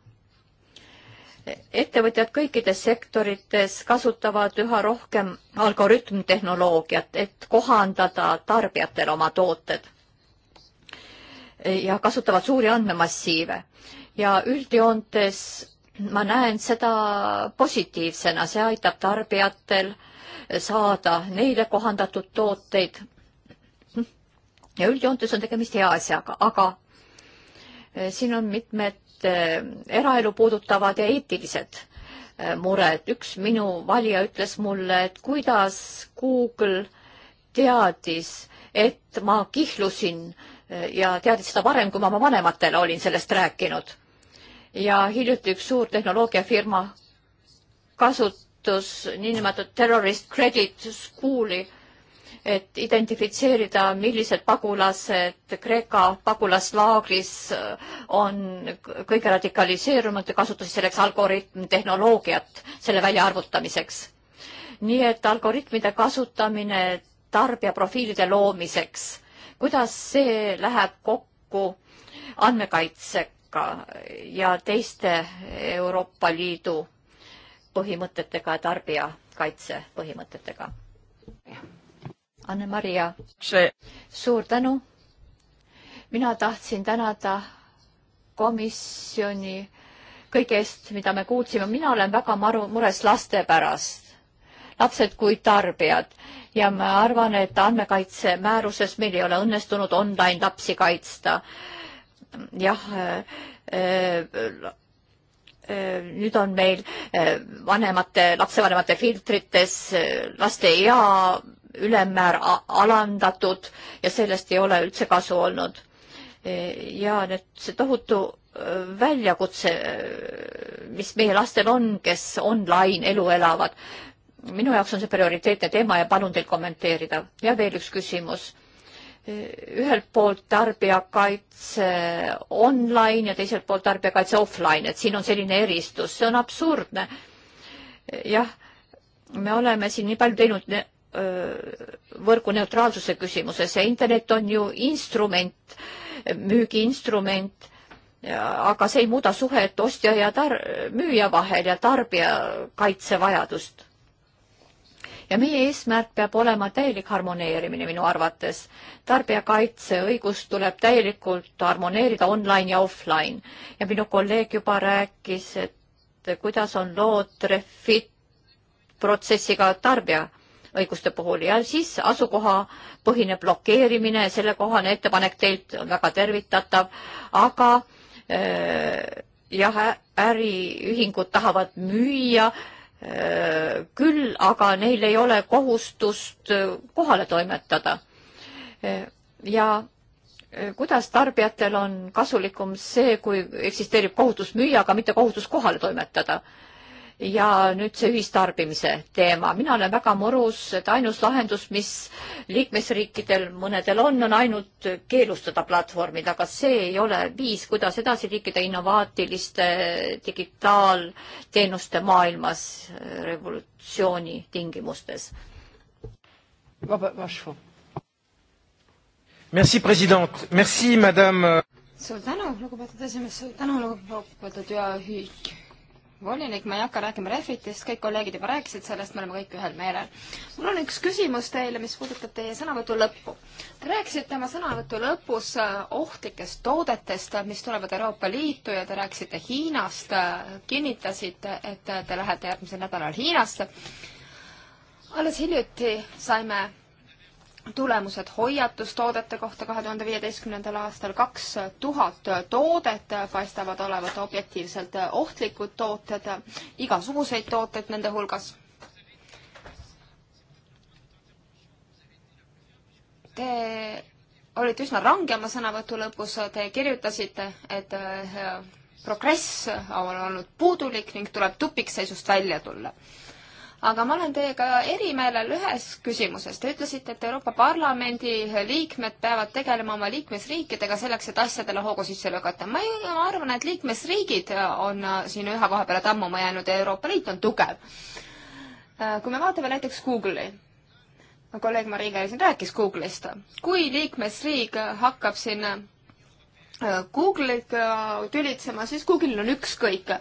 ettevõtjad kõikides sektorites kasutavad üha rohkem algoritmtehnoloogiat, et kohandada tarbijatele oma tooted ja kasutavad suuri andmemassiive ja üldjoontes ma näen seda positiivsena, see aitab tarbijatel saada neile kohandatud tooteid. ja üldjoontes on tegemist hea asjaga, aga eh, siin on mitmed eh, eraelu puudutavad ja eetilised eh, mured. üks minu valija ütles mulle, et kuidas Google teadis, et ma kihlusin ja teadis seda varem, kui ma oma vanematele olin sellest rääkinud ja hiljuti üks suur tehnoloogiafirma kasutus niinimetatud terrorist credit school'i, et identifitseerida, millised pagulased Kreeka pagulaslaagris äh, on kõige radikaliseerunumad ja kasutasid selleks algoritmtehnoloogiat selle väljaarvutamiseks. nii et algoritmide kasutamine tarbijaprofiilide loomiseks, kuidas see läheb kokku andmekaitsega? Kreeka ja teiste Euroopa Liidu põhimõtetega ja tarbijakaitse põhimõtetega. Anne-Maria, suur tänu. mina tahtsin tänada komisjoni kõige eest, mida me kuulsime, mina olen väga maru, mures laste pärast, lapsed kui tarbijad ja ma arvan, et andmekaitse määruses meil ei ole õnnestunud online lapsi kaitsta jah, äh, äh, äh, nüüd on meil vanemate, lapsevanemate filtrites laste ea ülemmäär alandatud ja sellest ei ole üldse kasu olnud. ja nüüd see tohutu väljakutse, mis meie lastel on, kes online elu elavad. minu jaoks on see prioriteetne teema ja palun teil kommenteerida. ja veel üks küsimus ühelt poolt tarbijakaitse online ja teiselt poolt tarbijakaitse offline, et siin on selline eristus, see on absurdne. jah, me oleme siin nii palju teinud võrgu neutraalsuse küsimuses ja internet on ju instrument, müügiinstrument, aga see ei muuda suhet ostja ja tar-, müüja vahel ja tarbijakaitse vajadust ja meie eesmärk peab olema täielik harmoneerimine minu arvates. tarbijakaitseõigus tuleb täielikult harmoneerida online ja offline ja minu kolleeg juba rääkis, et kuidas on lood refit protsessiga tarbija õiguste puhul ja siis asukohapõhine blokeerimine, sellekohane ettepanek teilt on väga tervitatav, aga äh, jah, äriühingud tahavad müüa küll aga neil ei ole kohustust äh, kohale toimetada. Äh, ja äh, kuidas tarbijatel on kasulikum see, kui eksisteerib kohustus müüa, aga mitte kohustus kohale toimetada ja nüüd see ühistarbimise teema. mina olen väga murus, et ainus lahendus, mis liikmesriikidel mõnedel on, on ainult keelustada platvormid, aga see ei ole viis, kuidas edasi liikida innovaatiliste digitaalteenuste maailmas äh, revolutsiooni tingimustes. Robert Rochefort. Merci, president. Merci, madame. Euh. suur tänu, lugupeetud esimees, suur tänu, lugupeetud ja hüüd volinik, ma ei hakka rääkima Refitist, kõik kolleegid juba rääkisid sellest, me oleme kõik ühel meelel. mul on üks küsimus teile, mis puudutab teie sõnavõtu lõppu. Te rääkisite oma sõnavõtu lõpus äh, ohtlikest toodetest, mis tulevad Euroopa Liitu ja te rääkisite Hiinast, äh, kinnitasite, et te lähete järgmisel nädalal Hiinasse. alles hiljuti saime tulemused hoiatustoodete kohta kahe tuhande viieteistkümnendal aastal, kaks tuhat toodet paistavad olevat objektiivselt ohtlikud tooted, igasuguseid tooteid nende hulgas. Te olite üsna range oma sõnavõtu lõpus, te kirjutasite, et äh, progress on olnud puudulik ning tuleb tupikseisust välja tulla aga ma olen teiega erimeelel ühes küsimuses. Te ütlesite, et Euroopa Parlamendi liikmed peavad tegelema oma liikmesriikidega selleks, et asjadele hoogu sisse lükata. ma ei, ma arvan, et liikmesriigid on äh, siin ühe koha peale tammuma jäänud ja Euroopa Liit on tugev. Äh, kui me vaatame näiteks Google'i, kolleeg Mariga siin rääkis Google'ist. kui liikmesriik hakkab siin äh, Google'iga tülitsema, siis Google'il on ükskõik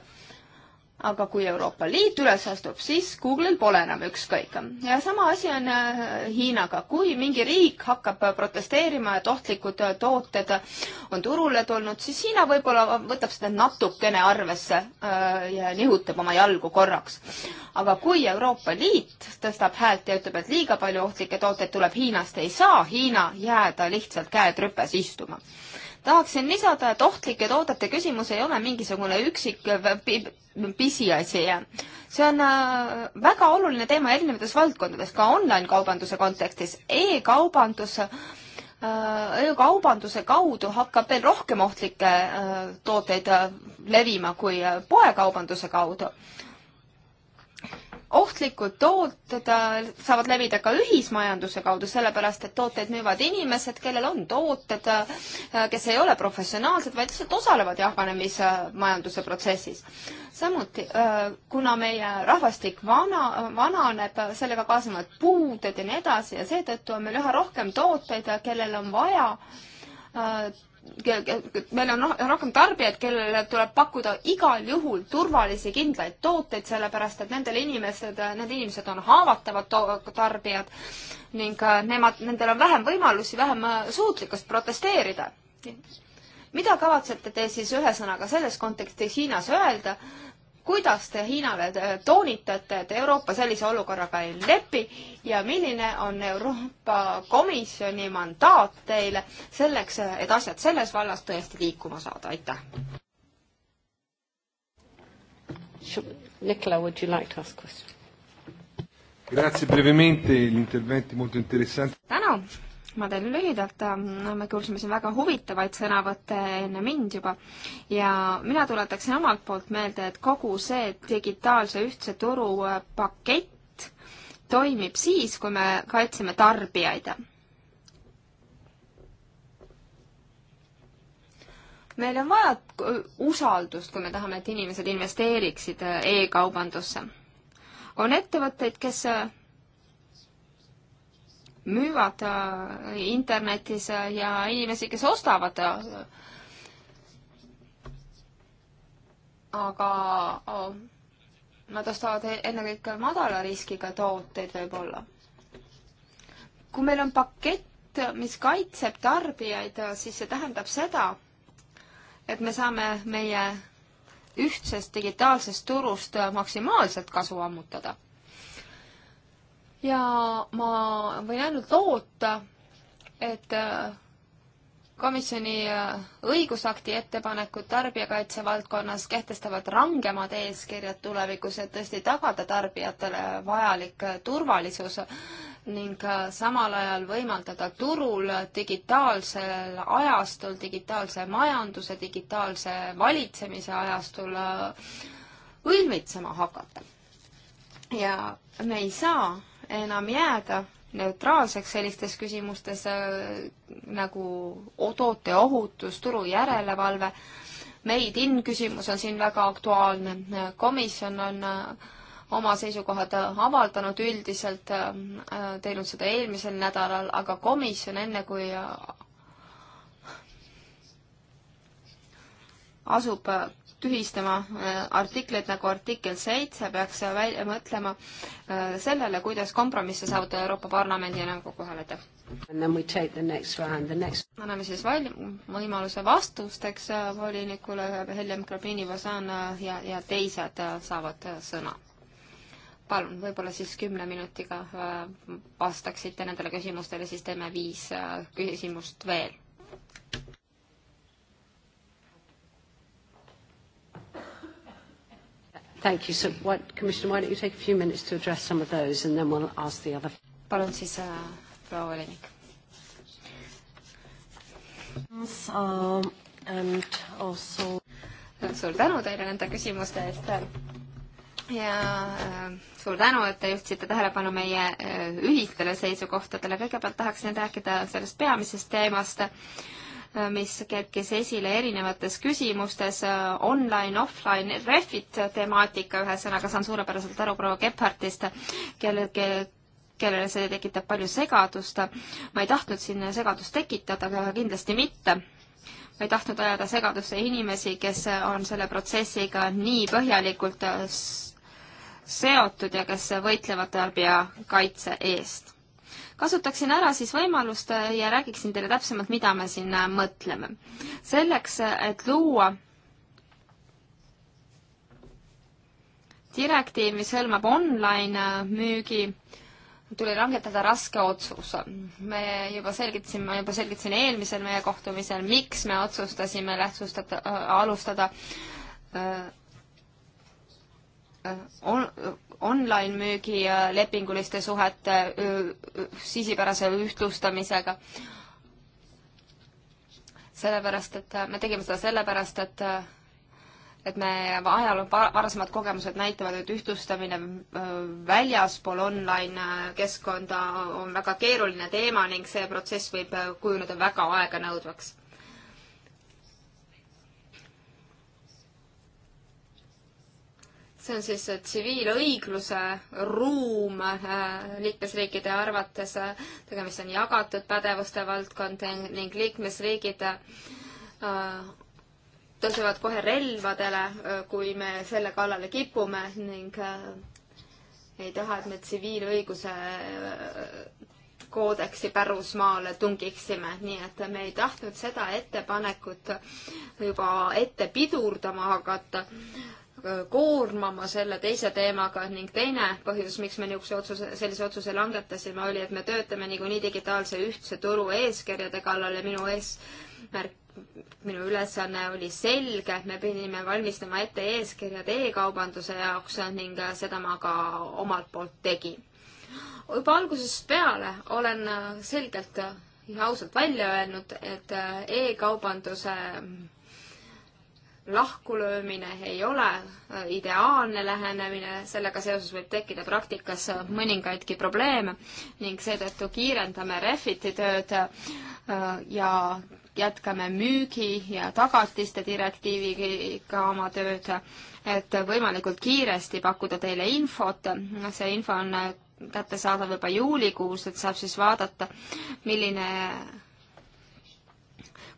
aga kui Euroopa Liit üles astub, siis Google'il pole enam ükskõik. ja sama asi on äh, Hiinaga. kui mingi riik hakkab äh, protesteerima, et ohtlikud äh, tooted on turule tulnud, siis Hiina võib-olla võtab seda natukene arvesse ja nihutab oma jalgu korraks. aga kui Euroopa Liit tõstab häält ja ütleb, et liiga palju ohtlikke tooteid tuleb Hiinast, ei saa Hiina jääda lihtsalt käed rüpes istuma tahaksin lisada, et ohtlike toodete küsimus ei ole mingisugune üksik pisiasi. see on äh, väga oluline teema erinevates valdkondades, ka online-kaubanduse kontekstis e. e-kaubandus äh, kaubanduse kaudu hakkab veel rohkem ohtlikke äh, tooteid levima kui poekaubanduse kaudu ohtlikud tooted äh, saavad levida ka ühismajanduse kaudu, sellepärast et tooteid müüvad inimesed, kellel on tooted, äh, kes ei ole professionaalsed, vaid lihtsalt osalevad jaganemismajanduse protsessis. samuti, äh, kuna meie rahvastik vana, vananeb, sellega kaasnevad puuded ja nii edasi ja seetõttu on meil üha rohkem tooteid, kellel on vaja meil on noh-, rohkem tarbijaid, kellele tuleb pakkuda igal juhul turvalisi, kindlaid tooteid, sellepärast et nendel inimesed, need inimesed on haavatavad tarbijad ning äh, nemad, nendel on vähem võimalusi, vähem äh, suutlikkust protesteerida mida kavatsete te siis ühesõnaga selles kontekstis Hiinas öelda, kuidas te Hiinale toonitate, et Euroopa sellise olukorraga ei lepi ja milline on Euroopa Komisjoni mandaat teile selleks, et asjad selles vallas tõesti liikuma saada, aitäh! Nicola, would you like to ask a question? Grazie brevemente, gli interventi molto interessanti. tänan! ma teen lühidalt, ähm, me kuulsime siin väga huvitavaid sõnavõtte enne mind juba ja mina tuletaksin omalt poolt meelde, et kogu see digitaalse ühtse turu äh, pakett toimib siis, kui me kaitseme tarbijaid. meil on vaja äh, usaldust, kui me tahame, et inimesed investeeriksid äh, e-kaubandusse. on ettevõtteid, kes müüvad äh, internetis äh, ja inimesi, kes ostavad. Äh, aga oh, nad ostavad e-, ennekõike madala riskiga tooteid võib-olla. kui meil on pakett, mis kaitseb tarbijaid, siis see tähendab seda, et me saame meie ühtsest digitaalsest turust maksimaalselt kasu ammutada ja ma võin ainult loota, et äh, komisjoni äh, õigusakti ettepanekud tarbijakaitse valdkonnas kehtestavad rangemad eeskirjad tulevikus, et tõesti tagada tarbijatele vajalik äh, turvalisus ning samal ajal võimaldada turul digitaalsel ajastul, digitaalse majanduse, digitaalse valitsemise ajastul õilmitsema hakata. ja me ei saa enam jääda neutraalseks sellistes küsimustes äh, nagu toote ohutus, turu järelevalve. Made in küsimus on siin väga aktuaalne. komisjon on äh, oma seisukohad avaldanud üldiselt, äh, teinud seda eelmisel nädalal, aga komisjon enne, kui asub tühistama äh, artikleid nagu artikkel seitse, peaks välja mõtlema äh, sellele, kuidas kompromisse saavutada Euroopa Parlamendi ja Nõukogu vahel, aitäh! anname siis val-, võimaluse vastusteks äh, volinikule, Heljem Grabini-Vasan ja, ja teised saavad sõna. palun, võib-olla siis kümne minutiga vastaksite nendele küsimustele, siis teeme viis küsimust veel Thank you. So what, Commissioner, why don't you take a few minutes to address some of those and then we'll ask the other. Palun siis äh, proua volinik. Um, and also... Suur tänu teile nende küsimuste eest ja äh, suur tänu, et te juhtisite tähelepanu meie äh, ühistele seisukohtadele. kõigepealt tahaksin rääkida sellest peamisest teemast äh,, mis kerkis esile erinevates küsimustes, äh, online, offline, refit temaatika, ühesõnaga saan suurepäraselt aru proua Gebhardist, kelle, kelle kellele see tekitab palju segadust. ma ei tahtnud siin segadust tekitada, aga kindlasti mitte ma ei tahtnud ajada segadusse inimesi, kes on selle protsessiga nii põhjalikult seotud ja kes võitlevad tarbijakaitse eest kasutaksin ära siis võimalust äh, ja räägiksin teile täpsemalt, mida me siin äh, mõtleme. selleks, äh, et luua direktiiv, mis hõlmab online müügi, tuli langetada raske otsus. me juba selgitasime, ma juba selgitasin eelmisel meie kohtumisel, miks me otsustasime lähtsustada äh,, alustada äh, on, online müügi lepinguliste suhete sisipärase ühtlustamisega. sellepärast, et me tegime seda sellepärast, et et me ajaloo varasemad kogemused näitavad, et ühtlustamine väljaspool online keskkonda on väga keeruline teema ning see protsess võib kujuneda väga aeganõudvaks. see on siis äh, tsiviilõigluse ruum äh, liikmesriikide arvates, tegemist on jagatud pädevuste valdkond ning liikmesriigid äh, tõusevad kohe relvadele, kui me selle kallale kipume ning ei taha, et me tsiviilõiguse koodeksi pärusmaale tungiksime, nii et me ei tahtnud seda ettepanekut juba ette pidurdama hakata Äh, koormama selle teise teemaga ning teine põhjus, miks me niisuguse otsuse, sellise otsuse langetasime, oli, et me töötame niikuinii digitaalse ühtse turu eeskirjade kallal ja minu eesmärk, minu ülesanne oli selge, me pidime valmistama ette eeskirjad e-kaubanduse jaoks ning äh, seda ma ka omalt poolt tegin. juba algusest peale olen äh, selgelt ja ausalt välja öelnud, et e-kaubanduse lahkulöömine ei ole äh, ideaalne lähenemine, sellega seoses võib tekkida praktikas äh, mõningaidki probleeme ning seetõttu kiirendame Refiti tööd äh, ja jätkame müügi ja tagatiste direktiiviga oma tööd, et võimalikult kiiresti pakkuda teile infot, see info on kättesaadav juba juulikuus, et saab siis vaadata, milline,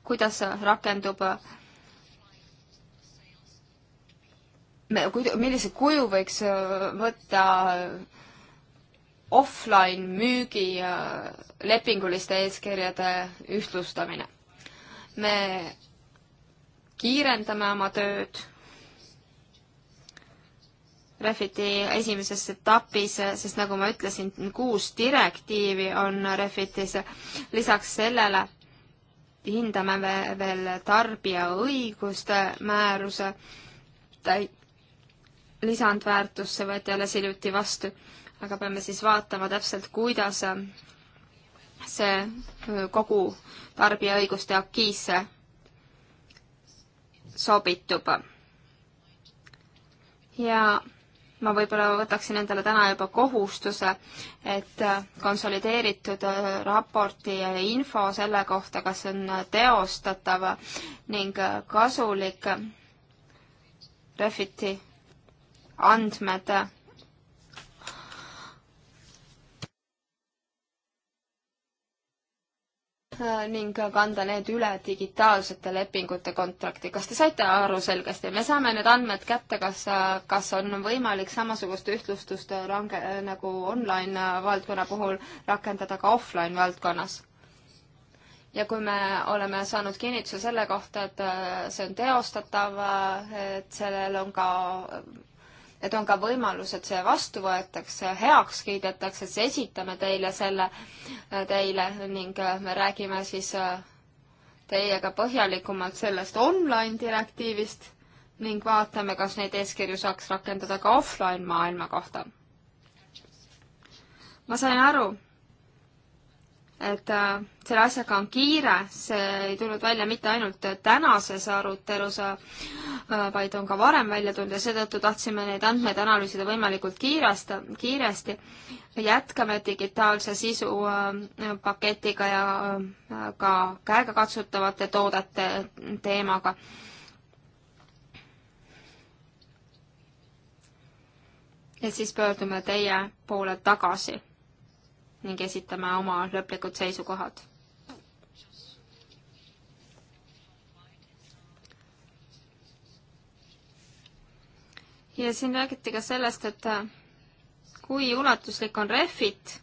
kuidas rakendub millise kuju võiks äh, võtta äh, offline müügi äh, lepinguliste eeskirjade ühtlustamine. me kiirendame oma tööd. Refiti esimeses etapis, sest nagu ma ütlesin, kuus direktiivi on Refitis. lisaks sellele hindame veel tarbija õiguste määruse täit-, lisandväärtus, see võeti alles hiljuti vastu, aga peame siis vaatama täpselt, kuidas äh, see äh, kogu tarbijaõiguste akiisse sobitub. ja ma võib-olla võtaksin endale täna juba kohustuse, et äh, konsolideeritud raporti info selle kohta, kas on teostatav ning kasulik Refiti andmed ning kanda need üle digitaalsete lepingute kontrakti. kas te saite aru selgesti? me saame need andmed kätte, kas, kas on võimalik samasugust ühtlustust range, nagu online valdkonna puhul rakendada ka offline valdkonnas? ja kui me oleme saanud kinnituse selle kohta, et see on teostatav, et sellel on ka et on ka võimalus, et see vastu võetakse, heaks kiidetakse, siis esitame teile selle, äh, teile ning äh, me räägime siis äh, teiega põhjalikumalt sellest online direktiivist ning vaatame, kas neid eeskirju saaks rakendada ka offline maailma kohta. ma sain aru, et äh, selle asjaga on kiire, see ei tulnud välja mitte ainult tänases arutelus, äh, vaid on ka varem välja tulnud ja seetõttu tahtsime neid andmeid analüüsida võimalikult kiirest, kiiresti. jätkame digitaalse sisu äh, paketiga ja ka käegakatsutavate toodete teemaga ja siis pöördume teie poole tagasi ning esitame oma lõplikud seisukohad. ja siin räägiti ka sellest, et kui ulatuslik on Refit,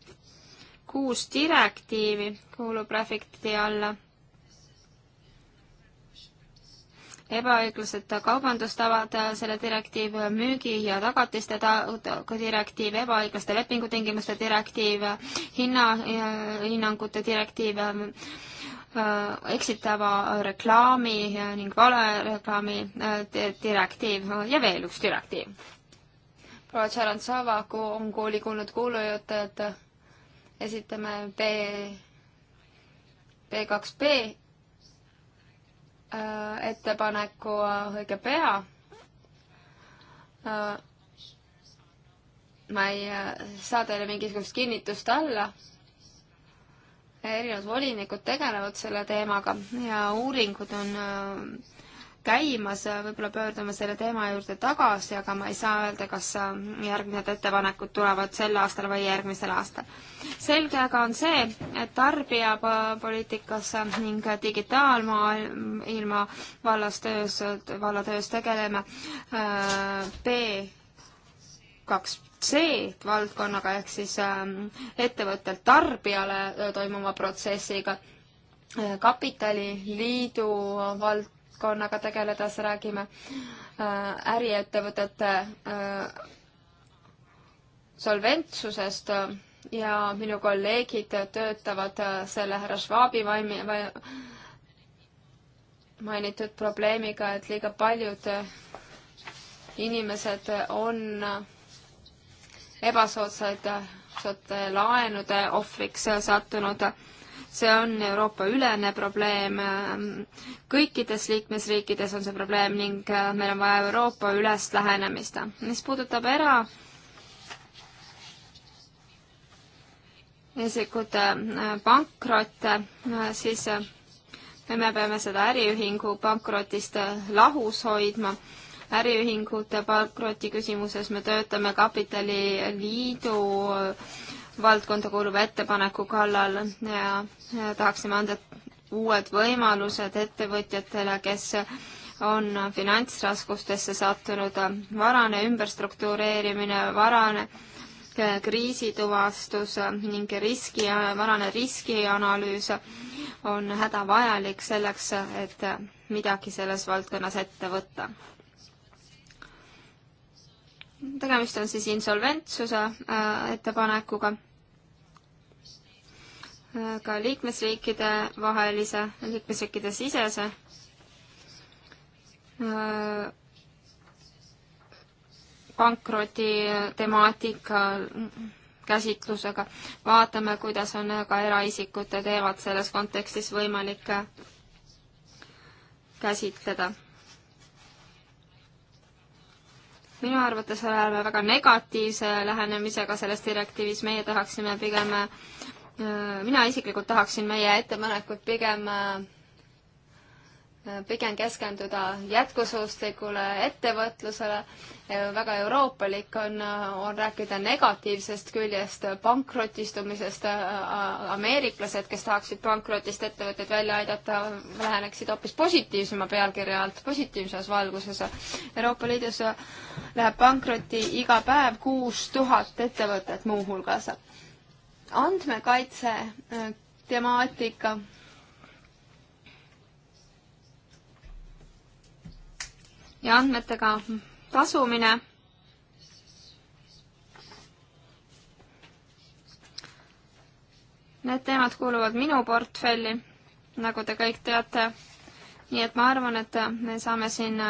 kuus direktiivi kuulub Refiti alla ebaõiglased kaubandustavad, äh, selle direktiiv, äh, müügi ja tagatiste ta-, direktiiv, ebaõiglaste lepingutingimuste direktiiv, hinnahinnangute äh, direktiiv, eksitava reklaami ning valereklaami direktiiv ja veel üks direktiiv. proua Tšarantsova on kooli kuulnud kuulujutt, et esitame B, B2B Äh, ettepaneku äh, õige pea. Äh, ma ei saa teile mingisugust kinnitust alla. erinevad volinikud tegelevad selle teemaga ja uuringud on käimas, võib-olla pöördume selle teema juurde tagasi, aga ma ei saa öelda, kas äh, järgmised ettepanekud tulevad sel aastal või järgmisel aastal. selge aga on see, et tarbijapoliitikas ning digitaalmaailma vallas töös, vallatöös tegeleme äh, B kaks C-d valdkonnaga ehk siis äh, ettevõttelt tarbijale toimuva protsessiga, kapitaliliidu vald-, valdkonnaga tegeleda, siis räägime äh, äriettevõtete äh, solventsusest äh, ja minu kolleegid töötavad selle härra Schwabi valmi-, mainitud probleemiga, et liiga paljud inimesed on ebasoodsate laenude ohvriks sattunud see on Euroopa-ülene probleem, kõikides liikmesriikides on see probleem ning äh, meil on vaja Euroopa-ülest lähenemist. mis puudutab era- isikute äh, pankrotte, äh, siis me peame seda äriühingu pankrotist lahus hoidma. äriühingute pankroti küsimuses me töötame Kapitaliliidu valdkonda kuuluva ettepaneku kallal ja, ja tahaksime anda uued võimalused ettevõtjatele, kes on finantsraskustesse sattunud, varane ümberstruktureerimine, varane kriisituvastus ning riski, varane riskianalüüs on hädavajalik selleks, et midagi selles valdkonnas ette võtta tegemist on siis insolventsuse äh, ettepanekuga, äh, ka liikmesriikide vahelise, liikmesriikide sisese äh, pankroti temaatika käsitlusega. vaatame, kuidas on ka eraisikute teemat selles kontekstis võimalik käsitleda minu arvates oleme väga negatiivse lähenemisega selles direktiivis, meie tahaksime pigem, äh, mina isiklikult tahaksin meie ettepanekut pigem äh, pigem keskenduda jätkusuutlikule ettevõtlusele. väga euroopalik on, on rääkida negatiivsest küljest, pankrotistumisest. ameeriklased, kes tahaksid pankrotist ettevõtteid välja aidata, läheneksid hoopis positiivsema pealkirja alt, positiivses valguses. Euroopa Liidus läheb pankrotti iga päev kuus tuhat ettevõtet muuhulgas. andmekaitse temaatika ja andmetega tasumine. Need teemad kuuluvad minu portfelli, nagu te kõik teate. nii et ma arvan, et me saame siin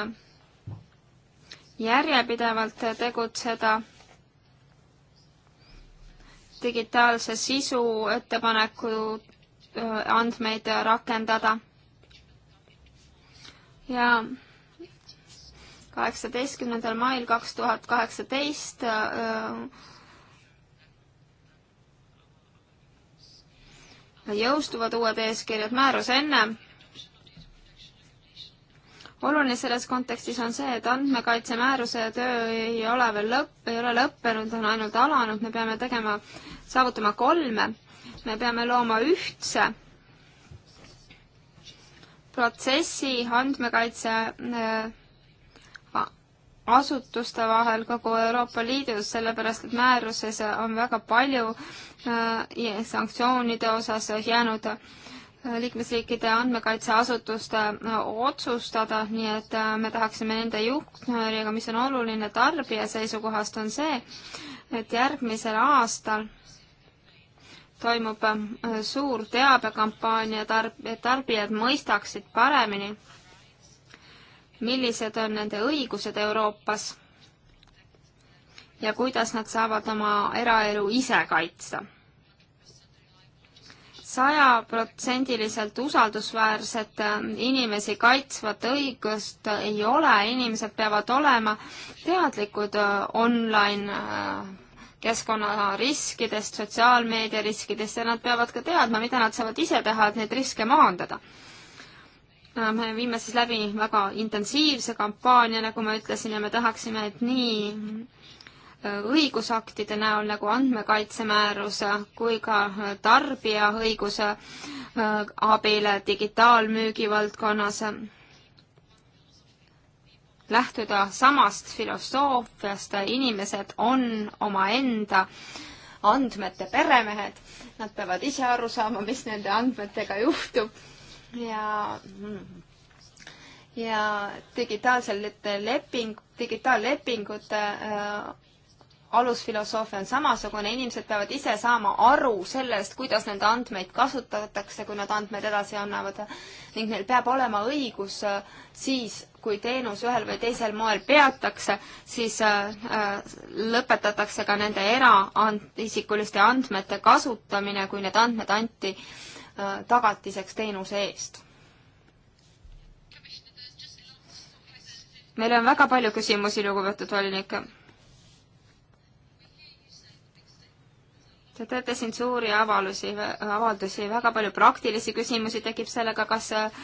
järjepidevalt tegutseda digitaalse sisu ettepaneku äh, andmeid rakendada. ja kaheksateistkümnendal mail kaks tuhat kaheksateist äh, jõustuvad uued eeskirjad määruse enne. oluline selles kontekstis on see, et andmekaitse määruse töö ei ole veel lõpp, ei ole lõppenud, on ainult alanud, me peame tegema, saavutama kolme. me peame looma ühtse protsessi andmekaitse äh, asutuste vahel kogu Euroopa Liidus, sellepärast et määruses on väga palju äh, sanktsioonide osas jäänud äh, liikmesriikide andmekaitseasutuste äh, otsustada, nii et äh, me tahaksime nende juhtnööriga, mis on oluline tarbija seisukohast, on see, et järgmisel aastal toimub äh, suur teabekampaania, tarb-, tarbijad mõistaksid paremini millised on nende õigused Euroopas ja kuidas nad saavad oma eraelu ise kaitsta. sajaprotsendiliselt usaldusväärset äh, inimesi kaitsvat õigust ei ole, inimesed peavad olema teadlikud äh, online äh, keskkonna riskidest, sotsiaalmeedia riskidest ja nad peavad ka teadma, mida nad saavad ise teha, et neid riske maandada Äh, me viime siis läbi väga intensiivse kampaania, nagu ma ütlesin, ja me tahaksime, et nii äh, õigusaktide näol nagu andmekaitsemäärus kui ka äh, tarbija õiguse abile digitaalmüügi valdkonnas lähtuda samast filosoofiast, inimesed on omaenda andmete peremehed, nad peavad ise aru saama, mis nende andmetega juhtub ja mm. ja digitaalsel leping, digitaallepingute äh, alusfilosoofia on samasugune, inimesed peavad ise saama aru sellest, kuidas nende andmeid kasutatakse, kui nad andmeid edasi annavad ning neil peab olema õigus äh, siis, kui teenus ühel või teisel moel peatakse, siis äh, äh, lõpetatakse ka nende eraisikuliste andmete kasutamine, kui need andmed anti äh, Äh, tagatiseks teenuse eest. meil on väga palju küsimusi, lugupeetud volinik. Te teete siin suuri avalusi, avaldusi, väga palju praktilisi küsimusi tekib sellega, kas äh,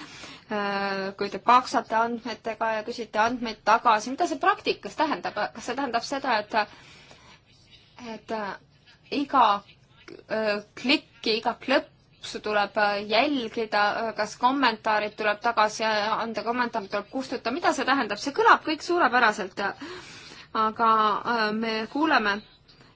kui te paksate andmetega ja küsite andmeid tagasi, mida see praktikas tähendab, kas see tähendab seda, et et iga äh, klikki, iga klõpp tuleb äh, jälgida, äh, kas kommentaarid tuleb tagasi anda, kommentaar tuleb kustutada, mida see tähendab, see kõlab kõik suurepäraselt. aga äh, me kuuleme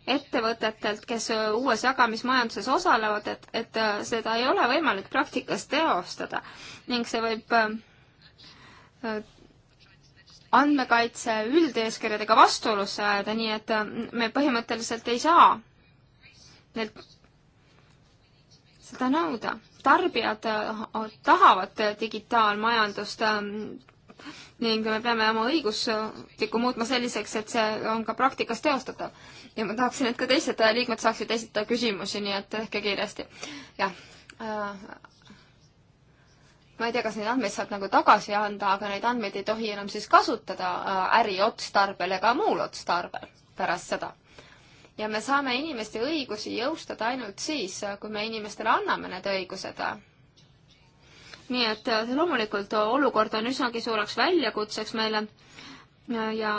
ettevõtetelt, kes uues jagamismajanduses osalevad, et, et seda ei ole võimalik praktikas teostada ning see võib andmekaitse üldeeskirjadega vastuolusse ajada, nii et me põhimõtteliselt ei saa neilt seda nõuda. tarbijad äh, tahavad äh, digitaalmajandust ähm, ning me peame oma õigustikku muutma selliseks, et see on ka praktikas teostatav. ja ma tahaksin, et ka teised äh, liikmed saaksid esitada küsimusi, nii et tehke kiiresti. jah. ma ei tea, kas neid andmeid saab nagu tagasi anda, aga neid andmeid ei tohi enam siis kasutada äriotstarbel ega muul otstarbel pärast seda ja me saame inimeste õigusi jõustada ainult siis, kui me inimestele anname need õigused. nii et äh, loomulikult äh, olukord on üsnagi suureks väljakutseks meile ja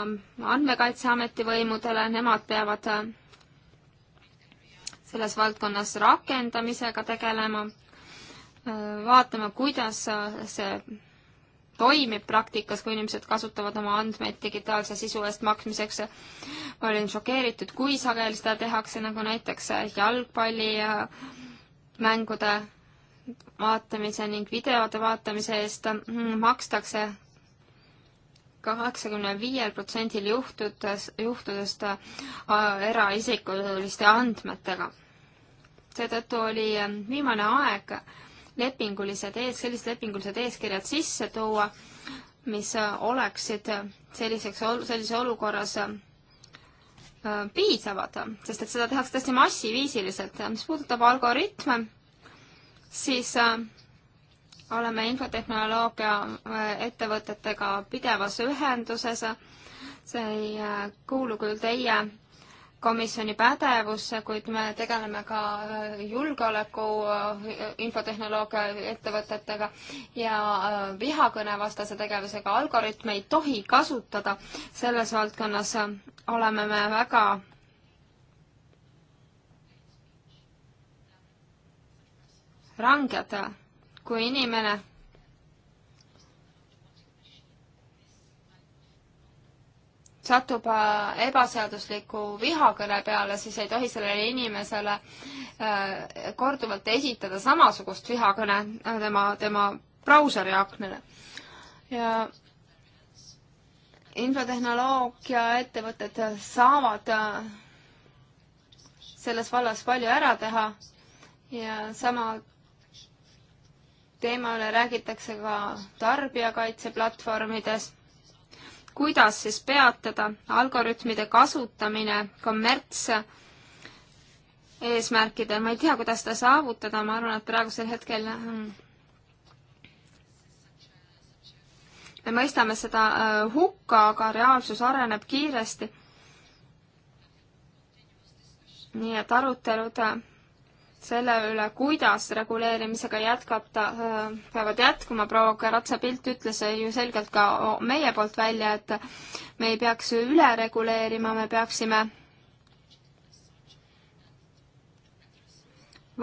Andmekaitseameti võimudele, nemad peavad äh, selles valdkonnas rakendamisega tegelema, vaatama, kuidas see toimib praktikas, kui inimesed kasutavad oma andmeid digitaalse sisu eest maksmiseks. ma olin šokeeritud, kui sageli seda tehakse, nagu näiteks jalgpalli ja mängude vaatamise ning videode vaatamise eest makstakse kaheksakümne viiel protsendil juhtudes, juhtudest äh, eraisikutuliste andmetega. seetõttu oli äh, viimane aeg lepingulised ees, sellised lepingulised eeskirjad sisse tuua, mis äh, oleksid selliseks, sellises olukorras äh, piisavad, sest et seda tehakse tõesti massiviisiliselt. mis puudutab algoritme, siis äh, oleme infotehnoloogia ettevõtetega pidevas ühenduses. see ei kuulu küll teie komisjoni pädevusse, kuid me tegeleme ka äh, julgeoleku äh, infotehnoloogia ettevõtetega ja äh, vihakõnevastase tegevusega. Algoritme ei tohi kasutada. selles valdkonnas oleme me väga ranged, kui inimene satub äh, ebaseadusliku vihakõne peale, siis ei tohi sellele inimesele äh, korduvalt esitada samasugust vihakõne äh, tema, tema brauseri aknale. ja infotehnoloogia ettevõtted saavad selles vallas palju ära teha ja sama teema üle räägitakse ka tarbijakaitseplatvormides kuidas siis peatada algoritmide kasutamine kommerts eesmärkidel, ma ei tea, kuidas seda saavutada, ma arvan, et praegusel hetkel hmm, me mõistame seda äh, hukka, aga reaalsus areneb kiiresti. nii et arutelud äh, selle üle, kuidas reguleerimisega jätkab ta, peavad jätkuma, proua Karatsa-Pilt ütles ju selgelt ka meie poolt välja, et me ei peaks üle reguleerima, me peaksime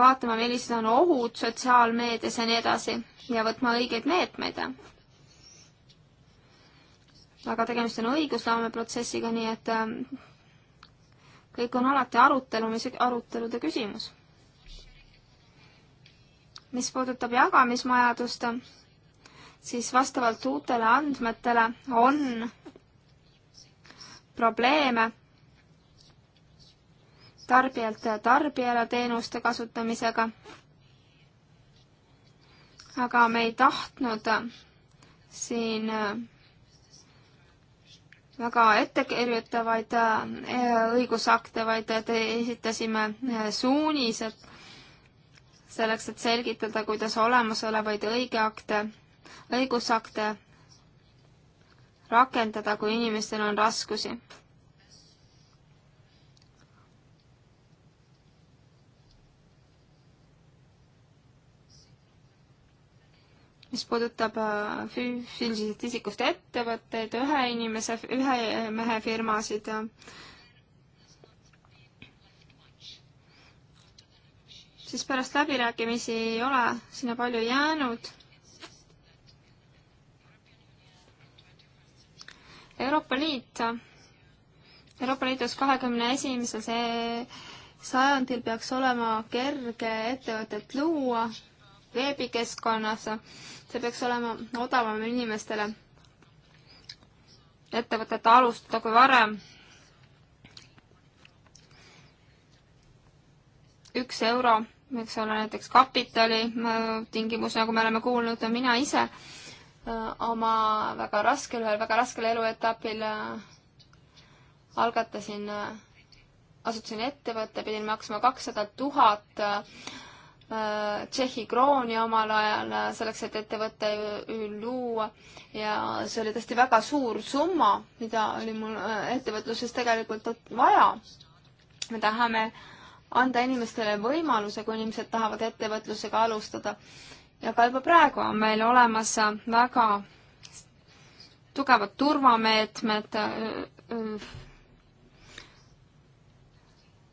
vaatama, millised on ohud sotsiaalmeedias ja nii edasi ja võtma õigeid meetmeid. aga tegemist on õigusloomeprotsessiga, nii et kõik on alati arutelu, mis arutelude küsimus mis puudutab jagamismajadust, siis vastavalt uutele andmetele on probleeme tarbijalt tarbijale teenuste kasutamisega. aga me ei tahtnud siin väga ettekirjutavaid äh, õigusakte, vaid esitasime äh, suunised selleks, et selgitada, kuidas olemasolevaid õigeakte, õigusakte rakendada, kui inimestel on raskusi. mis puudutab äh, füüsilisest isikust ettevõtteid, ühe inimese, ühe mehe firmasid, siis pärast läbirääkimisi ei ole sinna palju jäänud. Euroopa Liit, Euroopa Liidus kahekümne esimesel sajandil peaks olema kerge ettevõtet luua veebikeskkonnas, see peaks olema odavam inimestele ettevõtet alustada kui varem. üks euro eks ole, näiteks kapitali äh, tingimus, nagu me oleme kuulnud, mina ise äh, oma väga raskel, ühel väga raskel eluetapil äh, algatasin, asutasin ettevõtte, pidin maksma kakssada tuhat Tšehhi krooni omal ajal selleks, et ettevõte luua ja see oli tõesti väga suur summa, mida oli mul ettevõtluses tegelikult vaja. me tahame äh, anda inimestele võimaluse, kui inimesed tahavad ettevõtlusega alustada. ja ka juba praegu on meil olemas väga tugevad turvameetmed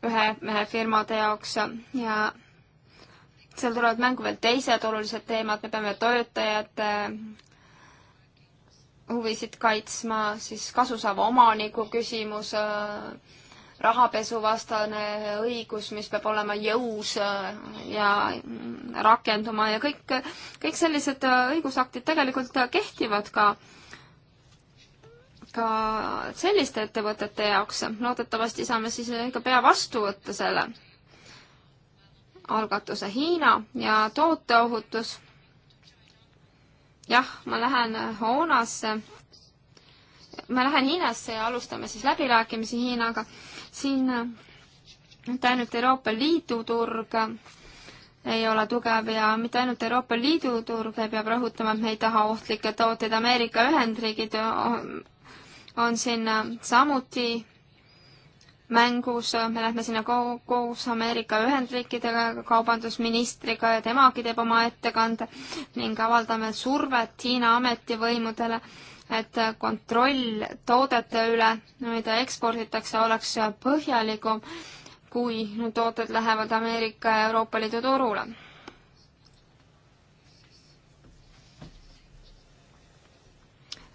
ühe mehe firmade jaoks ja seal tulevad mängu veel teised olulised teemad, me peame töötajate huvisid kaitsma, siis kasusaava omaniku küsimus äh, rahapesuvastane õigus, mis peab olema jõus äh, ja rakenduma ja kõik, kõik sellised äh, õigusaktid tegelikult äh, kehtivad ka ka selliste ettevõtete jaoks. loodetavasti saame siis ikka pea vastu võtta selle algatuse Hiina ja tooteohutus. jah, ma lähen Hoonasse, ma lähen Hiinasse ja alustame siis läbirääkimisi Hiinaga siin mitte ainult Euroopa Liidu turg ei ole tugev ja mitte ainult Euroopa Liidu turg ei peab rõhutama, et me ei taha ohtlikke tooteid, Ameerika Ühendriigid on, on siin samuti mängus, me lähme sinna koos Ameerika Ühendriikidega, kaubandusministriga ja temagi teeb oma ettekande ning avaldame survet Hiina ametivõimudele et kontroll toodete üle, mida eksporditakse, oleks põhjalikum, kui tooted lähevad Ameerika ja Euroopa Liidu turule.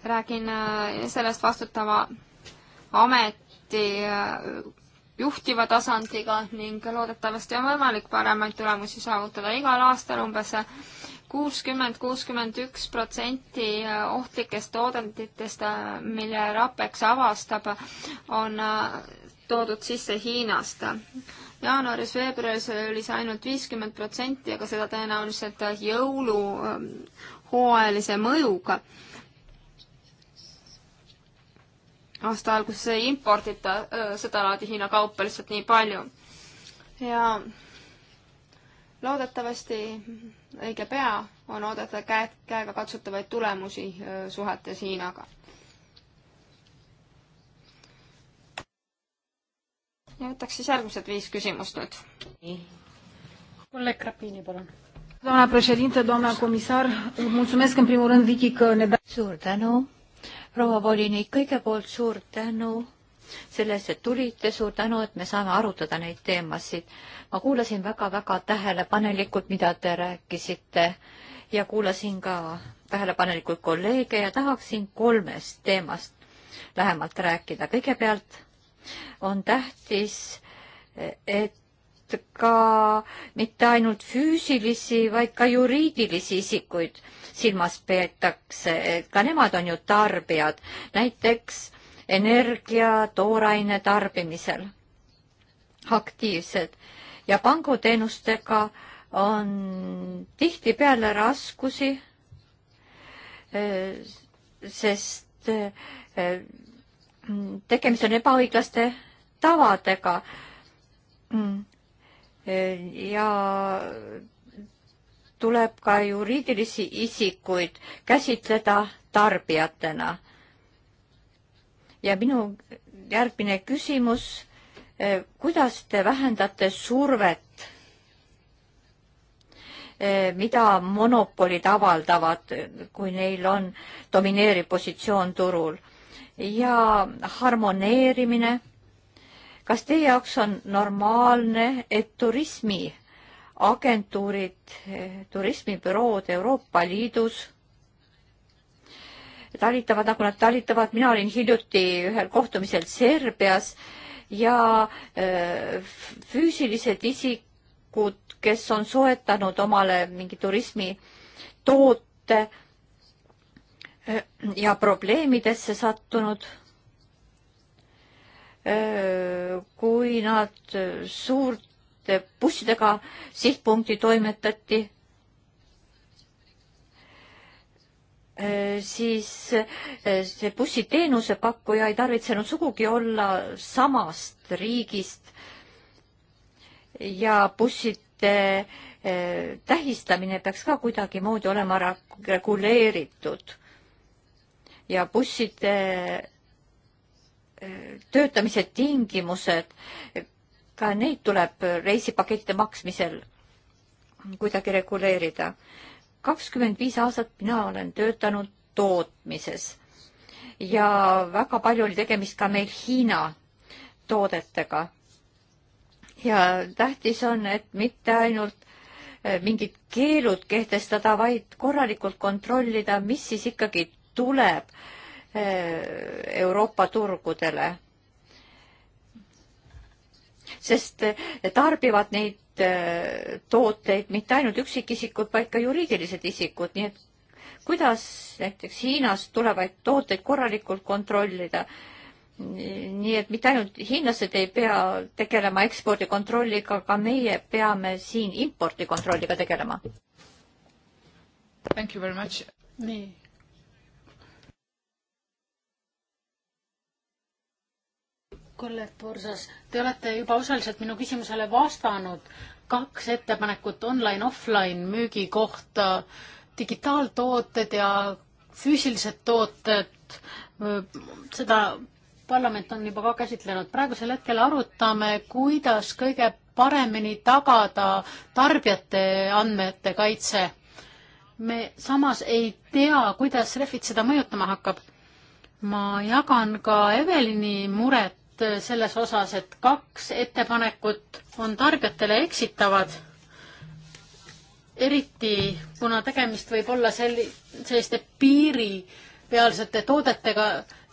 räägin äh, sellest vastutava ameti äh, juhtiva tasandiga ning loodetavasti on võimalik paremaid tulemusi saavutada igal aastal umbes kuuskümmend, kuuskümmend üks protsenti äh, ohtlikest toodetitest, äh, mille RAPEX avastab, on äh, toodud sisse Hiinast. jaanuaris-veebruaris oli see ainult viiskümmend protsenti, aga seda tõenäoliselt jõuluhooajalise ähm, mõjuga. aasta alguses ei impordita sedalaadi Hiina kaupa lihtsalt nii palju. ja loodetavasti õige pea on oodata käed, käegakatsutavaid tulemusi suhetes Hiinaga. ja võtaks siis järgmised viis küsimust nüüd. kolleeg Krapini, palun. Doamna președinte, doamna comisar, mulțumesc în primul rând, Vicky, că ne da... Suur tänu, proua volinik, kõigepealt suur tänu selle eest, et tulite, suur tänu, et me saame arutada neid teemasid. ma kuulasin väga-väga tähelepanelikult, mida te rääkisite ja kuulasin ka tähelepanelikult kolleege ja tahaksin kolmest teemast lähemalt rääkida. kõigepealt on tähtis, et ka mitte ainult füüsilisi, vaid ka juriidilisi isikuid silmas peetakse, et ka nemad on ju tarbijad. näiteks energia, tooraine tarbimisel aktiivsed ja panguteenustega on tihtipeale raskusi, eh, sest eh, tegemist on ebaõiglaste tavadega. Mm. Eh, ja tuleb ka juriidilisi isikuid käsitleda tarbijatena ja minu järgmine küsimus, eh, kuidas te vähendate survet, eh, mida monopolid avaldavad, kui neil on domineeriv positsioon turul ja harmoneerimine. kas teie jaoks on normaalne, et turismiagentuurid, eh, turismibürood Euroopa Liidus talitavad nagu nad talitavad. mina olin hiljuti ühel kohtumisel Serbias ja äh, füüsilised isikud, kes on soetanud omale mingi turismitoote äh, ja probleemidesse sattunud äh, kui nad suurte bussidega sihtpunkti toimetati, Äh, siis äh, see bussiteenuse pakkuja ei tarvitsenud sugugi olla samast riigist ja busside äh, tähistamine peaks ka kuidagimoodi olema reguleeritud ja busside töötamise tingimused, ka neid tuleb reisipakettide maksmisel kuidagi reguleerida kakskümmend viis aastat mina olen töötanud tootmises ja väga palju oli tegemist ka meil Hiina toodetega. ja tähtis on, et mitte ainult eh, mingid keelud kehtestada, vaid korralikult kontrollida, mis siis ikkagi tuleb eh, Euroopa turgudele sest eh, tarbivad neid eh, tooteid mitte ainult üksikisikud, vaid ka juriidilised isikud, nii et kuidas näiteks Hiinast tulevaid tooteid korralikult kontrollida nii et mitte ainult hiinlased ei pea tegelema ekspordikontrolliga, aga meie peame siin impordikontrolliga tegelema. nii, kolleeg Borsas, te olete juba osaliselt minu küsimusele vastanud. kaks ettepanekut online-offline müügi kohta, digitaaltooted ja füüsilised tooted, seda parlament on juba ka käsitlenud. praegusel hetkel arutame, kuidas kõige paremini tagada tarbijate andmete kaitse. me samas ei tea, kuidas Refit seda mõjutama hakkab ma jagan ka Evelini muret koostööd selles osas, et kaks ettepanekut on tarbijatele eksitavad, eriti kuna tegemist võib olla selli-, selliste piiripealsete toodetega,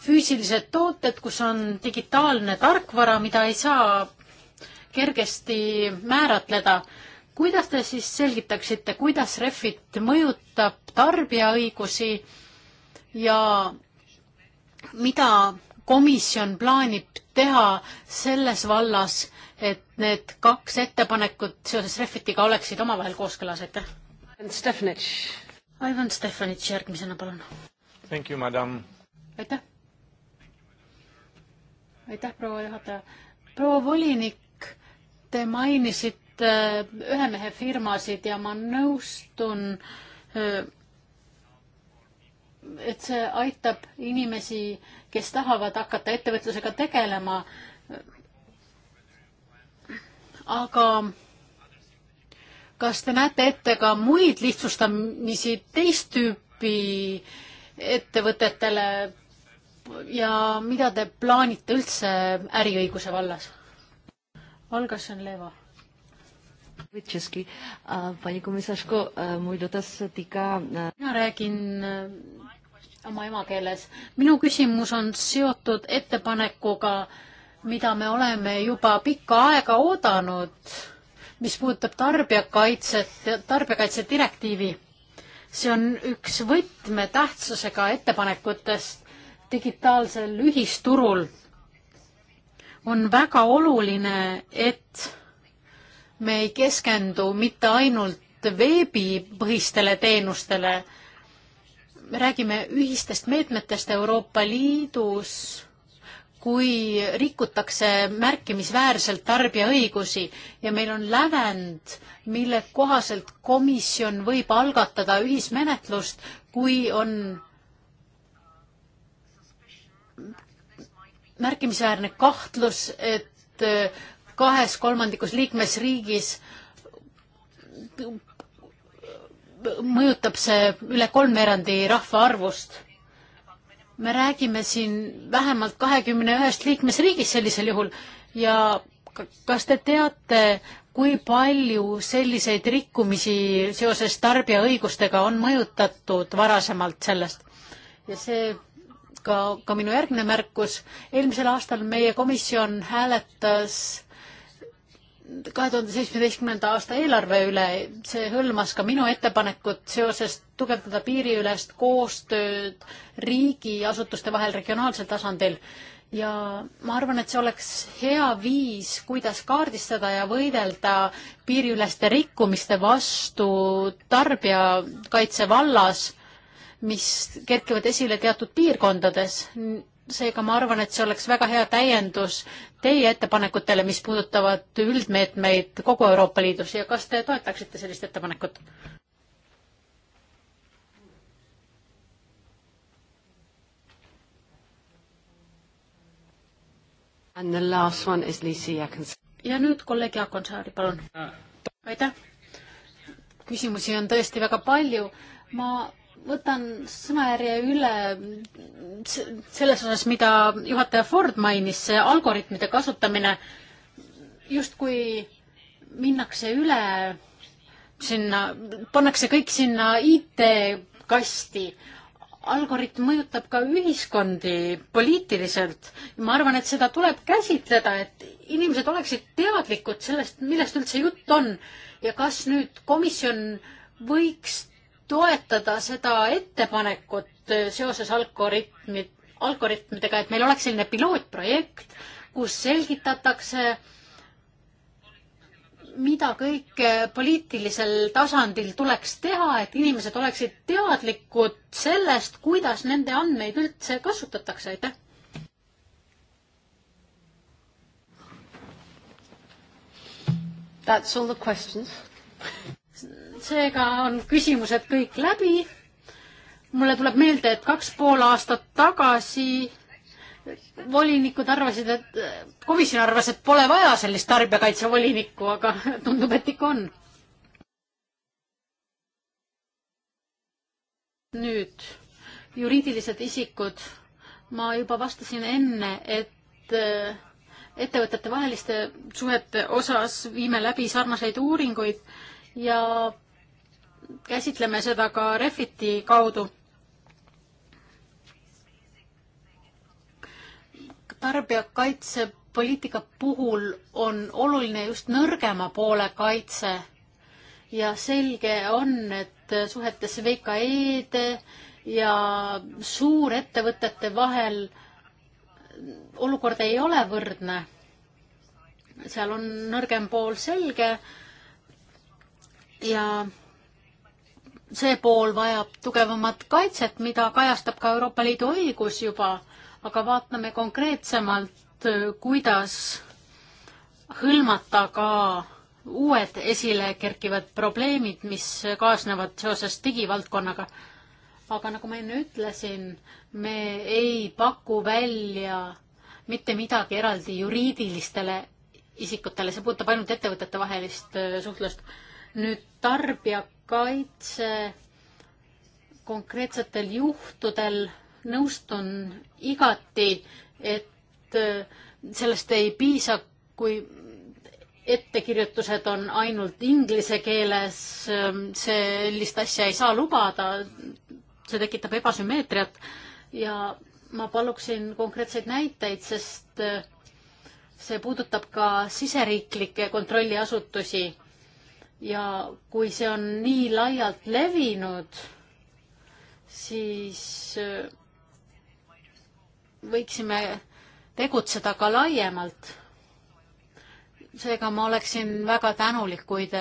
füüsilised tooted, kus on digitaalne tarkvara, mida ei saa kergesti määratleda. kuidas te siis selgitaksite, kuidas Refit mõjutab tarbija õigusi ja mida komisjon plaanib teha selles vallas, et need kaks ettepanekut seoses Refitiga oleksid omavahel kooskõlas, aitäh. Ivan Stefanitš järgmisena, palun. aitäh. aitäh, proua juhataja. proua volinik, te mainisite äh, ühe mehe firmasid ja ma nõustun, äh, et see aitab inimesi äh, kes tahavad hakata ettevõtlusega tegelema. aga kas te näete ette ka muid lihtsustamisi teist tüüpi ettevõtetele ja mida te plaanite üldse äriõiguse vallas? Olga Šenleva mluvit česky. A paní komisařko, můj dotaz se týká... Já räägin oma emakeeles. minu küsimus on seotud ettepanekuga, mida me oleme juba pikka aega oodanud, mis puudutab tarbijakaitset, tarbijakaitse direktiivi. see on üks võtmetähtsusega ettepanekutest digitaalsel ühisturul. on väga oluline, et me ei keskendu mitte ainult veebipõhistele teenustele me räägime ühistest meetmetest Euroopa Liidus, kui rikutakse märkimisväärselt tarbija õigusi ja meil on lävend, mille kohaselt komisjon võib algatada ühismenetlust, kui on märkimisväärne kahtlus, et kahes kolmandikus liikmesriigis mõjutab see üle kolmveerandi rahvaarvust. me räägime siin vähemalt kahekümne ühest liikmesriigist sellisel juhul ja kas te teate, kui palju selliseid rikkumisi seoses tarbija õigustega on mõjutatud varasemalt sellest? ja see ka, ka minu järgmine märkus, eelmisel aastal meie komisjon hääletas kahe tuhande seitsmeteistkümnenda aasta eelarve üle, see hõlmas ka minu ettepanekut seoses tugevdada piiriülest koostööd riigiasutuste vahel regionaalsel tasandil. ja ma arvan, et see oleks hea viis, kuidas kaardistada ja võidelda piiriüleste rikkumiste vastu tarbijakaitse vallas, mis kerkivad esile teatud piirkondades seega ma arvan, et see oleks väga hea täiendus teie ettepanekutele, mis puudutavad üldmeetmeid kogu Euroopa Liidus ja kas te toetaksite sellist ettepanekut? And the last one is Lisi Jakons. ja nüüd kolleeg Jaakonsaari, palun. Äh, aitäh. küsimusi on tõesti väga palju. ma võtan sõnajärje üle selles osas, mida juhataja Ford mainis, see algoritmide kasutamine, justkui minnakse üle sinna, pannakse kõik sinna IT-kasti. Algoritm mõjutab ka ühiskondi poliitiliselt. ma arvan, et seda tuleb käsitleda, et inimesed oleksid teadlikud sellest, millest üldse jutt on ja kas nüüd komisjon võiks toetada seda ettepanekut äh, seoses algoritmi, algoritmidega, et meil oleks selline pilootprojekt, kus selgitatakse, mida kõike äh, poliitilisel tasandil tuleks teha, et inimesed oleksid teadlikud sellest, kuidas nende andmeid üldse kasutatakse, aitäh! That's all the questions seega on küsimused kõik läbi. mulle tuleb meelde, et kaks pool aastat tagasi volinikud arvasid, et komisjon arvas, et pole vaja sellist tarbijakaitsevolinikku, aga tundub, et ikka on. nüüd juriidilised isikud. ma juba vastasin enne, et eh, ettevõtete vaheliste suhete osas viime läbi sarnaseid uuringuid ja käsitleme seda ka Refiti kaudu. tarbijakaitsepoliitika puhul on oluline just nõrgema poole kaitse ja selge on, et suhetes VKE-de ja suurettevõtete vahel olukord ei ole võrdne. seal on nõrgem pool selge ja see pool vajab tugevamat kaitset, mida kajastab ka Euroopa Liidu õigus juba, aga vaatame konkreetsemalt, kuidas hõlmata ka uued esile kerkivad probleemid, mis kaasnevad seoses digivaldkonnaga. aga nagu ma enne ütlesin, me ei paku välja mitte midagi eraldi juriidilistele isikutele, see puudutab ainult ettevõtete vahelist äh, suhtlust nüüd tarbijakaitse konkreetsetel juhtudel nõustun igati, et äh, sellest ei piisa, kui ettekirjutused on ainult inglise keeles, ähm, sellist asja ei saa lubada, see tekitab ebasümmeetriat ja ma paluksin konkreetseid näiteid, sest äh, see puudutab ka siseriiklikke kontrolliasutusi ja kui see on nii laialt levinud, siis äh, võiksime tegutseda ka laiemalt. seega ma oleksin väga tänulik, kui te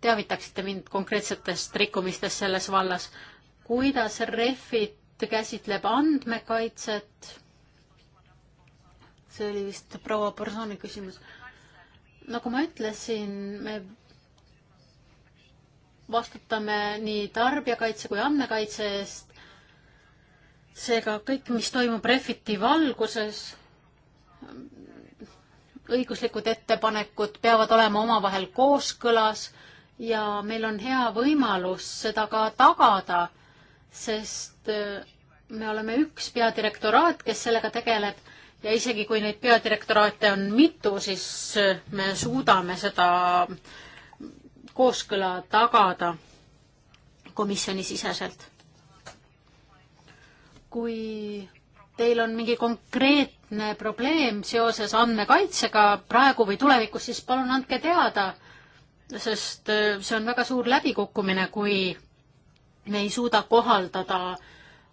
teavitaksite mind konkreetsetest rikkumistest selles vallas. kuidas Refit käsitleb andmekaitset? see oli vist proua Borsoni küsimus. nagu ma ütlesin, me vastutame nii tarbijakaitse kui andmekaitse eest. seega kõik, mis toimub Refiti valguses, õiguslikud ettepanekud peavad olema omavahel kooskõlas ja meil on hea võimalus seda ka tagada, sest äh, me oleme üks peadirektoraat, kes sellega tegeleb ja isegi kui neid peadirektoraate on mitu, siis äh, me suudame seda kooskõla tagada komisjonisiseselt. kui teil on mingi konkreetne probleem seoses andmekaitsega praegu või tulevikus, siis palun andke teada, sest äh, see on väga suur läbikukkumine, kui me ei suuda kohaldada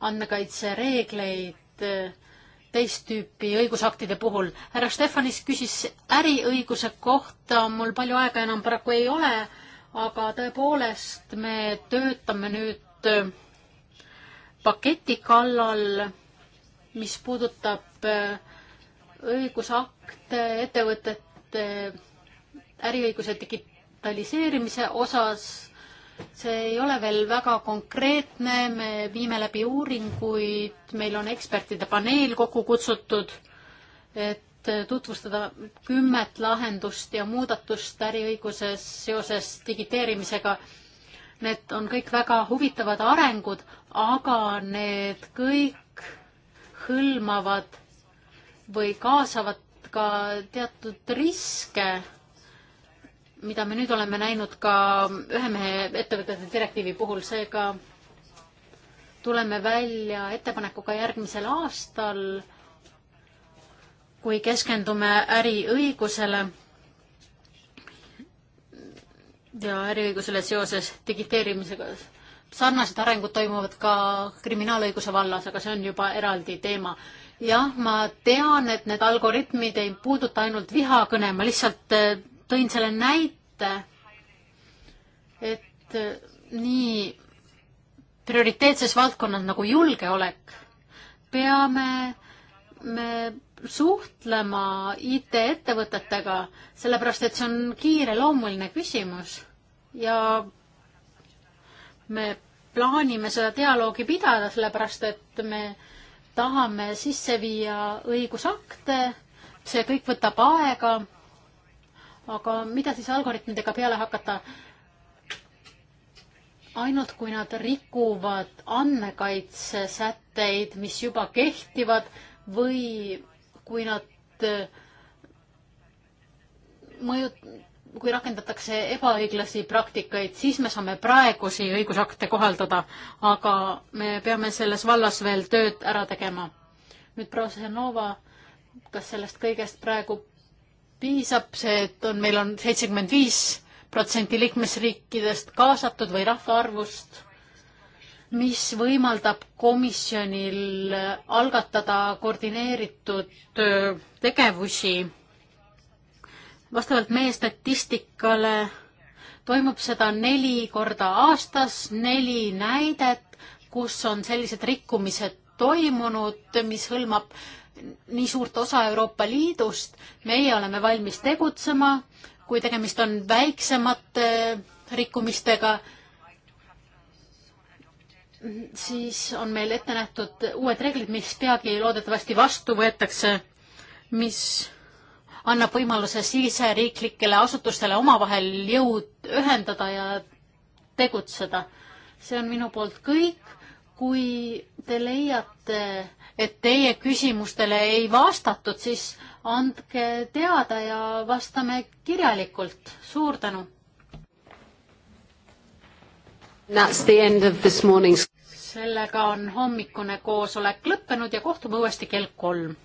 andmekaitsereegleid äh, teist tüüpi õigusaktide puhul. härra Stefanis küsis äriõiguse kohta, mul palju aega enam paraku ei ole aga tõepoolest me töötame nüüd äh, paketi kallal, mis puudutab äh, õigusakte ettevõtete äh, äriõiguse digitaliseerimise osas. see ei ole veel väga konkreetne, me viime läbi uuringuid, meil on ekspertide paneel kokku kutsutud, et tutvustada kümmet lahendust ja muudatust äriõiguses seoses digiteerimisega. Need on kõik väga huvitavad arengud, aga need kõik hõlmavad või kaasavad ka teatud riske, mida me nüüd oleme näinud ka ühe mehe ettevõtete direktiivi puhul, seega tuleme välja ettepanekuga järgmisel aastal kui keskendume äriõigusele ja äriõigusele seoses digiteerimisega, sarnased arengud toimuvad ka kriminaalõiguse vallas, aga see on juba eraldi teema. jah, ma tean, et need algoritmid ei puuduta ainult vihakõne, ma lihtsalt äh, tõin selle näite, et äh, nii prioriteetses valdkonnas nagu julgeolek peame me suhtlema IT-ettevõtetega, sellepärast et see on kiireloomuline küsimus ja me plaanime seda dialoogi pidada, sellepärast et me tahame sisse viia õigusakte, see kõik võtab aega, aga mida siis algoritmidega peale hakata? ainult kui nad rikuvad andmekaitsesätteid, mis juba kehtivad või kui nad äh, mõju, kui rakendatakse ebaõiglasi praktikaid, siis me saame praegusi õigusakte kohaldada, aga me peame selles vallas veel tööd ära tegema. nüüd Prosenova, kas sellest kõigest praegu piisab, see, et on, meil on seitsekümmend viis protsenti liikmesriikidest kaasatud või rahvaarvust mis võimaldab komisjonil algatada koordineeritud tegevusi. vastavalt meie statistikale toimub seda neli korda aastas, neli näidet, kus on sellised rikkumised toimunud, mis hõlmab nii suurt osa Euroopa Liidust. meie oleme valmis tegutsema, kui tegemist on väiksemate rikkumistega siis on meil ette nähtud uued reeglid, mis peagi loodetavasti vastu võetakse, mis annab võimaluse siseriiklikele asutustele omavahel jõud ühendada ja tegutseda. see on minu poolt kõik. kui te leiate, et teie küsimustele ei vastatud, siis andke teada ja vastame kirjalikult. suur tänu sellega on hommikune koosolek lõppenud ja kohtume uuesti kell kolm.